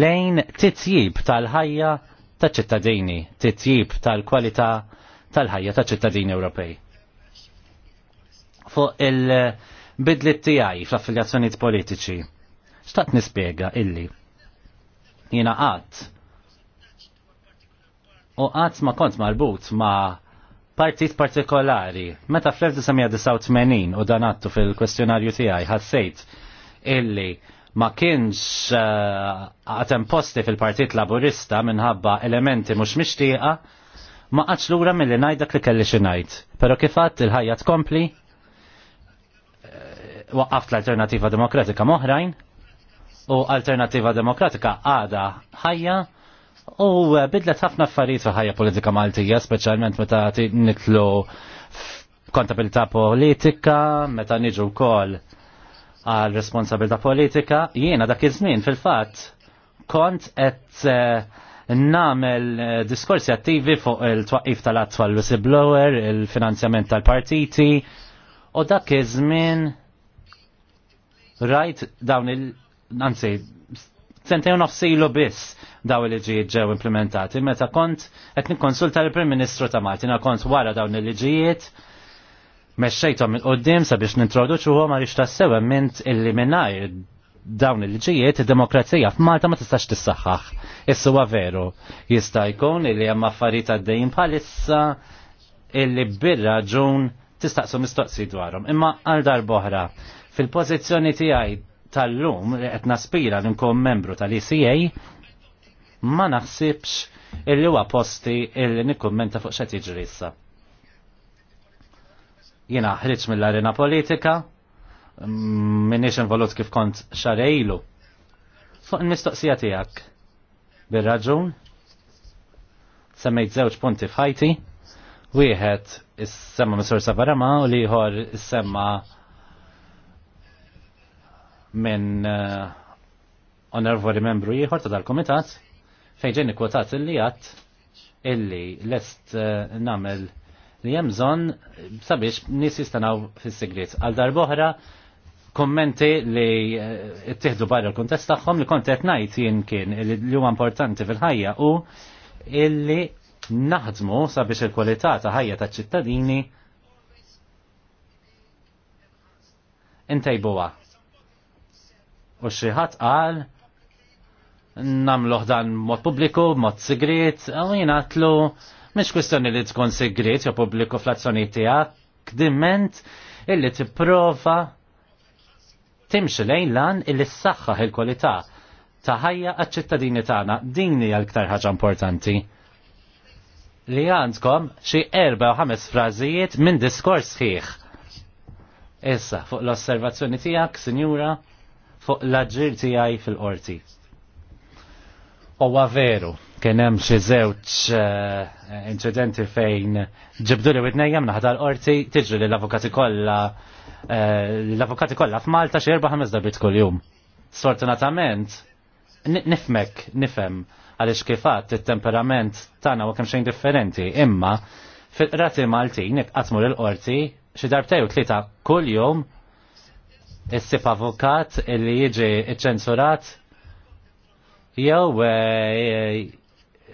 lejn titjib tal-ħajja taċ ċittadini, titjib tal-kwalità tal-ħajja taċ ċittadini Ewropej. Fuq il- bidlit tiegħi fl-affiljazzjonijiet politiċi. x'taqt nispjega illi jiena qatt u qatt ma kont marbut ma' partit partikolari. Meta fl-1989 u danattu fil-kwestjonarju tiegħi ħassejt illi ma kienx eh, għatem uh, posti fil-Partit Laburista minħabba elementi mhux mixtieqa, ma l lura milli li najdak li kelli xinajt. Pero Però kif il-ħajja tkompli waqqaft l-Alternativa Demokratika moħrajn u Alternativa Demokratika għada ħajja u bidlet ħafna affarijiet fi ħajja politika Maltija, speċjalment meta nitlu kontabilità politika, meta niġu wkoll għal responsabilità politika, jiena dak iż-żmien fil-fatt kont qed eh, namel eh, diskorsi attivi fuq il-twaqif tal-attwal whistleblower, il-finanzjament tal-partiti, u dak iż-żmien Rajt dawn il- nanzi, sentej nofsilu biss daw il-liġijiet ġew implementati. Meta kont qed nikkonsulta l-Prim Ministru ta' Martina kont wara dawn il-liġijiet mexxejthom il qoddim sabiex nintroduċuhom għaliex tassew mint illi mingħajr dawn il-liġijiet id-demokrazija f'Malta ma tistax tissaħħaħ. Issu veru jista' jkun illi hemm affarijiet għaddejjin bħalissa illi bir-raġun tistaqsu mistoqsi dwarhom. Imma għal darboħra Fil-pozizjoni tiegħi tal-lum li qed naspira li nkun membru tal-ECA ma naħsibx illi huwa posti illi nikkummenta fuq xed jiġri issa. Jiena ħriġ mill-arena politika, minniex involut kif kont xarejlu. Fuq il-mistoqsija tiegħek bir-raġun semmejt żewġ punti f'ħajti, wieħed is-semma Misur Sabarama u liħor is-semma minn uh, eh, onorvoli membru ieħor ta' dal-komitat fejn ġejni kwotat illi għat illi lest uh, namel li hemm bżonn sabiex nies jistanaw fis-sigriet. Għal darb'oħra kommenti li eh, ttieħdu barra l-kuntest tagħhom li kont qed ngħid jien kien li huwa importanti fil-ħajja u illi naħdmu sabiex il-kwalità ta' ħajja taċ-ċittadini intejbuha U xi ħadd qal namluħ dan mod pubbliku, mod sigrit, u jingħatlu mhix kwistjoni li tkun sigrit jew pubbliku fl tijak, tiegħek illi illi tipprova timxi lejn lan illi s-saxħaħ il kualita ta' ħajja għal-ċittadini tagħna. Din hija l-iktar ħaġa importanti. Li għandkom xi erba' u ħames frażijiet minn diskors ħieħ. Issa, fuq l-osservazzjoni tiegħek, sinjura, fuq l-aġir tiegħi fil-qorti. Huwa veru, kien hemm xi żewġ eh, inċidenti fejn ġibdu li widnejjem naħda l-qorti tiġri li l-avukati kollha eh, l-avukati kollha f'Malta xi erba' ħames darbit kuljum. Sfortunatament, nifmek, nifhem għaliex kifat it-temperament tagħna u kemm xejn differenti, imma fil-qrati Maltin qatt il-qorti xi darbtej u tlieta kuljum issib avukat li jiġi ċensurat jew eh,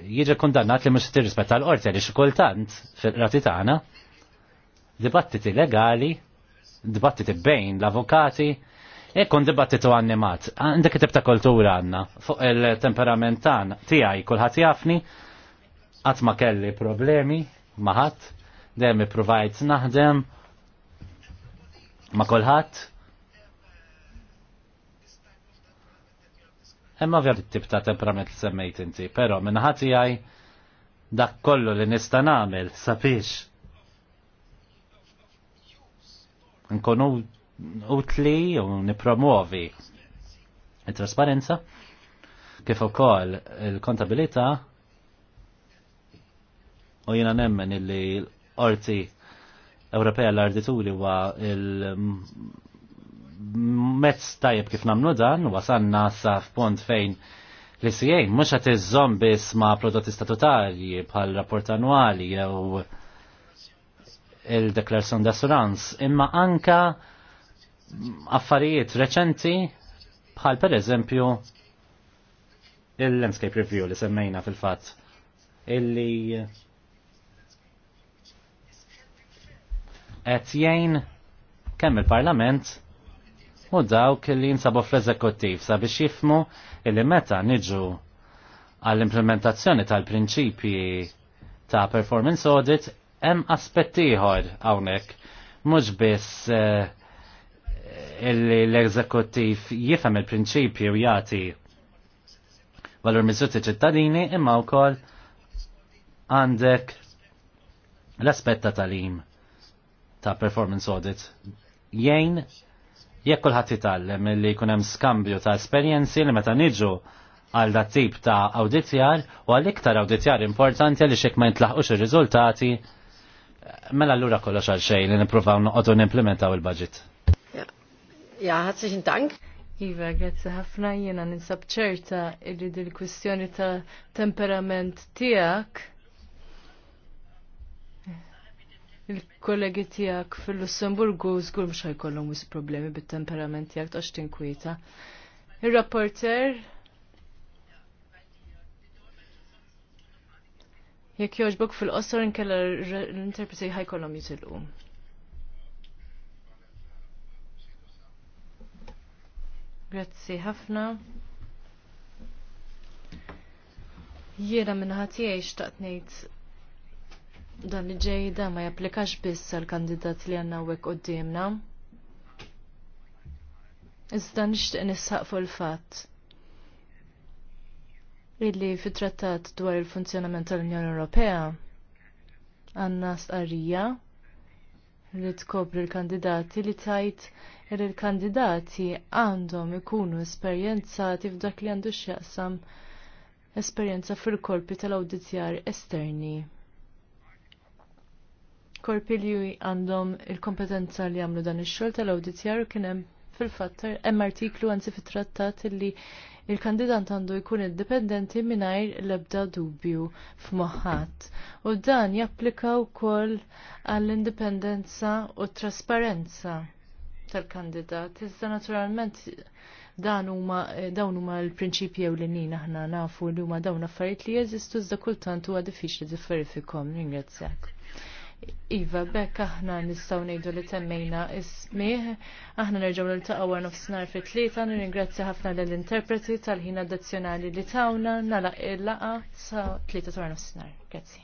jiġi kundannat li mhux tirrispetta l-qorti li xikultant fil-rati tagħna dibattiti legali, dibattiti bejn l-avukati, kun dibattitu animat, għandek tibta kultura għanna, fuq il-temperament tagħna tiegħi kulħadd jafni, qatt ma kelli problemi, maħat, dejjem provajt naħdem ma' kulħadd Emma ovvjad tip ta' temperament li semmejt inti, pero minnħati għaj dak kollu li nista' nagħmel sabiex. Nkunu utli u nipromuovi it-trasparenza kif ukoll il-kontabilità u jiena nemmen illi l-Qorti Ewropea l-Ardituri huwa il mezz tajjeb kif namlu dan, wasanna sa f'pont fejn li sijajn, mux għat iżżom bis ma prodotti statutarji bħal rapport annuali jew il-deklarazzjon d'assurance, imma anka affarijiet reċenti bħal per eżempju il-landscape review li semmejna fil-fat illi qed jgħin kemm il-Parlament u dawk li jinsabu fl-eżekuttiv sabiex jifmu illi meta niġu għall-implementazzjoni tal-prinċipji ta' performance audit hemm aspetti ieħor hawnhekk mhux biss eh, illi l-eżekuttiv jifhem il-prinċipji u jagħti valur miżuti ċittadini imma wkoll għandek l aspetta ta' talim ta' performance audit jgħin Jekk kulħadd jitgħallem li jkun hemm skambju ta' esperjenzi li meta niġu għal dat tip ta' awditjar u għal iktar awditjar importanti għaliex hekk ma jintlaħqux ir-riżultati mela allura kollox għal xejn li nippruvaw noqogħdu nimplementaw il-budget. Ja, herzlichen tank. Iva, grazzi ħafna jiena ninsab ċerta illi il kwistjoni ta' temperament tiegħek il-kollegi tijak fil-Lussemburgu zgur mux ħajkollom wis problemi bit-temperament tijak tax tinkwita. Il-rapporter jekk joġbok fil-qosor nkella l-interpreti ħajkollhom jitilqu. Grazzi ħafna. Jiena minnaħat jiex xtaqt ngħid Dan li ġejda ma japplikax biss għal kandidat li għanna u qoddimna. Iżda nixtieq nisħaq fuq il-fatt illi fit-trattat dwar il-funzjonament tal-Unjoni Ewropea għandna stqarrija li tkopri l-kandidati li tajt li l-kandidati għandhom ikunu esperjenzati f'dak li għandu x'jaqsam esperjenza fil-korpi tal-awditjar esterni korpi li għandhom il-kompetenza li għamlu dan ix-xogħol tal-awditjar kien hemm fil-fatt hemm artiklu anzi fit-trattat li il-kandidat għandu jkun indipendenti mingħajr l-ebda dubju f'moħħat. U dan japplika wkoll għall-indipendenza u t trasparenza tal-kandidat. Iżda naturalment dan huma dawn huma l-prinċipji ewlenin aħna nafu li huma dawn affarijiet li jeżistu iżda kultant huwa diffiċli differifikhom. Ringrazzjak. Iva, bekk aħna nistaw nejdu li temmejna ismiħ, aħna nerġaw l-taqaw nofsnar fit tlieta nirringrazzja ħafna l-interpreti tal-ħin addizzjonali li tawna, nalaq il-laqa sa tlieta tora nofsnar. Grazzi.